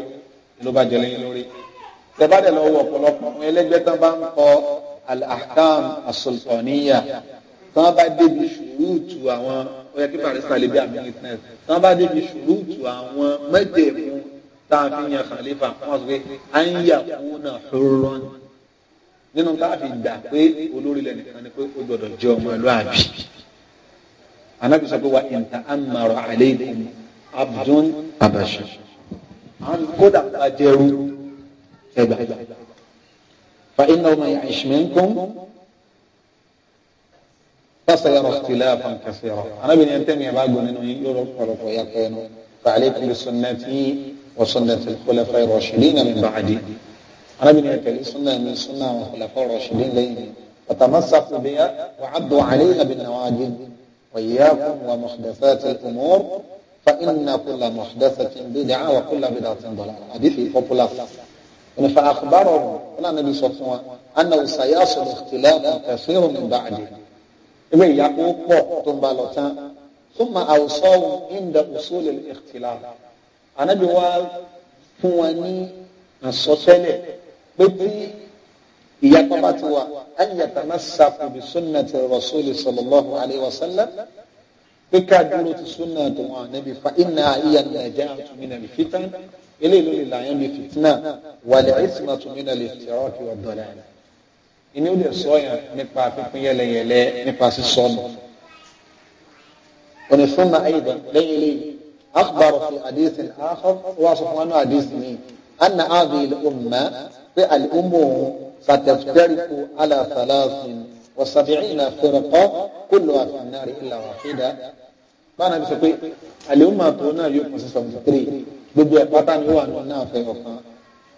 ló bá jẹ lẹ́yìn lórí tẹbádẹ lọ wọ ọ̀pọ̀lọpọ̀ àwọn ẹlẹgbẹ́ tán bá ń kọ al-ahkam as-sultaniya tán bá débi ṣùrùtù àwọn ó yẹ kí paris tàlẹbí àmì ìtàn tán bá débi ṣùrùtù àwọn mẹjẹmú tá a fi yan khalifa wọn sọ pé à ń yà kúnà hurran nínú tá a fi gbà pé olórí lẹnìkan ni pé ó gbọ́dọ̀ jẹ ọmọ ẹlú àbí. anábì sọ pé wa ìntà àmàrà àlẹ́kùn abdun abasha kódà ajẹrú ẹgbà fa iná ọmọ yẹn ìṣmẹ́ńkùn fasayọrọ ikhtilafan kaseera anábì ní ẹntẹ́mi ẹ̀ bá gbọ́ nínú yín yóò rọpọlọpọ̀ yà pẹ́ẹ́nu fa alaykum bi sunnati wa sunnati al-khulafai ar-rashidin min ba'di anábì ní ẹ̀tẹ̀lẹ́ sunna mi sunna wa khulafai ar-rashidin lẹ́yìn mi wa tamassaku biha wa addu alayha bin nawajid. وإياكم ومحدثات الأمور فإن كل محدثة بدعة وكل بدعة ضلالة حديث popular فأخبرهم قال النبي صلى الله عليه وسلم أنه سيصل اختلاف كثير من بعده إذا يقول تنبالتان ثم أوصوا عند أصول الاختلاف أنا بوا فواني أصوتني بدي ìyapa bá ti wà an yatamassaku bi sunnati rasuli sallallahu alayhi wa sallam pé ká dúró ti sunna tó wọn ànábì fa inna hiya najatu min al-fitan eléyìí ló lè láyé mi fìtínà wal ismatu min al-iftiraqi wad dalal ìní ó lè sọ yàn nípa pínpín yẹlẹyẹlẹ nípa sísọnù. ونسمى أيضا ليلي أخبر في حديث آخر واصف عنه حديث مين أن هذه الأمة في الأمة فتفترق على ثلاث وسبعين فرقة كلها في النار إلا واحدة báwọn ẹbí sọ pé àlèhùnmá tó náà yóò pọ̀ sí seventy three gbogbo ẹ̀ pátá ni ó wà nínú náà fẹ́ ọ̀kan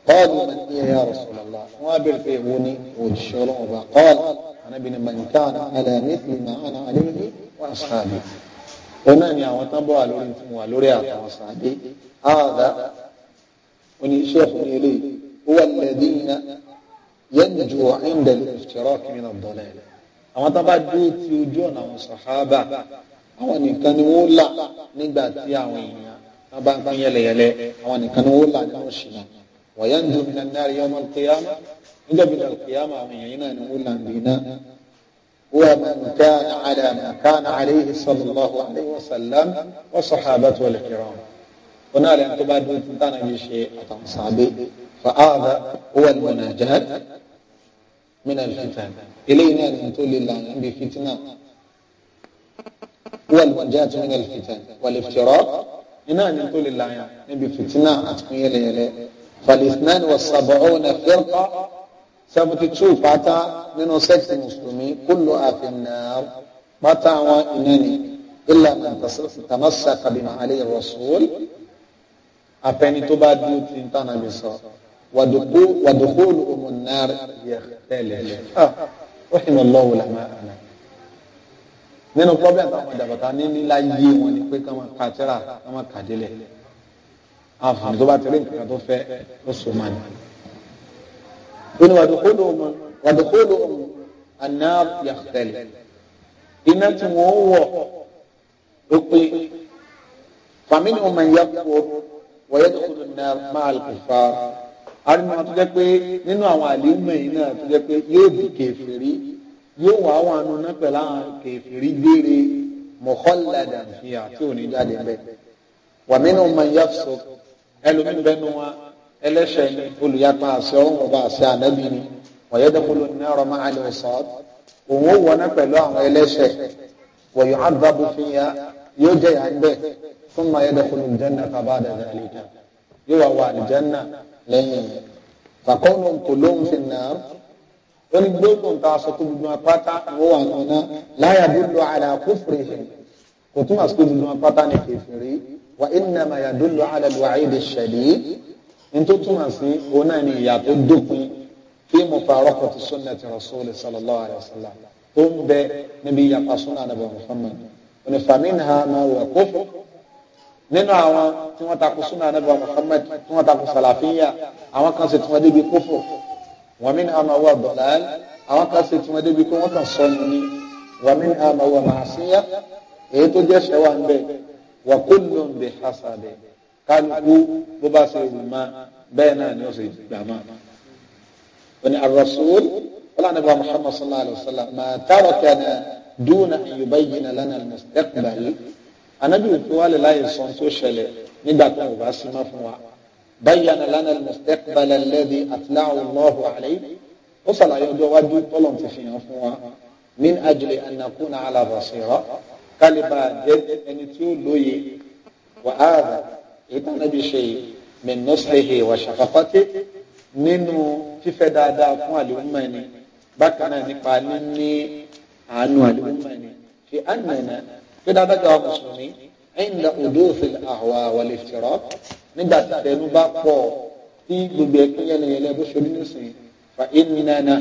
kọ́ọ̀lù mẹ́tí ẹ̀yà Rasulullah wọ́n á bèrè pé èwo ni òṣìṣẹ́ ọlọ́run ọba kọ́ọ̀lù ànábì ni mẹ́tàn àlẹ́ mẹ́tì màánà àlẹ́mẹ́tì wà sáàbì òun náà ni àwọn tábọ̀ wà lórí fún wa lórí àtàwọn sáàbì áàdá oníṣẹ́ fún ilé wọ́n lẹ́dí ينجو عند الافتراك من الضلال àwọn tábà dúró ti ojú ọ̀nà àwọn sàhábà àwọn nìkan ni wọ́n là nígbà tí àwọn èèyàn tábà ń pín yẹlẹyẹlẹ àwọn nìkan ni wọ́n là nínú ṣìnà wa yanju minan nari yawmal qiyamah níjọ́ bí nàlẹ́ kìyàmà àwọn èèyàn yìí náà ni wọ́n là ń bì náà. huwa man kana ala ma kana alayhi sallallahu alayhi wa sallam wa sahabatu al-kiram. wọn náà lẹ́yìn tó bá dúró tí táwọn yìí ṣe àtàwọn sàbẹ̀ fa hadha huwa al-munajat من الفتن إلينا أن تولي الله بفتنة والمنجاة من الفتن والافتراق إنا أن تولي الله بفتنة أتقن لي يلي فالإثنان والسبعون فرقة سبت تشوف أتا من سكت مسلمي كل في النار بطا وإنني إلا من تمسك بما عليه الرسول أبني تبادل تنتان بصر وَدُخُولُهُمُ النَّارِ يَخْتَلِفُ رحم الله علماءنا nínú problem táwọn ìdàbọ̀tà ní nílá yé wọn ni pé ká máa ka tíra ká máa kà délẹ̀ àǹfààní tó bá ti rí nǹkan tó fẹ́ ó so máa ní. ó ní wàdókòló iná tí wọ́n wọ̀ ó pé fàmílì ọmọ ìyá kúrò wọ́n yẹ kó tó ná máa kó fa arínú wọn tó jẹ́ pé nínú àwọn àlímọ̀ yìí náà tó jẹ́ pé yóò di kèfèrí yóò wà wọn àánú náà pẹ̀lú àwọn kèfèrí gbére mọ̀kànlélàdà fi àti òní jáde bẹ́ẹ̀ wà mí nù mọ̀ yá sọ ẹlòmíì bẹ́nu wa ẹlẹ́ṣẹ̀ ni olùyàpá àṣẹ ọ̀run ọba àṣẹ ànábì ni wọ̀nyẹ́dẹ́kọlù ní ọ̀rọ̀ máa òun ó wọ náà pẹ̀lú àwọn ẹlẹ́ṣẹ̀ wọ̀nyọ́ àbábọ̀ fi ya yóò jẹ́ yà ń bẹ́ẹ̀ fún mọ̀ ẹ̀dẹ́kọlù jẹ́ náà kàbá àdàdà yóò wá wà àlùjánà lẹ́yìn yẹn fàkọ́nù kò lóhùn fi nà án ó ní gbogbo nǹkan aṣọ tó gbogbo apáta ó wà nǹkan náà láyà dúró àlà kúfùrì hìn kò tún àsìkò gbogbo apáta ní kẹfìrí wà ìnàmà yà dúró àlà wàhídì ṣẹlẹ nítorí túmọ̀ sí òun náà ni ìyà tó dópin fi mu farọ́kọ̀ ti sunnati rasuli sallallahu alayhi wa sallam tó ń bẹ níbi ìyàpá sunnah nàbẹ̀ muhammad òní fàmínà máa wà nínú àwọn tí wọ́n takò súnà anábìwá Muhammad tí wọ́n takò sàlàfíà àwọn kan sì tí wọ́n débi kófò wọ́n mi ní àmà wà bọ̀láàlì àwọn kan sì tí wọ́n débi kó wọ́n kàn sọnù ni wọ́n mi ní àmà wà èyí tó jẹ́ ṣẹ́wà ń bẹ̀ wà kó lóun bẹ̀ hasadẹ̀ kálukú bó bá ṣe wù má bẹ́ẹ̀ náà ni ó ṣe gbà má. wọ́n ar-rasul wọ́n bá Muhammad sallallahu alayhi wa sallam mà tààrọ̀ kẹ́ni dúnà ìyùbá yìí nà lánàá anabi òkú wa lè láyè sọ tó ṣẹlẹ̀ nígbà tó ń bá sí má fún wa bayyana lana al-mustaqbal alladhi atla'ahu Allahu alayhi ó ṣàlàyé ọjọ́ wájú tọ́lọ̀ ti fi hàn fún wa min ajli an nakuna ala basira kálíbà jẹ́ ẹni tí ó lóye wa hadha èyí tí anabi ṣe yìí min nasihi wa shafaqatihi nínú fífẹ́ dáadáa fún àlùmọ́ ẹni bákan náà nípa níní àánú àlùmọ́ ẹni fi annana kí dáadáa gba mùsùlùmí ẹ̀yìnda òdòfin àwa wàlẹ̀ fìrọ́ nígbà tí tẹnu bá pọ̀ tí gbogbo ẹ̀kún yẹlẹyẹlẹ bó ṣe nínú sìn fa ìnìnàna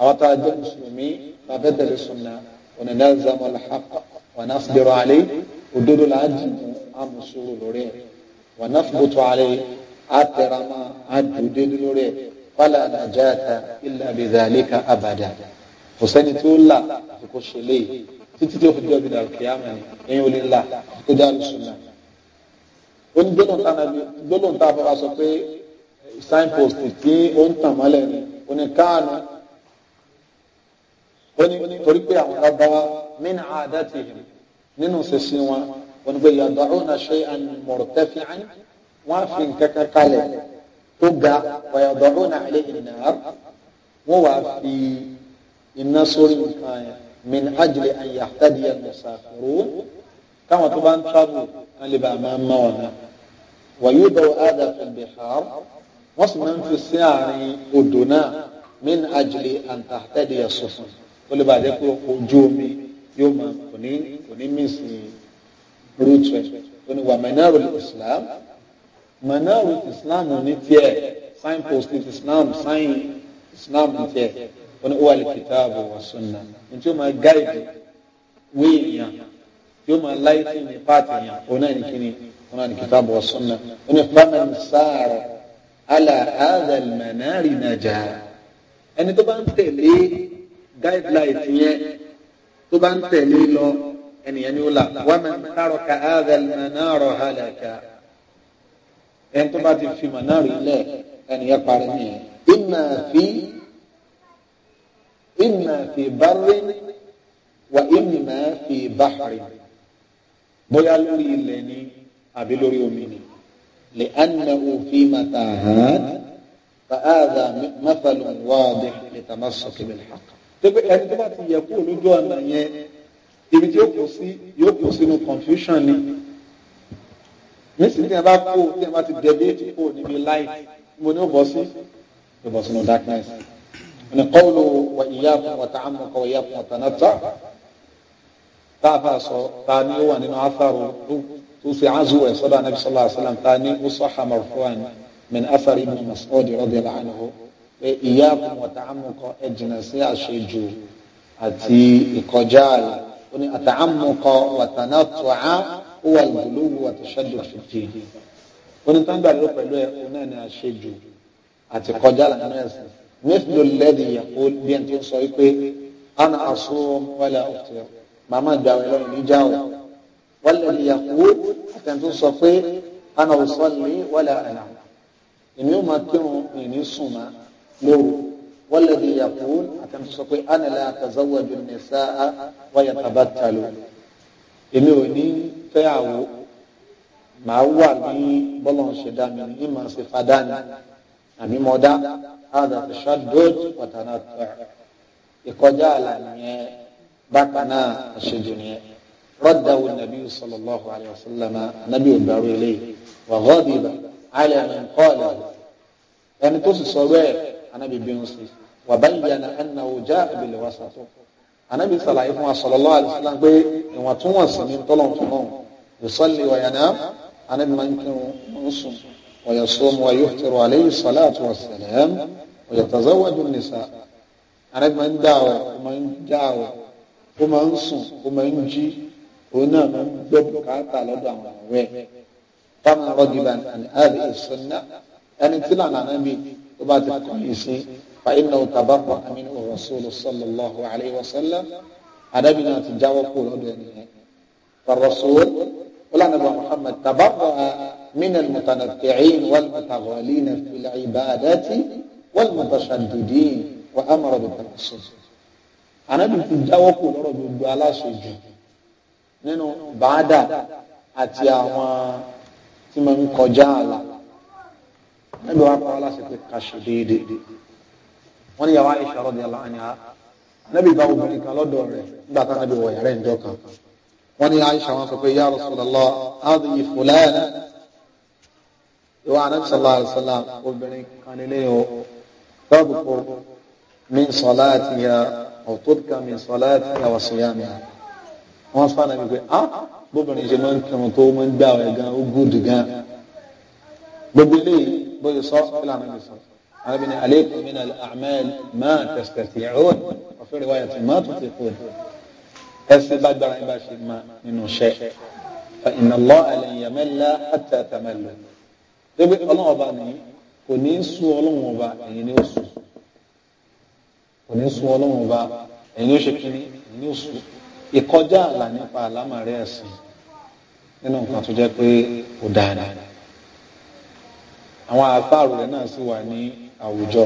àwọn tá a jẹ́ mùsùlùmí tàbẹ́ tẹ̀lé sunna òní náà zàmọ́ làhàkọ́ wọn náà fi àlẹ́ òdodo là á jìnnà àmùsùlù lórí ẹ̀ wọn náà fi àlẹ́ àtẹ̀rámà àdùdé lórí ẹ̀ wàlà nàjàtà ìlà bìzàlíkà àbàdà kò sẹ́ni tó títí tí ó fi jọ́ bí dàrú kìá mọ̀ ni ẹ̀yin ò lè la ó jẹ́ àlùsùn náà. ó ní gbólóhùn tá a fọwọ́ sọ pé signpost tí ó ń tàn mọ́lẹ̀ ni ó ní káànù ó ní torí pé àwọn lábáwá min aadatihim nínú sísìn wọn wọn ni pé yad'una shay'an murtafi'an wọn fi nǹkankan kalẹ̀ tó ga wa yad'una alayhi an-nar wọn wàá fi iná sórí nǹkan yẹn min ajili an yahtadiya musafirun káwọn tó bá ń tábù wọn lè bá a máa ma ọ̀nà wàyí dọ̀wọ́ àdá fìbìhàr wọ́n sì máa ń fi sí àárín odò náà min ajili an tahtadiya sufun ó lè bá a jẹ́ pé ojú omi yóò máa kò ní kò ní mí sí rúùtù ẹ̀ ó islam mẹ́nàrú islam sign post islam sign islam ní tiẹ̀ wọn ó wà lè kìtààbù wa sunna ní tí ó máa gáìdì wéè yàn tí ó máa láyé tí ní pààtì yàn òun náà nìkíni wọn náà ní kìtààbù wa sunna wọn ní faman sáàrọ̀ ala hadha al-manari naja ẹni tó bá ń tẹ̀lé guideline yẹn tó bá ń tẹ̀lé lọ ẹnìyẹn ni ó là waman taraka hadha al-manara halaka ẹni tó bá ti fi mànárì lẹ̀ ẹnìyẹn parí nìyẹn ìmà fi. إما في بر wa imma fi bahrin bóyá lórí ilẹ̀ ni àbí لأنه في ni lè anna واضح لتمسك بالحق. fàáza ẹni tó bá ti yẹ kó lójú ọ̀nà yẹn ibi tí yóò kó sí yóò kó sínú confusion ni nísìnyí tí a bá kó tí a bá ti debate kó níbi light mo ní ó bọ́ sí ó bọ́ sínú darkness ní kọ́wùlù wà ìyáàkùn wàtàámùkọ̀ ìyáàkùn wàtànátà tá a bá sọ ta ni ó wà nínú afárò tó ṣe áńzù ẹ̀ sọ́dọ̀ anabi sọ́lá àṣàlám ta ni ó sọ ha marfu'an min afárì ibn Mas'ud radiyallahu anhu pé ìyáàkùn wàtàámùkọ̀ ẹ̀ jìnnà sí àṣejù àti ìkọjá àlà ó ní àtàámùkọ̀ wàtànátà ó wà ìgbòlówó àtàṣàdùn fìtì onítàǹgbà ló pẹ̀lú ẹ̀ òun náà ni àṣejù àti kọjá àlà nínú ẹ̀sìn mithlu alladhi yaqul bí ẹni tí ń sọ wípé ana asum wala uftir màmá ìgbà rẹ lọ́rùn níjà o walladhi yaqul àtẹ̀ntì ń sọ pé ana usalli wala anam èmi ò máa kírun ìní sùn má lóru walladhi yaqul àtẹ̀ntì sọ pé ana la atazawwaju an-nisaa wa yatabattalu èmi ò ní fẹ́ àwò màá wà ní bọ́lọ̀ ń mi ní màá ṣe fadá ni àbí mọdá hàdà tashaddud wa tanattu ìkọjá àlà nìyẹn bákan náà àṣejù nìyẹn rọdàwù nàbí sallallahu alayhi wa sallam nàbí ògbàrú ilé wà ghadiba ala man qala ẹni tó sì sọ bẹ́ẹ̀ anábì bí ń sè wà bayyana annahu ja'a bil wasat anábì sàlàyé fún wa sallallahu alayhi wa ìwọ̀ntúnwọ̀nsì ni tọ́lọ̀ tọ́lọ̀ yusọ́lì wàyànà ويصوم ويفطر عليه الصلاة والسلام ويتزوج النساء أنا ما دعوة ما دعوة وما نصوم وما نجي هنا من دب كاتا لدعوة فما رجبا عن هذه السنة أن تلعن النبي وبعد كويسي فإنه تبرأ منه الرسول صلى الله عليه وسلم أدبنا تجاوب قول فالرسول ولا نبي محمد تبرأ من المتنفعين والمتغالين في العبادة والمتشددين وأمر بالتوسل أنا بنت جاوكو لورو بيبالا سجو nínú bàádà àti àwọn tí mo ń kọjá àlà níbi wàá pa aláṣẹ pé ká ṣe déédéé wọn ní yàrá Aisha radiyallahu anha níbi ìbá obìnrin kan lọ́dọ̀ rẹ̀ nígbà tá níbi wọ yàrá ìjọ kan wọn ní Aisha wọn sọ pé ya Rasulullah adìyí fúlẹ́ẹ̀nì ìwà anábìsọ̀lá àṣọlá obìnrin kan nílé o tọ́bùkù min salatiha aw tubka min salatiha wa siyamiha wọ́n sọ ànábi pé ah bóbìnrin ṣe máa ń kírun tó máa ń gbà ọ̀ ẹ̀gán ó gùdù gan gbogbo eléyìí bóyá sọ ìlànà mi sọ ànábi ni alaykum min al-a'mal ma tastati'un wa fi riwayatin ma tutiqun ẹsẹ bá gbára ẹ bá ṣe máa nínú iṣẹ́ fa inna Allaha lan yamalla hatta tamallu débi ọlọ́run ọba nìyí kò ní í sú ọlọ́run ọba ẹ̀yin ni ó sú kò ní í sú ọlọ́run ọba ẹ̀yin ni ó ṣe kíní ẹ̀yin ni ó sú ìkọjá àlà nípa àlámàrí ẹ̀sìn nínú nǹkan tó jẹ́ pé kò dáadáa àwọn àpáàrò rẹ̀ náà sì wà ní àwùjọ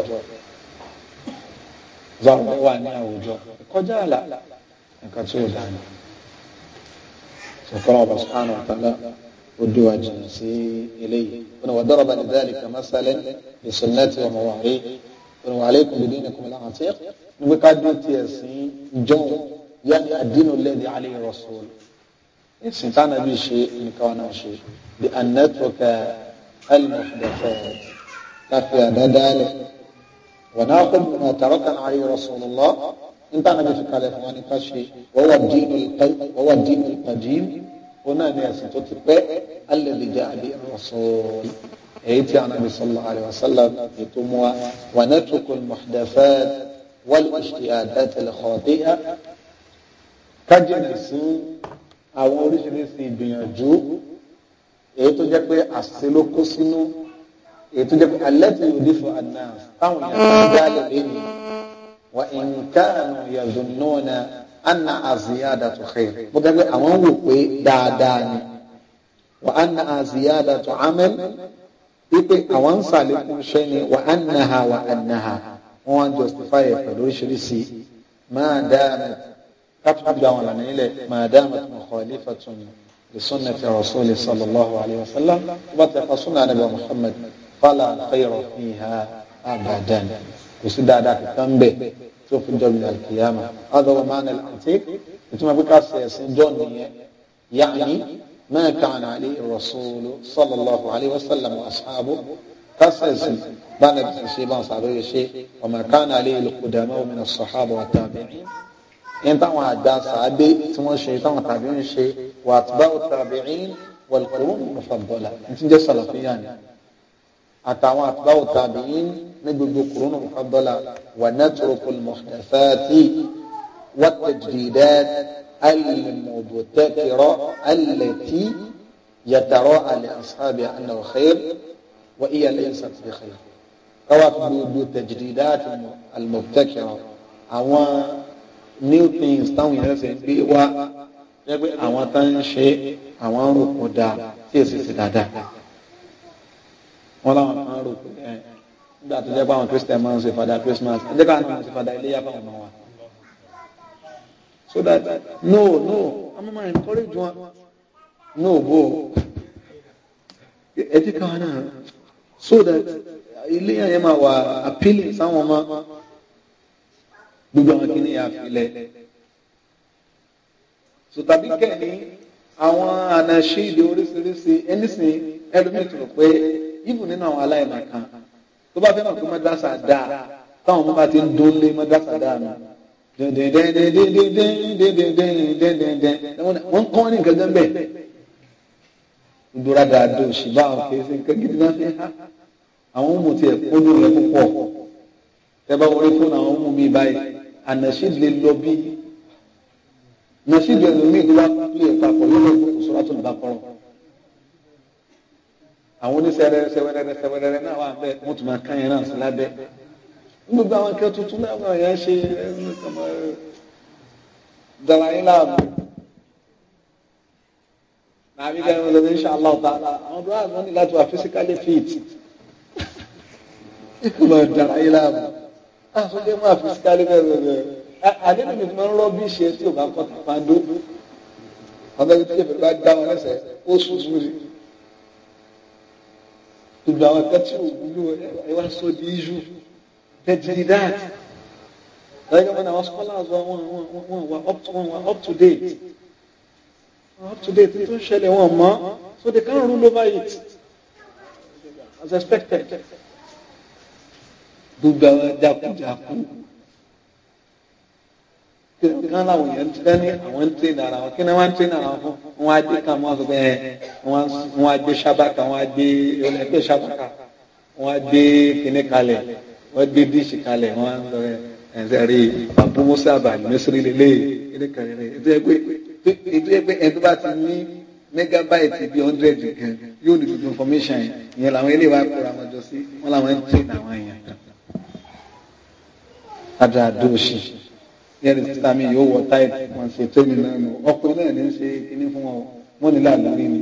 zọlọ wà ní àwùjọ ìkọjá àlà nǹkan tí ó dáa ní. sọ̀kọ́nà ọba sọ̀kọ́nà ọ̀tá náà. ودوج إليه هنا وضرب لذلك مثلا لسنات ومواريه هنا وعليكم بدينكم العتيق مقدم تيسي جو يعني الدين الذي عليه الرسول سنتانا بشيء نكوانا شيء بأن نترك المحدثات تفيا ذلك ونأخذ ما تركنا عليه رسول الله انتانا بشيء كالفواني كشي وهو الدين القديم òun náà ni ẹ̀sìn tó ti pẹ́ alẹ́ lè jẹ́ àbí rasul èyí tí anabi sallallahu alayhi wa sallam ètò mu wa wà ní tukul muhdafat wal ishtihadat al khati'a kájínà sí àwọn oríṣiríṣi ìgbìyànjú èyí tó jẹ́ pé àṣìṣe ló kó sínú èyí tó jẹ́ pé alẹ́ tí yóò dé fún anáà táwọn èèyàn ń dá lè lé ní wa in kanu yazunnuna anna aziyadatu khair bó dẹ́gbẹ́ àwọn wò pé dáadáa ni wa anna aziyadatu amal wípé àwọn ń sàlékún iṣẹ́ ni wa annaha wa annaha wọ́n wá ń justify ẹ̀ pẹ̀lú oríṣiríṣi máa dáàmà kápẹ́tù bí àwọn ìlànà ilẹ̀ máa dáàmà tó mọ̀kọ́ ilé fàtún lè súnà fi rasuli sallallahu alayhi wa sallam tó ti fa súnà àdàbà Muhammad fàlà khayra fiha abadan kò sí dáadáa kankan bẹ́ẹ̀. tó fi jọ bíi alikiyama ọdọ wọn máa ń lantí ìtumọ̀ bí ká sẹ ẹsìn dọ́ọ̀ nìyẹn yaani máa kàn àlẹ́ rasulu sallallahu alayhi wa asaabu ká sẹ ẹsìn báńdà bìí ṣe bá ọ̀sán àbẹ̀wò ṣe wa ma kàn àlẹ́ al-qudama min as-sahaba wa tabi'in yẹn táwọn àgbà sàábé tí wọ́n ṣe táwọn tàbí ń ṣe wa atba'u tabi'in wal qurun mufaddala ní ti jẹ́ sàlàfíyà ni àtàwọn atba'u tabi'in ní gbogbo kùrúnù muhammadu wa natruku al-muhdathati wa tajdidat al-mubtakira allati yatara'a li ashabiha annahu khair wa hiya laysat bi khair káwá gbogbo tajdidat al-mubtakira àwọn new things táwọn yẹn ṣe gbé wá lẹ́gbẹ́ àwọn tá ń ṣe àwọn rògbòdà tí èsì sí dáadáa wọ́n láwọn kan rògbòdà ẹ̀ nígbà tó jẹ́ pé àwọn christian máa ń ṣe fada christmas ẹ jẹ́ káwọn náà fada iléyá fáwọn ọmọ wa so that no no i'm encourage wọn no bo ẹ jẹ́ káwọn náà so that iléyá yẹn máa wà appealing sáwọn ọmọ gbogbo àwọn kìíní yà filẹ̀ so tàbí kẹ́ni àwọn ànàṣe ìdè oríṣiríṣi ẹnìsìn ẹlòmíì tó rò pé ibù nínú àwọn aláìmọ̀ kan tó bá fẹ́ mọ̀ pé mọ́dásà dáa táwọn ọmọ bá ti ń dún lé mọ́dásà dáa nù wọ́n kọ́ ní nǹkan gẹ́gẹ́ bẹ́ẹ̀ ìdúrà dáadọ́ ṣùgbọ́n àwọn kèésì nǹkan gidi náà fi hàn àwọn ọmọ tiẹ̀ kójú rẹ̀ púpọ̀ ẹ bá wọlé fún àwọn ọmọ mi báyìí ànàṣìd lè lọ bí nàṣìd ẹ̀rọ mi ìdúrà pílẹ̀ papọ̀ yóò lọ sọ́ra tó ń bá kọ́rọ̀ àwọn oníṣẹ́rẹ́ ṣẹwẹ́rẹ́rẹ́ ṣẹwẹ́rẹ́rẹ́ náà wà bẹ́ẹ̀ wọ́n tún máa kán yẹn náà sí lábẹ́ gbogbo àwọn akẹ́kọ̀ọ́ tuntun náà wọ́n yẹn ṣe dàlàyé láàbù nàbí kẹ́rin ọ̀sẹ̀ ní ṣàlá ọ̀tá àwọn ọ̀dọ́ àgbọn ní láti wà physically fit ìkùmọ̀ dàlàyé láàbù àtúndé máa physically fit àdéhùn mi máa ń rọ́ bí ṣe tí ò bá kọ́ tàpá dó ọ̀dọ́ ibi tí ìfẹ́ bá dá wọn lẹ́sẹ̀ ó sùn sùn rí gbogbo àwọn kan tí òwúlò ẹ wá sọ di iṣu bẹ́ẹ̀ni dat lọ́yìn wọn àwọn scholars wa wọn wọn wà up to wọn up to date up to date tó ń ṣẹlẹ̀ wọn mọ́ so they can't rule over it as expected gbogbo àwọn jákujàku kan láwọn èèyàn tẹ́ ní àwọn ń tẹ́ dára wọn kí ni wọ́n ń tẹ́ dára wọn fún wọn á dé ká wọn sọ bẹ́ẹ̀ wọn á gbé sábàkà wọn á gbé ẹgbẹ́ sábàkà wọn á gbé kíní kalẹ̀ wọ́n gbé díṣì kalẹ̀ wọ́n á sọ bẹ́ẹ̀ ẹ̀sẹ̀ rí Abu Musa àbàlì mẹ́sìrì lélẹ̀ kíní kalẹ̀ rẹ̀ ètò ẹgbẹ́ ètò ẹgbẹ́ ẹ̀ bá ti ní megabyte bíi hundred kan yóò ní gbogbo information yẹn làwọn eléyìí wá kóra wọn jọ sí wọn làwọn ń tẹ́ àwọn èèyàn kan. Adúlá dúró ṣe ẹrì sísá mi yóò wọ táìpù wọn ṣe tẹ́mi náà nù ọkùnrin náà ní ṣe kíní fún ọ wọn ní láàlórí ni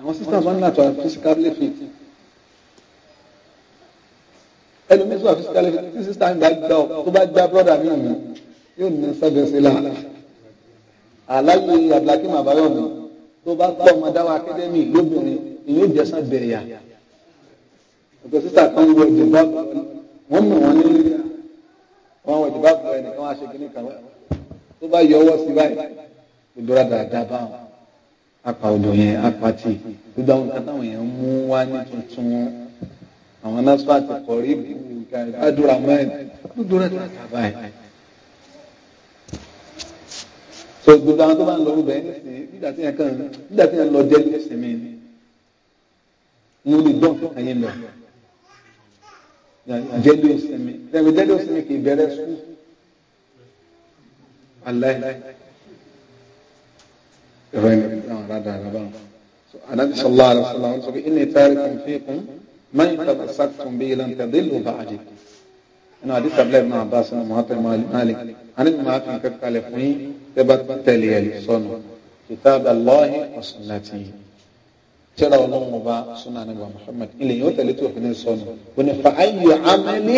àwọn sísá wọn náà tó a physically fit ẹlòmíín tó a physically fit tí sísá mi bá gbà ọ tó bá gbà brọ́dà mi nù yóò ní sẹ́gbẹ̀sẹ̀ la àlàyé abdulhakeem abayomi tó bá gbà ọmọ dáwà akademi lóbìnrin ìyóò jẹ́sán bẹ̀rẹ̀ yà ọ̀pọ̀ sísá kan wọ ìjọba wọn mọ̀ wọn ní wọn wọ ìdìbò àbúrò ẹnìkan wá ṣe kínní kan tó bá yọ ọwọ́ sí báyìí ìdúrà dáadáa bá wọn apá odò yẹn apá tì gbogbo àwọn nǹkan táwọn yẹn mú wá ní tuntun àwọn násùpá ti kọ̀ rí àdúrà mẹ́rin gbogbo rẹ̀ dáadáa báyìí. so gbogbo àwọn tó bá ń lọ rúbẹ̀ ẹ̀ nísìnyí nígbà tí yẹn kàn nígbà tí yẹn lọ jẹ́ nísìnyí mo lè gbọ́ nǹkan yẹn lọ jẹ́lé òsìnmi lẹ́gbẹ̀ẹ́ jẹ́lé òsìnmi kì í bẹ̀rẹ̀ sùkúù aláì ìrọ̀ ilẹ̀ àwọn aládàá bá wọn. anabi sallallahu alaihi wa sallam sọ pé inni tarikum fikum man tamasaktum bihi lan tadillu ba'di inú àdìs abdullahi ibn abbas ní muhammad malik anabi máa fi nǹkan kalẹ̀ fún yín tẹ́ bá tẹ̀lé ẹ̀ sọnù kitab allahi wa sunnati yìí tẹ́lá ọlọ́run ọba súnà nígbà Muhammad ilẹ̀ yìí ó tẹ̀lé tó fún ní sọnù òní fa ayò amẹ́lí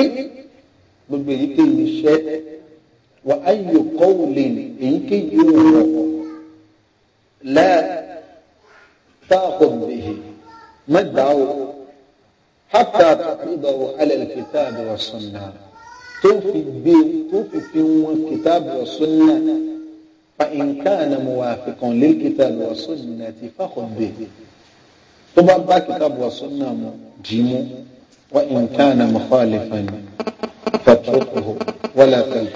gbogbo èyíkéyìí iṣẹ́ wa ayò qawlin èyíkéyìí òwò la ta'khudh bihi mẹ́dàáwò hatta taqidahu ala al-kitabi wa sunnah tó fi gbé tó fi fi wọn kitabi wa sunnah fa in kana muwafiqan lil kitabi wa sunnah ti fa'khudh bihi. طبعا كتاب وسنة جيمو وإن كان مخالفا فاتركه ولا تنفع